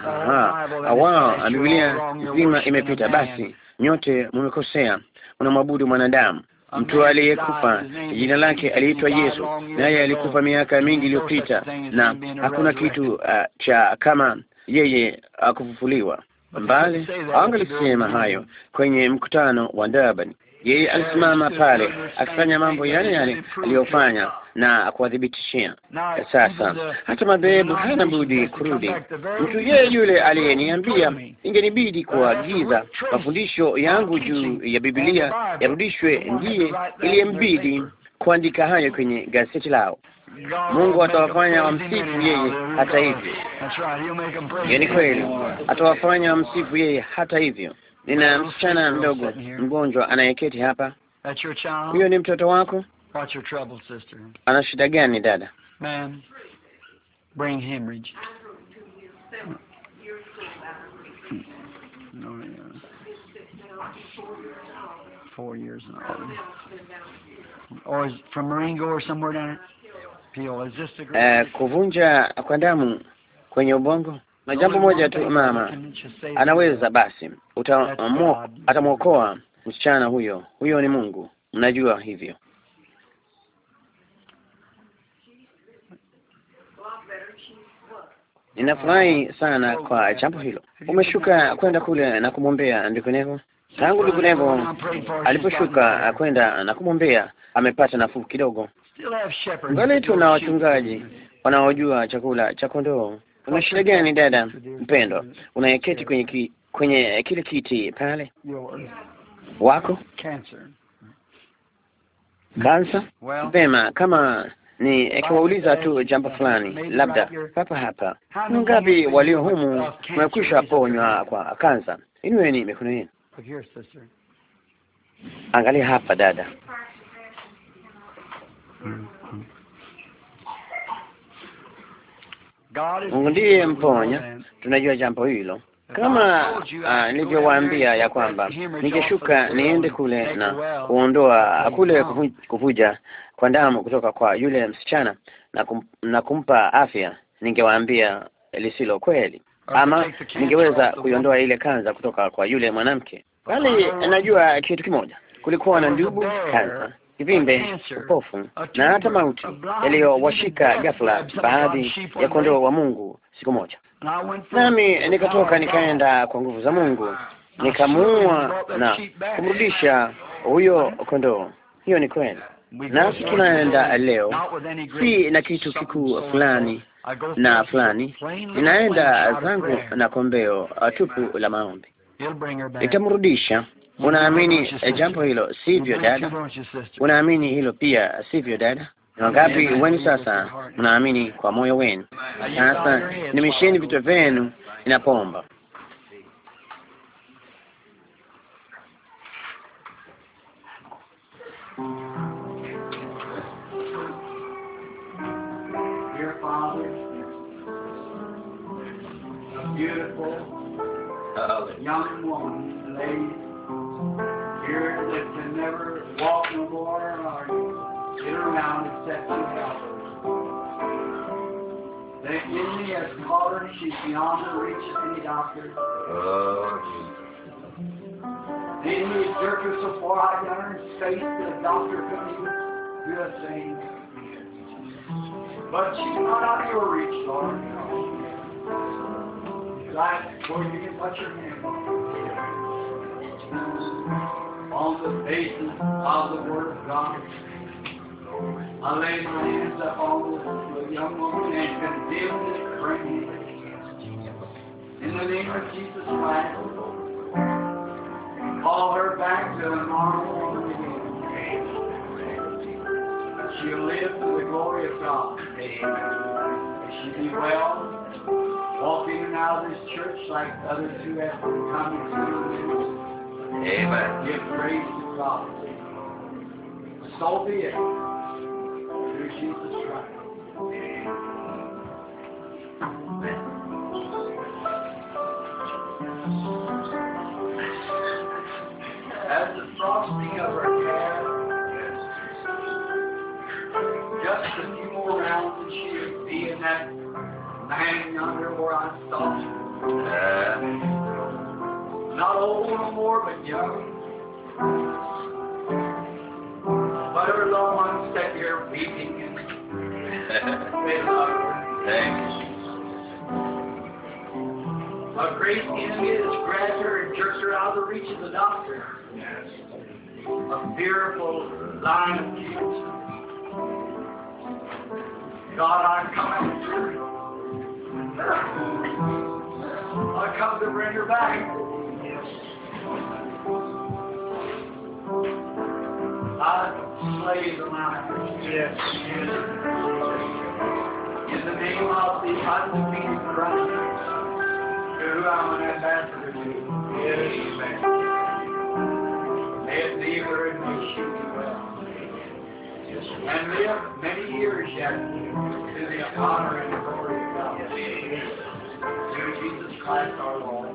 Speaker 1: wao, Biblia nzima imepita, basi nyote mmekosea, mnamwabudu mwanadamu mtu aliyekufa jina lake aliitwa Yesu, naye alikufa miaka mingi iliyopita, na hakuna kitu uh, cha kama yeye akufufuliwa mbali. Angalisema hayo kwenye mkutano wa Durban, yeye alisimama pale akifanya mambo yale yale aliyofanya na kuwadhibitishia. Sasa hata madhehebu hana budi kurudi. Mtu yeye yule aliyeniambia ingenibidi kuagiza mafundisho yangu juu ya Biblia yarudishwe, ndiye iliyembidi kuandika hayo kwenye gazeti lao.
Speaker 3: Mungu atawafanya wamsifu yeye hata hivyo. Hiyo ni kweli,
Speaker 1: atawafanya wamsifu yeye hata hivyo.
Speaker 3: Nina msichana
Speaker 1: mdogo mgonjwa anayeketi hapa.
Speaker 3: Huyo ni mtoto wako?
Speaker 1: Ana shida gani dada?
Speaker 3: Man, brain hemorrhage. Hmm. Hmm. Oh, Four years or oh, from Marengo or somewhere down here. Uh, eh,
Speaker 1: kuvunja kwa damu kwenye ubongo na jambo moja tu mama anaweza basi, atamwokoa msichana huyo. Huyo ni Mungu, mnajua hivyo. Ninafurahi sana kwa jambo hilo. Umeshuka kwenda kule na kumwombea ndikunevo tangu ndikunevo
Speaker 3: aliposhuka
Speaker 1: kwenda na kumwombea, amepata nafuu kidogo. Ngali tuna wachungaji wanaojua chakula cha kondoo Una shida gani dada mpendwa, unayeketi kwenye ki, kwenye eh, kile kiti pale? Uh, Wako kansa vema. Kama ni akiwauliza eh, tu jambo uh, fulani, labda papa hapa,
Speaker 3: ni ngapi walio humu uh,
Speaker 1: wamekwisha ponywa kwa kansa? Inueni mikono yenu. Angalia hapa dada. Hmm.
Speaker 3: Mungu ndiye mponya,
Speaker 1: tunajua jambo hilo kama ah, nilivyowaambia ya kwamba ningeshuka niende kule na kuondoa kule kuvuja kwa damu kutoka kwa yule msichana na, kum, na kumpa afya, ningewaambia lisilo kweli, ama ningeweza kuiondoa ile kanza kutoka kwa yule mwanamke. Bali najua kitu kimoja, kulikuwa na ndugu kanza kivimbe, upofu na hata mauti yaliyowashika ghafla baadhi ya kondoo wa Mungu siku moja.
Speaker 3: Nami nikatoka nikaenda
Speaker 1: kwa nguvu za Mungu ah, nikamuua na kumrudisha huyo kondoo. Hiyo ni kweli, nasi tunaenda leo, si na kitu kikuu fulani
Speaker 3: na fulani, ninaenda zangu
Speaker 1: na kombeo uh, tupu la maombi, nitamrudisha Unaamini jambo eh, hilo, sivyo dada? Unaamini hilo pia, sivyo dada?
Speaker 3: Wangapi wenu
Speaker 1: sasa mnaamini kwa moyo wenu? Sasa nimesheni vichwa vyenu
Speaker 3: Beautiful, young woman, lady spirit that can never walk no more or get around except you helpers. The enemy has caught her. She's beyond the reach of any doctor. Oh,
Speaker 2: Jesus.
Speaker 3: The enemy has her so far out of her space that a doctor couldn't even do a thing. But she's not out of your reach, Lord. Like where you can put your hand Thank you on the basis of the Word of God. I lay my hands upon the young woman and condemn this brain. In the name of Jesus Christ, call her back to an normal woman
Speaker 2: again.
Speaker 3: She'll live to the glory of God. Amen. she be well, walking out of this church like others who have come and come. Amen. Give praise to God.
Speaker 2: So be it. Through Jesus Christ.
Speaker 3: As the frosting of our hair, just a few more rounds and she would be in that land yonder where I
Speaker 2: stopped. you.
Speaker 3: Not old no more, but young. But her loved one sat here weeping and they loved her. Thanks. A great enemy has grabbed her and jerked her out of the reach of the doctor. Yes. A fearful line of tears. God, I am
Speaker 2: coming. I come to bring her back. lot of slaves around Yes. In the name of the unseen Christ, who I'm an ambassador to. Yes. Amen. Live deeper and we you well. And live many years yet to the honor and glory of God. Yes. Through Jesus Christ our Lord.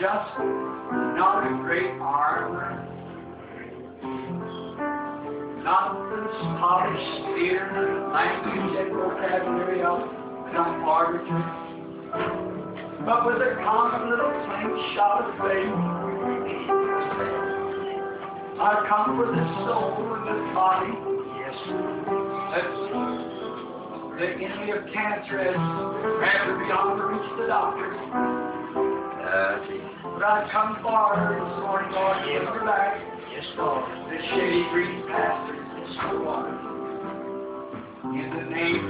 Speaker 3: just not a great arm, not polished theater, language and vocabulary of not arbitrary, but with a common little plain shot of faith. I come for the soul and the body, yes, that's the enemy of cancer has rather beyond the reach of the doctor. But I've come far this morning, Lord, give me life. Yes, Lord. The shady green pastures and still water. In the name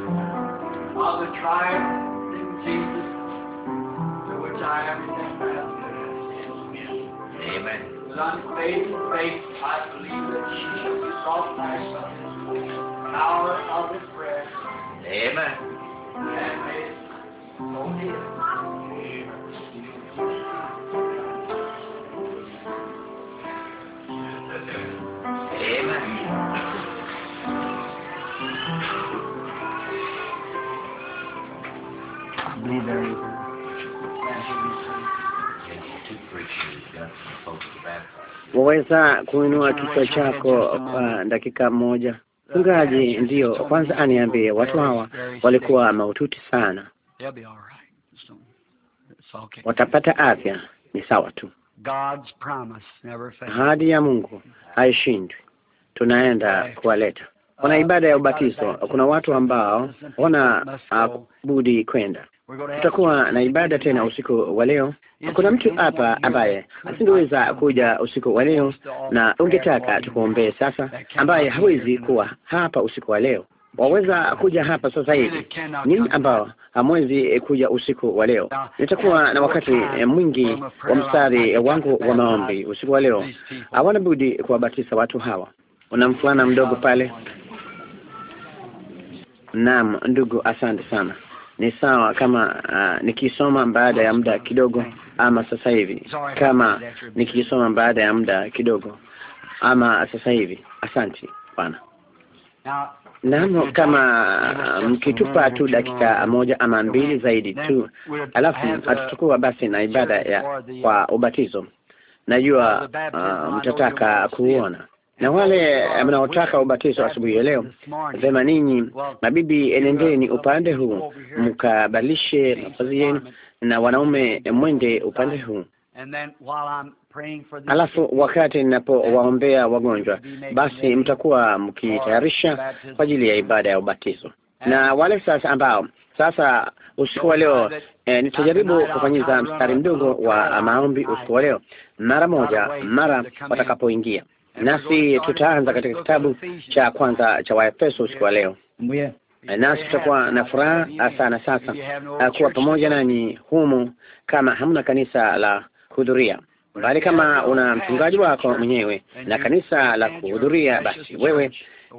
Speaker 3: of the triumph in Jesus, to which I am Amen. Amen. With unfading faith, I believe that Jesus shall be sought by son, power of his breath. Amen. And may
Speaker 2: so be
Speaker 1: Waweza kuinua kichwa chako kwa dakika moja? Mchungaji, ndiyo. Kwanza aniambie watu hawa walikuwa mahututi sana okay. Watapata afya, ni sawa tu. Ahadi ya Mungu haishindwi. Tunaenda kuwaleta kuna uh, ibada ya ubatizo. Kuna watu ambao wana uh, budi kwenda. Tutakuwa na ibada tena usiku wa leo. Kuna mtu hapa ambaye asingeweza kuja usiku wa leo, na ungetaka tukuombee sasa, ambaye hawezi kuwa hapa usiku wa leo waweza kuja hapa sasa hivi. Ninyi ambao hamwezi eh, kuja usiku wa leo, nitakuwa na wakati eh, mwingi wa mstari wangu wa maombi usiku wa leo. Hawana budi kuwabatisa watu hawa. Una mfulana mdogo pale. Naam, ndugu, asante sana. Ni sawa kama uh, nikisoma baada ya muda kidogo, ama sasa hivi, kama nikisoma baada ya muda kidogo, ama sasa hivi. Asante Bwana. Naam, kama um, mkitupa tu dakika moja ama mbili zaidi tu,
Speaker 2: alafu hatuchukua
Speaker 1: basi na ibada ya kwa ubatizo. Najua uh, mtataka kuona na wale mnaotaka ubatizo asubuhi ya leo, vema, ninyi mabibi, enendeni upande huu mkabadilishe mavazi yenu, na wanaume mwende upande huu
Speaker 3: alafu wakati
Speaker 1: ninapowaombea wagonjwa, basi mtakuwa mkitayarisha kwa ajili ya ibada ya ubatizo. Na wale sasa ambao sasa usiku wa leo eh, nitajaribu kufanyiza mstari mdogo wa maombi usiku wa leo mara moja mara watakapoingia, nasi tutaanza katika kitabu cha kwanza cha Waefeso usiku wa leo
Speaker 3: eh, nasi
Speaker 1: tutakuwa na furaha sana sasa eh, kuwa pamoja nanyi humu, kama hamna kanisa la hudhuria bali kama una mchungaji wako mwenyewe na kanisa la kuhudhuria, basi wewe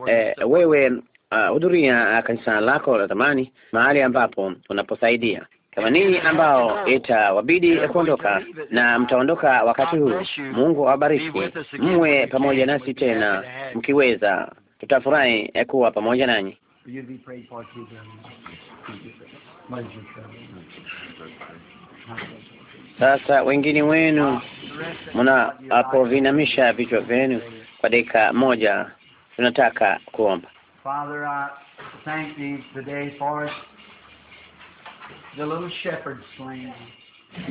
Speaker 1: eh, wewe ah, hudhuria uh, kanisa lako la zamani, mahali ambapo unaposaidia kama ninyi ambao itawabidi kuondoka na mtaondoka wakati huu. Mungu awabariki, mwe pamoja nasi tena mkiweza, tutafurahi eh, kuwa pamoja nanyi. Sasa wengine wenu
Speaker 2: mnapovinamisha
Speaker 1: vichwa vyenu kwa dakika moja, tunataka kuomba.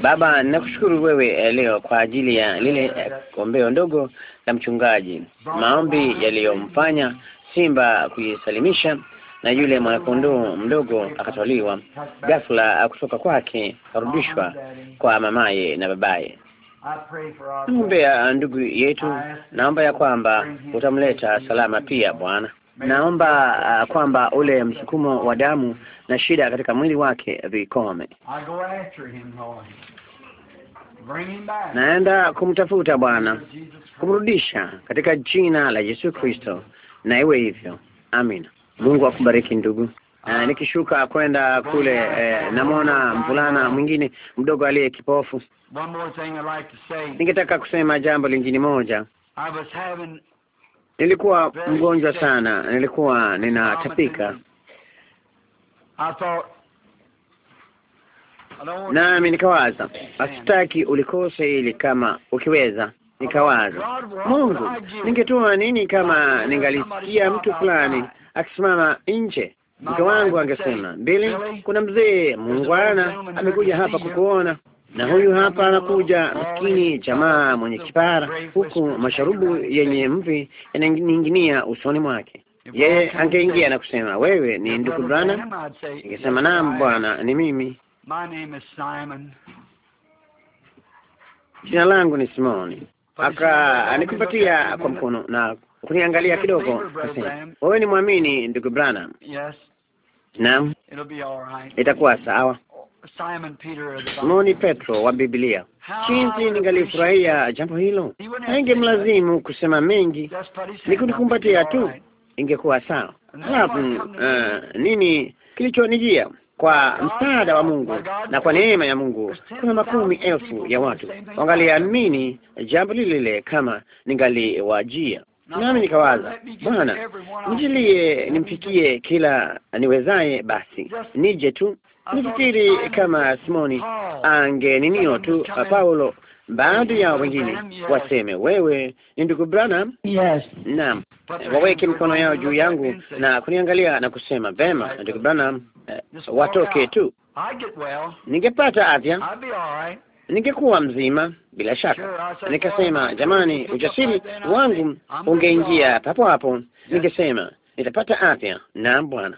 Speaker 1: Baba, ninakushukuru wewe eh, leo kwa ajili ya lile eh, kombeo ndogo la mchungaji, maombi yaliyomfanya simba kujisalimisha na yule mwanakondoo mdogo akatwaliwa ghafla ah, kutoka kwake, karudishwa kwa mamaye na babaye. ya ah, ndugu yetu, naomba ya kwamba utamleta salama pia Bwana. Naomba uh, kwamba ule msukumo wa damu na shida katika mwili wake vikome. Naenda kumtafuta Bwana, kumrudisha katika jina la Yesu Kristo, na iwe hivyo. Amina. Mungu akubariki ndugu. Uh, nikishuka kwenda kule eh, namwona mvulana mwingine mdogo aliye kipofu. Ningetaka kusema jambo lingine moja. Nilikuwa mgonjwa sana, nilikuwa ninatapika, nami nikawaza, asitaki ulikose ili kama ukiweza nikawaza, Mungu, ningetuma nini kama ningalisikia mtu fulani akisimama nje, mke wangu angesema, Bili, kuna mzee muungwana amekuja hapa kukuona na huyu hapa anakuja maskini jamaa mwenye kipara, huku masharubu yenye mvi yananing'inia usoni mwake.
Speaker 3: Yeye angeingia na
Speaker 1: kusema, wewe ni ndugu bwana,
Speaker 3: Ningesema, naam bwana,
Speaker 1: ni mimi. Jina langu ni Simoni akanikupatia kwa mkono na kuniangalia kidogo, wewe ni mwamini ndugu Branham? Yes. Naam, itakuwa sawa. Simoni Petro wa Biblia. Jinsi ningalifurahia jambo hilo, mlazimu kusema mengi, ni kunikumbatia tu, ingekuwa sawa. Halafu uh, eh, nini kilichonijia kwa msaada wa Mungu na kwa neema ya Mungu, kuna makumi elfu ya watu wangaliamini jambo lile lile kama ningaliwajia.
Speaker 2: Nami nikawaza, Bwana
Speaker 1: mjilie nimfikie kila niwezaye, basi nije tu
Speaker 2: nifikiri
Speaker 1: kama Simoni
Speaker 2: angeninio
Speaker 1: tu Paulo baadhi ya wengine waseme wewe ni ndugu Branham. Yes. Naam,
Speaker 3: waweke mikono
Speaker 1: yao juu yangu na kuniangalia na kusema vema, ndugu Branham, eh, watoke tu. Ningepata afya ningekuwa mzima bila shaka. Nikasema, jamani, ujasiri wangu
Speaker 2: ungeingia
Speaker 1: papo hapo, ningesema nitapata afya. Naam Bwana,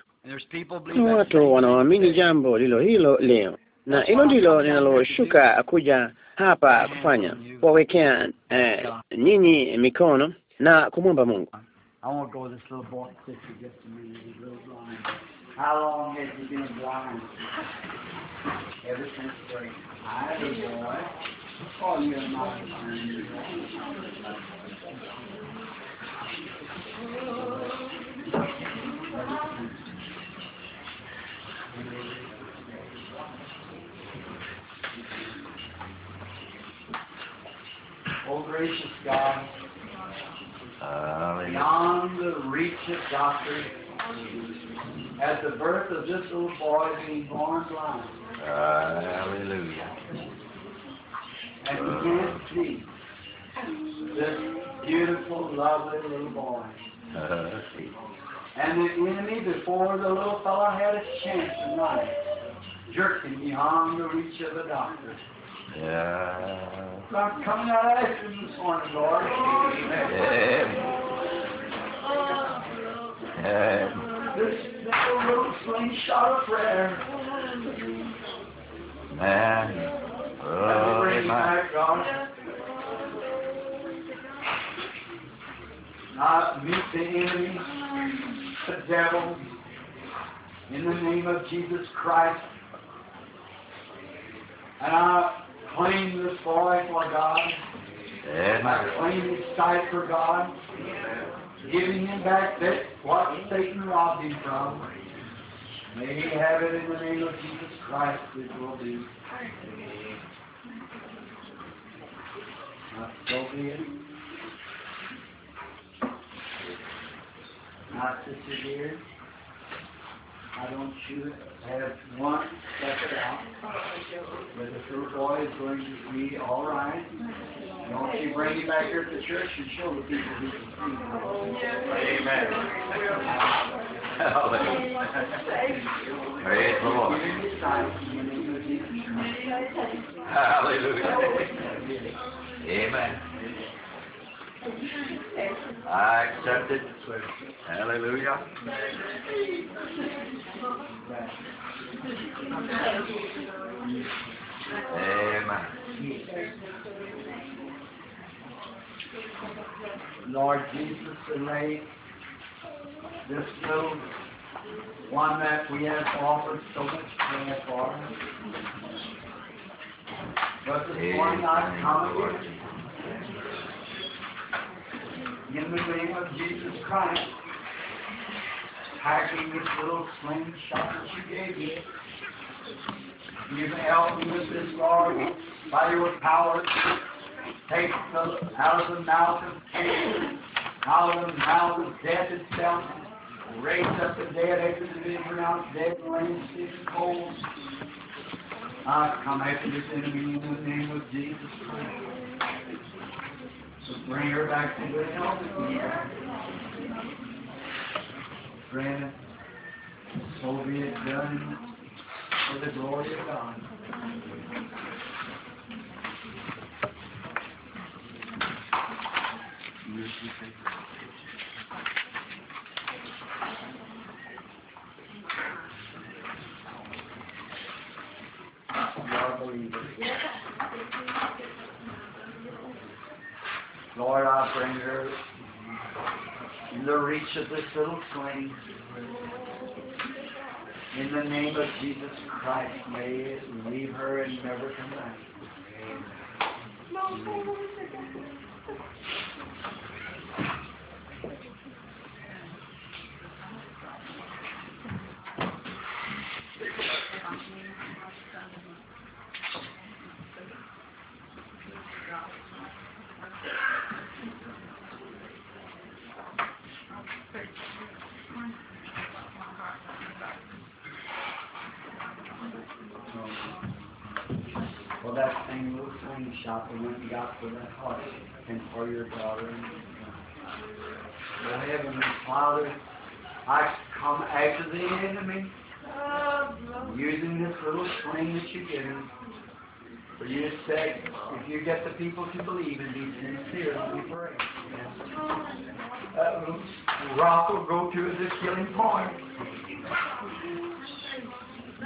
Speaker 1: watu wanaoamini jambo lilo hilo leo, na hilo ndilo linaloshuka kuja hapa kufanya kuwawekea eh, nyinyi mikono na kumwomba Mungu.
Speaker 3: at the birth of this little boy being born blind. Uh,
Speaker 2: hallelujah. And he can't see this
Speaker 3: beautiful, lovely little boy. and the enemy, before the little fellow had a chance in life, jerked him beyond the reach of the doctor. Yeah. So I'm coming out of this morning, Lord. Yeah.
Speaker 2: Amen. This narrow slingshot of prayer. Amen. Oh, amen.
Speaker 3: Not meet the enemy, the devil, in the name of Jesus Christ. And I claim this life for God. Amen. I claim this sight for God. Amen giving him back that what Satan robbed him from. May he have it in the name of Jesus Christ, it will be. Now, Sophia. Not Sister dear. I don't shoot. have one separate out. But the her boy is going to be all right, and won't you bring him back here to the church and show the people who can see? Amen. Hallelujah. Praise the Lord.
Speaker 2: Hallelujah. Amen. I accept it. Hallelujah. Amen. Lord Jesus, tonight, this little one that we have offered so much prayer for,
Speaker 3: but this Amen. one not in the name of Jesus Christ, packing this little slingshot that you gave me. You've helped me with this, Lord, by your power. Take the, out of the mouth of Cain, out of the mouth of death itself, raise up the dead, exit the out dead, rain, six coals. I come after this enemy in the name of Jesus Christ. Just bring her back to good health Granted,
Speaker 2: so be it done for the glory of God. Y'all believe
Speaker 3: Lord, I bring her in the reach of this little sling. In the name of Jesus Christ, may it leave her and never come back.
Speaker 2: Amen. Amen.
Speaker 3: that same little swing shop and went and got for that heart and for your daughter and your Heavenly Father, I come after the enemy using this little swing that you give given for you to say, if you get the people to believe and be sincere, we pray. That uh, little rock will go to the killing point.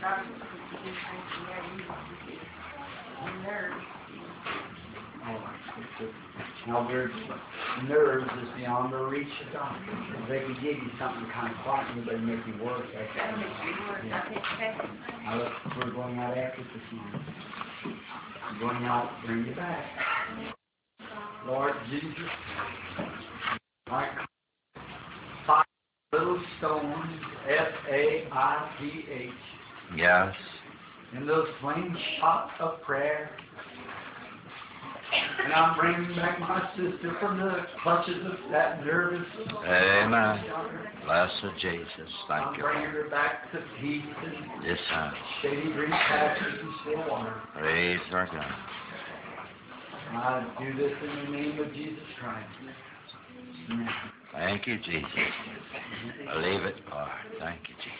Speaker 2: doctor could be trying
Speaker 3: nerves. nerves is beyond the reach. of If they can give you something kind of cotton, but make you work. I Yeah. look, we're going out after this morning. I'm going out, bring you back. Lord Jesus, like five little stones, F-A-I-T-H. Yes. In those flames shot of prayer. And I'm bringing back my sister from the clutches of that nervous. Amen. Blessed Jesus. Thank I'm you. I'm bringing her back to peace and yes, sir. shady green patches and still water. Praise our God. I do this in the name of Jesus
Speaker 2: Christ. Amen. Thank you, Jesus. Believe it, Lord. Thank you, Jesus.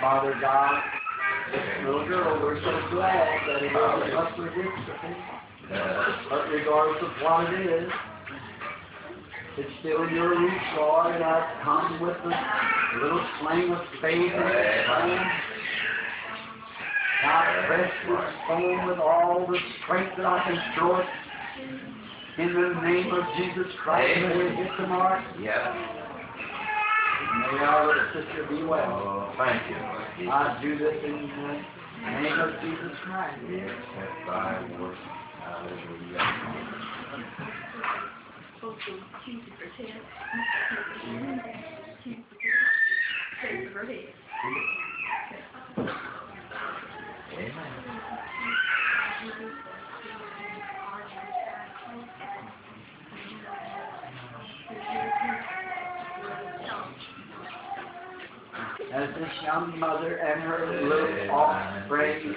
Speaker 3: Father God, this little girl, we're so glad that it is us redemption. But regardless of what it is, it's still your roots, Lord, and I've come with a little flame of faith and faith. I press this phone with all the strength that I can throw it in the name of Jesus Christ, and we hit the mark. Yep. May our little sister be well. Oh, thank you. I do this in the name of Jesus Christ. thy Hallelujah. Amen. as this young mother and her little offspring,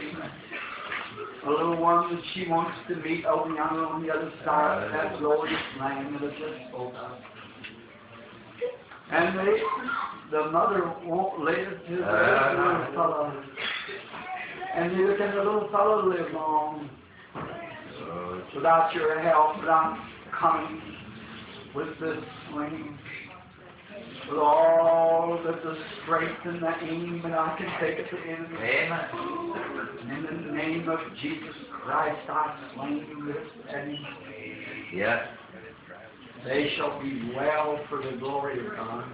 Speaker 3: the little one that she wants to meet over yonder on the other side of that glorious land that I just spoke of. And they, the mother won't let to the uh, little fellow. And neither can the little fellow live long without your help, without coming with this swing. With Lord, the strength and the aim that I can take it to end. Amen. In the name of Jesus Christ, I slain this enemy. Yes. They shall be well for the glory of God.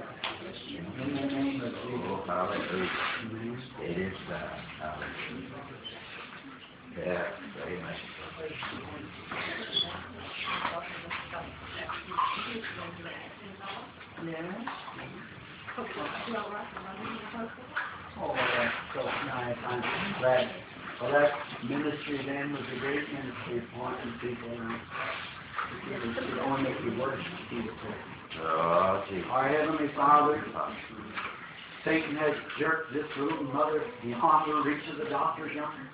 Speaker 3: In the name of Jesus. Oh, hallelujah.
Speaker 2: Amen. It is done. Hallelujah. Yes, amen. Yeah. Oh, that's so nice. I'm glad.
Speaker 3: Well, that ministry then was a great ministry, pointing people out. It only if you worship people. Oh, Our Heavenly Father, Satan has jerked this little mother beyond the reach of the doctor's yonder.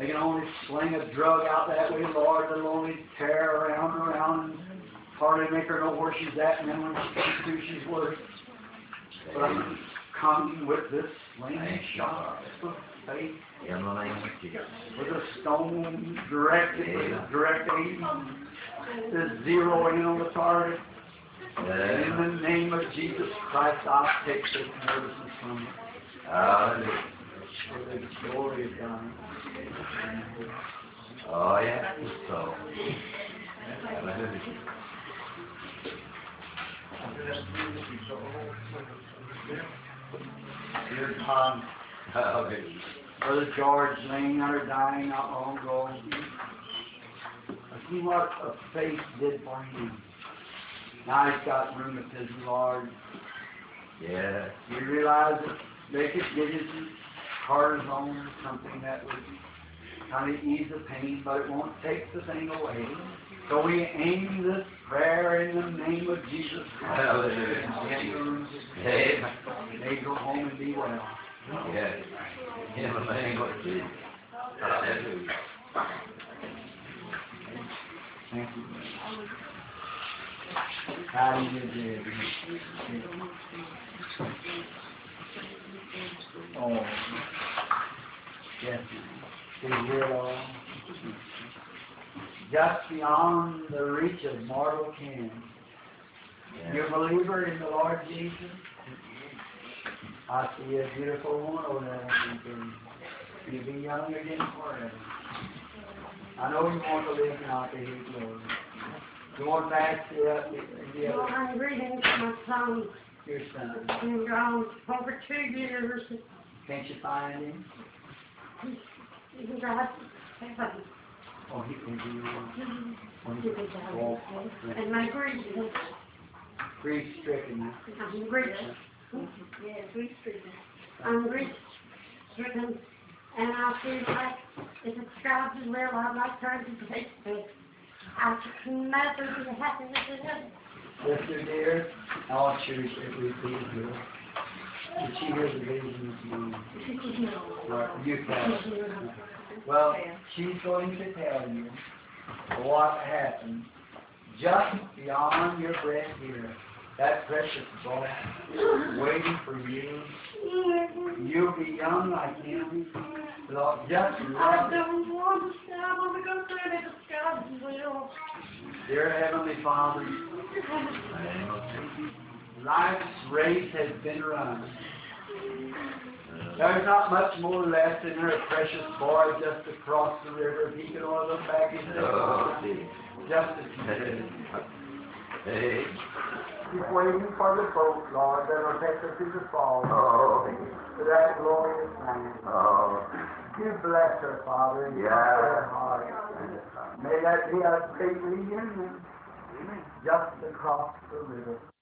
Speaker 3: They can only sling a drug out that way, Lord. They'll only tear around and around hardly make her know where she's at, and then when she comes to, she's worse. But I'm coming with this slinging shot of faith, with a stone directed, yeah. directed aim, the zero in on the target. In the name of Jesus Christ, I'll take this medicine from you. Hallelujah. For the glory of God.
Speaker 2: Oh, yeah, so. Hallelujah.
Speaker 3: Dear Tom, uh, Brother George laying under dying not long ago. See what a faith did for him. Now he's got rheumatism, Lord.
Speaker 2: Yeah. You
Speaker 3: realize that they could get his cortisone or something that would kind of ease the pain, but it won't take the thing away. So we aim this prayer in the name of Jesus Christ. Hallelujah. Amen. May go home and be well. Yes. In the name of Jesus. Hallelujah.
Speaker 2: Thank you. How do you do? Oh.
Speaker 3: Yes. They will all just beyond the reach of mortal ken. You're a believer in the Lord Jesus? I see a beautiful woman over there. You'll be young again forever. I know you want to live now to His glory.
Speaker 2: You want to ask the, uh, the other. Well, I'm reading my son. Your son. has been gone over two years. Can't you find him? He's, he's
Speaker 3: Oh, he can do And my grief is grief stricken.
Speaker 2: I'm grief. Yeah, grief stricken. I'm grief stricken. And I feel like if it's God's will, I'm not trying to break it. I can never be happy with it. Sister dear, all church we be here. Did she hear the vision of you? you can.
Speaker 3: Well, she's going to tell you what happened just beyond your breath here. That precious boy waiting for you. You'll be young like him. Lord, just love Dear Heavenly Father, life's race has been run. There's not much more left in her precious boy just across the river. He can only look back and say, oh, just as he did. Hey. Keep waiting for the boat, Lord, that will take us to the fall. Oh. To that glorious land. Oh. You bless her, Father, and yeah. her heart. May that be our great reunion. Just across the river.